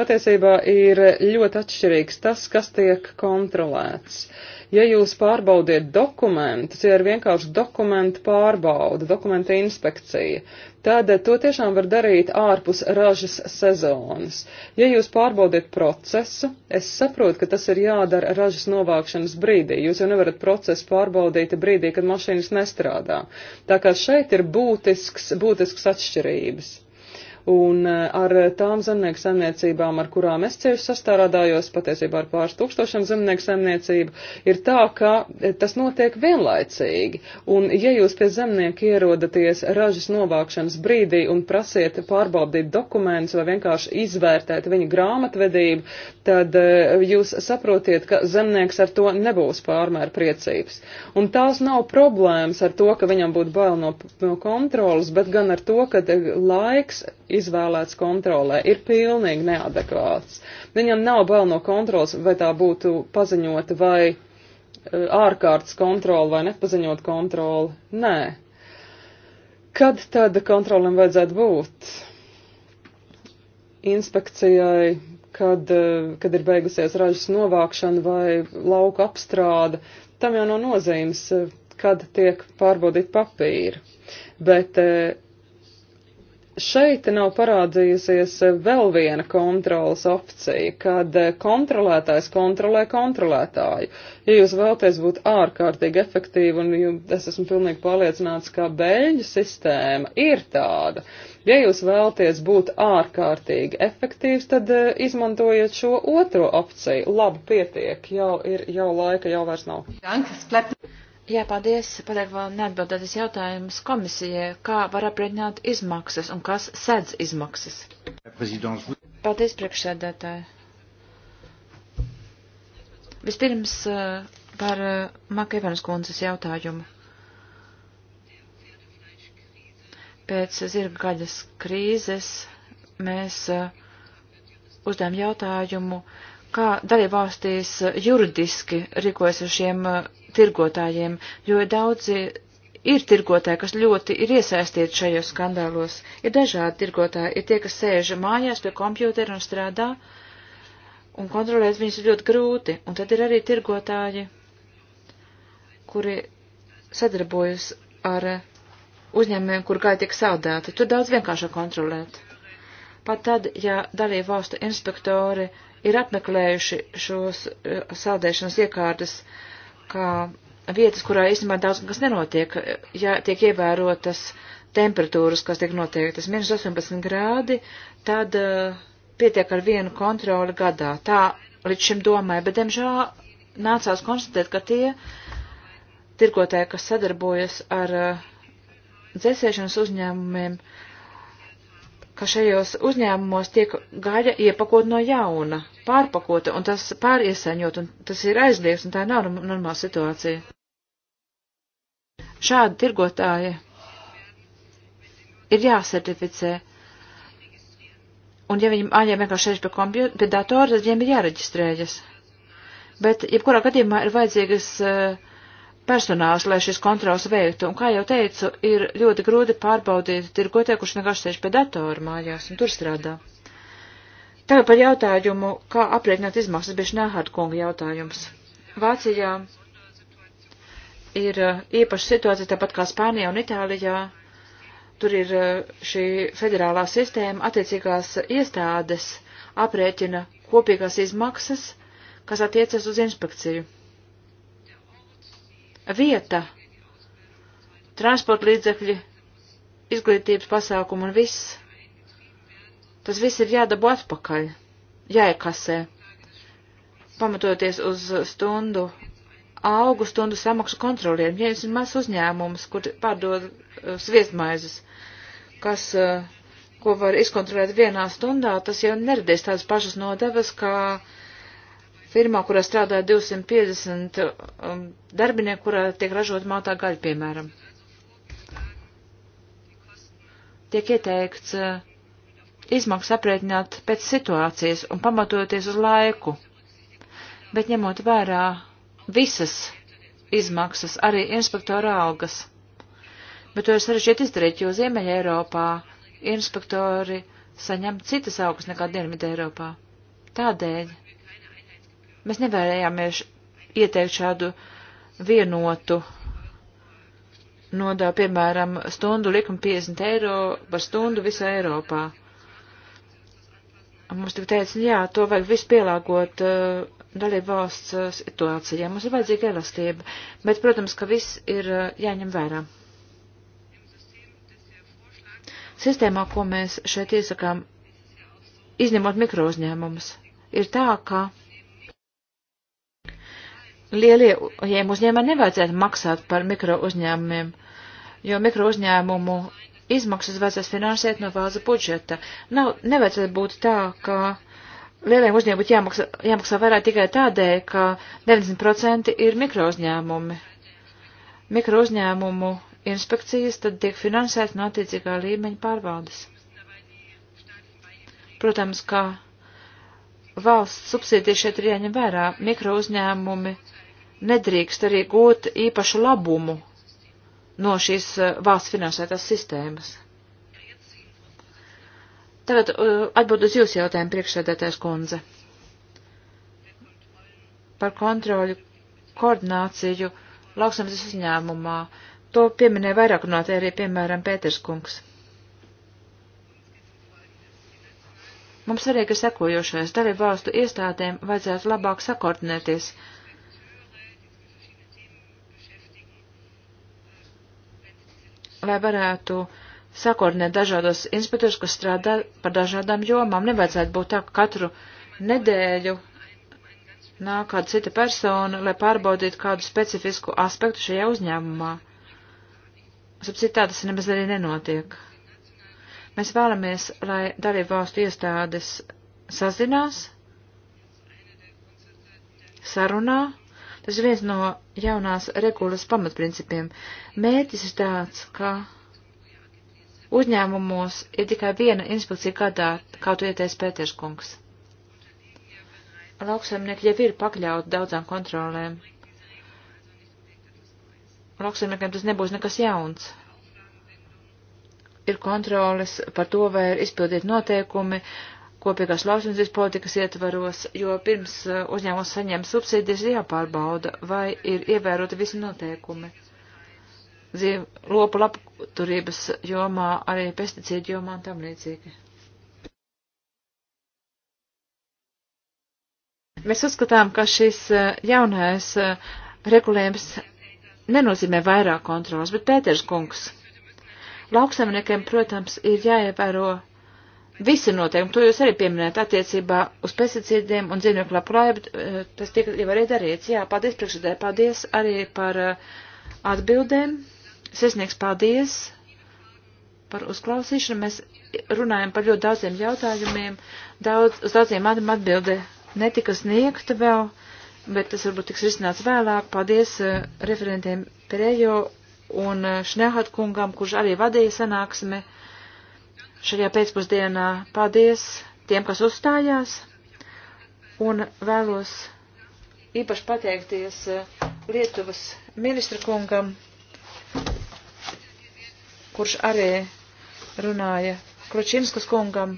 Patiesībā ir ļoti atšķirīgs tas, kas tiek kontrolēts. Ja jūs pārbaudiet dokumentus, ja ir vienkārši dokumentu pārbauda, dokumenta inspekcija, tad to tiešām var darīt ārpus ražas sezonas. Ja jūs pārbaudiet procesu, es saprotu, ka tas ir jādara ražas novākšanas brīdī. Jūs jau nevarat procesu pārbaudīt brīdī, kad mašīnas nestrādā. Tā kā šeit ir būtisks, būtisks atšķirības. Un eh, ar tām zemnieku saimniecībām, ar kurām es cieši sastārādājos, patiesībā ar pāris tūkstošiem zemnieku saimniecību, ir tā, ka eh, tas notiek vienlaicīgi. Un ja jūs pie zemnieka ierodaties ražas novākšanas brīdī un prasiet pārbaudīt dokumentus vai vienkārši izvērtēt viņa grāmatvedību, tad eh, jūs saprotiet, ka zemnieks ar to nebūs pārmēr priecīgs. Un tās nav problēmas ar to, ka viņam būtu bail no, no kontrolas, bet gan ar to, ka laiks izvēlēts kontrolē, ir pilnīgi neadekvāts. Viņam nav bail no kontrols, vai tā būtu paziņota vai eh, ārkārtas kontrola vai nepaziņot kontroli. Nē. Kad tad kontrolim vajadzētu būt? Inspekcijai, kad, eh, kad ir beigusies ražas novākšana vai lauka apstrāde, tam jau nav no nozīmes, eh, kad tiek pārbaudīt papīri. Bet šeit nav parādījusies vēl viena kontrolas opcija, kad kontrolētājs kontrolē kontrolētāju. Ja jūs vēlaties būt ārkārtīgi efektīvi, un es esmu pilnīgi pārliecināts, ka beļģu sistēma ir tāda, ja jūs vēlaties būt ārkārtīgi efektīvs, tad e, izmantojiet šo otro opciju. Labi, pietiek, jau ir, jau laika, jau vairs nav. Dankas, Jā, paldies. Paliek vēl neatbildētas jautājumas komisijai, kā var aprēķināt izmaksas un kas sedz izmaksas. Paldies, priekšsēdētāji. Vispirms eh, par eh, Makēvenas kundzes jautājumu. Pēc zirga gaļas krīzes mēs eh, uzdevām jautājumu, uh, kā dalībvalstīs juridiski rīkojas ar šiem uh, tirgotājiem, jo daudzi ir tirgotāji, kas ļoti ir iesaistīti šajos skandālos. Ir dažādi tirgotāji, ir tie, kas sēž mājās pie kompjūtera un strādā, un kontrolēt viņus ir ļoti grūti. Un tad ir arī tirgotāji, kuri sadarbojas ar uzņēmumiem, kur gaita tiek saldēta. Tur daudz vienkāršāk kontrolēt. Pat tad, ja dalību valstu inspektori ir apmeklējuši šos eh, saldēšanas iekārtas kā vietas, kurā īstenībā daudz kas nenotiek, ja tiek ievērotas temperatūras, kas tiek noteiktas minus 18 grādi, tad uh, pietiek ar vienu kontroli gadā. Tā līdz šim domāju, bet, diemžēl, nācās konstatēt, ka tie tirgotāji, kas sadarbojas ar uh, dzēsēšanas uzņēmumiem, uh, ka šajos uzņēmumos tiek gaļa iepakot no jauna, pārpakota, un tas pāriesaņot, un tas ir aizliegts, un tā nav normāla situācija. Šādi tirgotāji ir jāsertificē, un ja viņiem aņem ah, vienkārši šeit pie, pie datora, tad viņiem ir jāreģistrējas. Bet, jebkurā gadījumā, ir vajadzīgas uh, personāls, lai šis kontrols veiktu, un, kā jau teicu, ir ļoti grūti pārbaudīt tirgotē, kurš vienkārši sēž pie datora mājās un tur strādā. Tagad par jautājumu, kā aprēķināt izmaksas, bija Šnēhārda kunga jautājums. Vācijā ir uh, īpaša situācija, tāpat kā Spānijā un Itālijā. Tur ir uh, šī federālā sistēma, attiecīgās iestādes aprēķina kopīgās izmaksas, kas attiecas uz inspekciju vieta, transporta līdzekļi, izglītības pasākumu un viss. Tas viss ir jādabū atpakaļ, jāiekasē, pamatoties uz stundu augu stundu samaksu kontroliem. Ja jums ir mazs uzņēmums, kur pārdod uh, sviestmaizes, kas, uh, ko var izkontrolēt vienā stundā, tas jau neradīs tādas pašas nodevas, kā uh, firmā, kurā strādā 250 um, darbinieki, kurā tiek ražot mātā gaļa, piemēram. Tiek ieteikts uh, izmaksas aprēķināt pēc situācijas un pamatoties uz laiku, bet ņemot vērā visas izmaksas, arī inspektora algas. Bet to ir sarežģīti izdarīt, jo Ziemeļa Eiropā inspektori saņem citas augstas nekā Dienvidē Eiropā. Tādēļ Mēs nevēlējāmies ieteikt šādu vienotu nodā, piemēram, stundu likuma 50 eiro par stundu visā Eiropā. Un mums tik teica, jā, to vajag visu pielāgot uh, dalību valsts uh, situācijā. Mums ir vajadzīga elastība, bet, protams, ka viss ir uh, jāņem vērā. Sistēmā, ko mēs šeit iesakām, izņemot mikrouzņēmumus, ir tā, ka lielajiem uzņēmumiem nevajadzētu maksāt par mikro uzņēmumiem, jo mikro uzņēmumu izmaksas vajadzēs finansēt no valsts budžeta. Nav, nevajadzētu būt tā, ka lieliem uzņēmumiem būtu jāmaksā, jāmaksā vairāk tikai tādēļ, ka 90% ir mikro uzņēmumi. Mikro uzņēmumu inspekcijas tad tiek finansētas no attiecīgā līmeņa pārvaldes. Protams, ka valsts subsīdijas šeit ir jāņem vērā. Mikro uzņēmumi nedrīkst arī gūt īpašu labumu no šīs eh, valsts finansētās sistēmas. Tagad eh, atbild uz jūsu jautājumu, priekšsēdētājs kundze. Par kontroļu koordināciju lauksamības uzņēmumā. To pieminēja vairāk no te arī, piemēram, Pēterskungs. Mums svarīgi sekojošais dalībvalstu iestādēm vajadzētu labāk sakoordinēties lai varētu sakoordinēt dažādos inspektors, kas strādā par dažādām jomām. Nevajadzētu būt tā, ka katru nedēļu nāk kāda cita persona, lai pārbaudītu kādu specifisku aspektu šajā uzņēmumā. Sapcīt tā tas nemaz arī nenotiek. Mēs vēlamies, lai dalību valstu iestādes sazinās, sarunā, Tas ir viens no jaunās regulas pamatprincipiem. Mērķis ir tāds, ka uzņēmumos ir tikai viena inspekcija gadā, kā tu ieteici Pēterskungs. Lauksaimnieki jau ir pakļauti daudzām kontrolēm. Lauksaimniekiem tas nebūs nekas jauns ir kontroles par to, vai ir izpildīti noteikumi, kopīgās lauksimniecības politikas ietvaros, jo pirms eh, uzņēmums saņem subsīdijas jāpārbauda, vai ir ievēroti visi noteikumi. Zīv, lopu labturības jomā, arī pesticīdu jomā un tam līdzīgi. Mēs uzskatām, ka šis eh, jaunais eh, regulējums nenozīmē vairāk kontrols, bet Pēters kungs. Lauksamniekiem, protams, ir jāievēro Visi noteikumi, to jūs arī pieminējat attiecībā uz pesticīdiem un dzīvnieku labklājību, eh, tas tika jau arī darīts. Jā, paldies priekšredē, paldies arī par eh, atbildēm. Sesnieks, paldies par uzklausīšanu. Mēs runājam par ļoti daudziem jautājumiem, daudz, uz daudziem atbildi netika sniegta vēl, bet tas varbūt tiks risināts vēlāk. Paldies eh, referentiem Perejo un Šnehat kungam, kurš arī vadīja sanāksmi šajā pēcpusdienā. Paldies tiem, kas uzstājās, un vēlos īpaši pateikties eh, Lietuvas ministra kungam, kurš arī runāja Kručinskas kungam.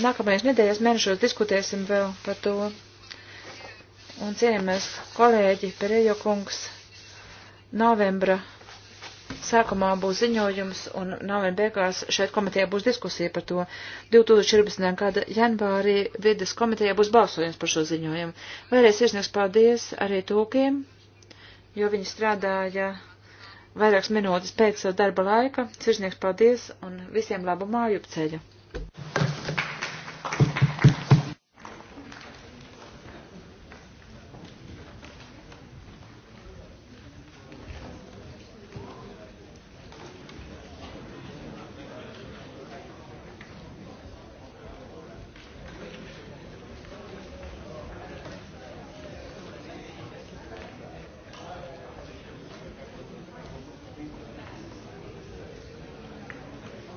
Nākamajās nedēļas mēnešos diskutēsim vēl par to. Un cienījamies kolēģi Perejo kungs novembra Sākumā būs ziņojums, un nāvien beigās šeit komitejā būs diskusija par to. 2014. gada janvārī vides komitejā būs balsojums par šo ziņojumu. Vēlreiz iesniegs paldies arī tūkiem, jo viņi strādāja vairākas minūtes pēc darba laika. Sirsnieks paldies un visiem labu māju ceļu!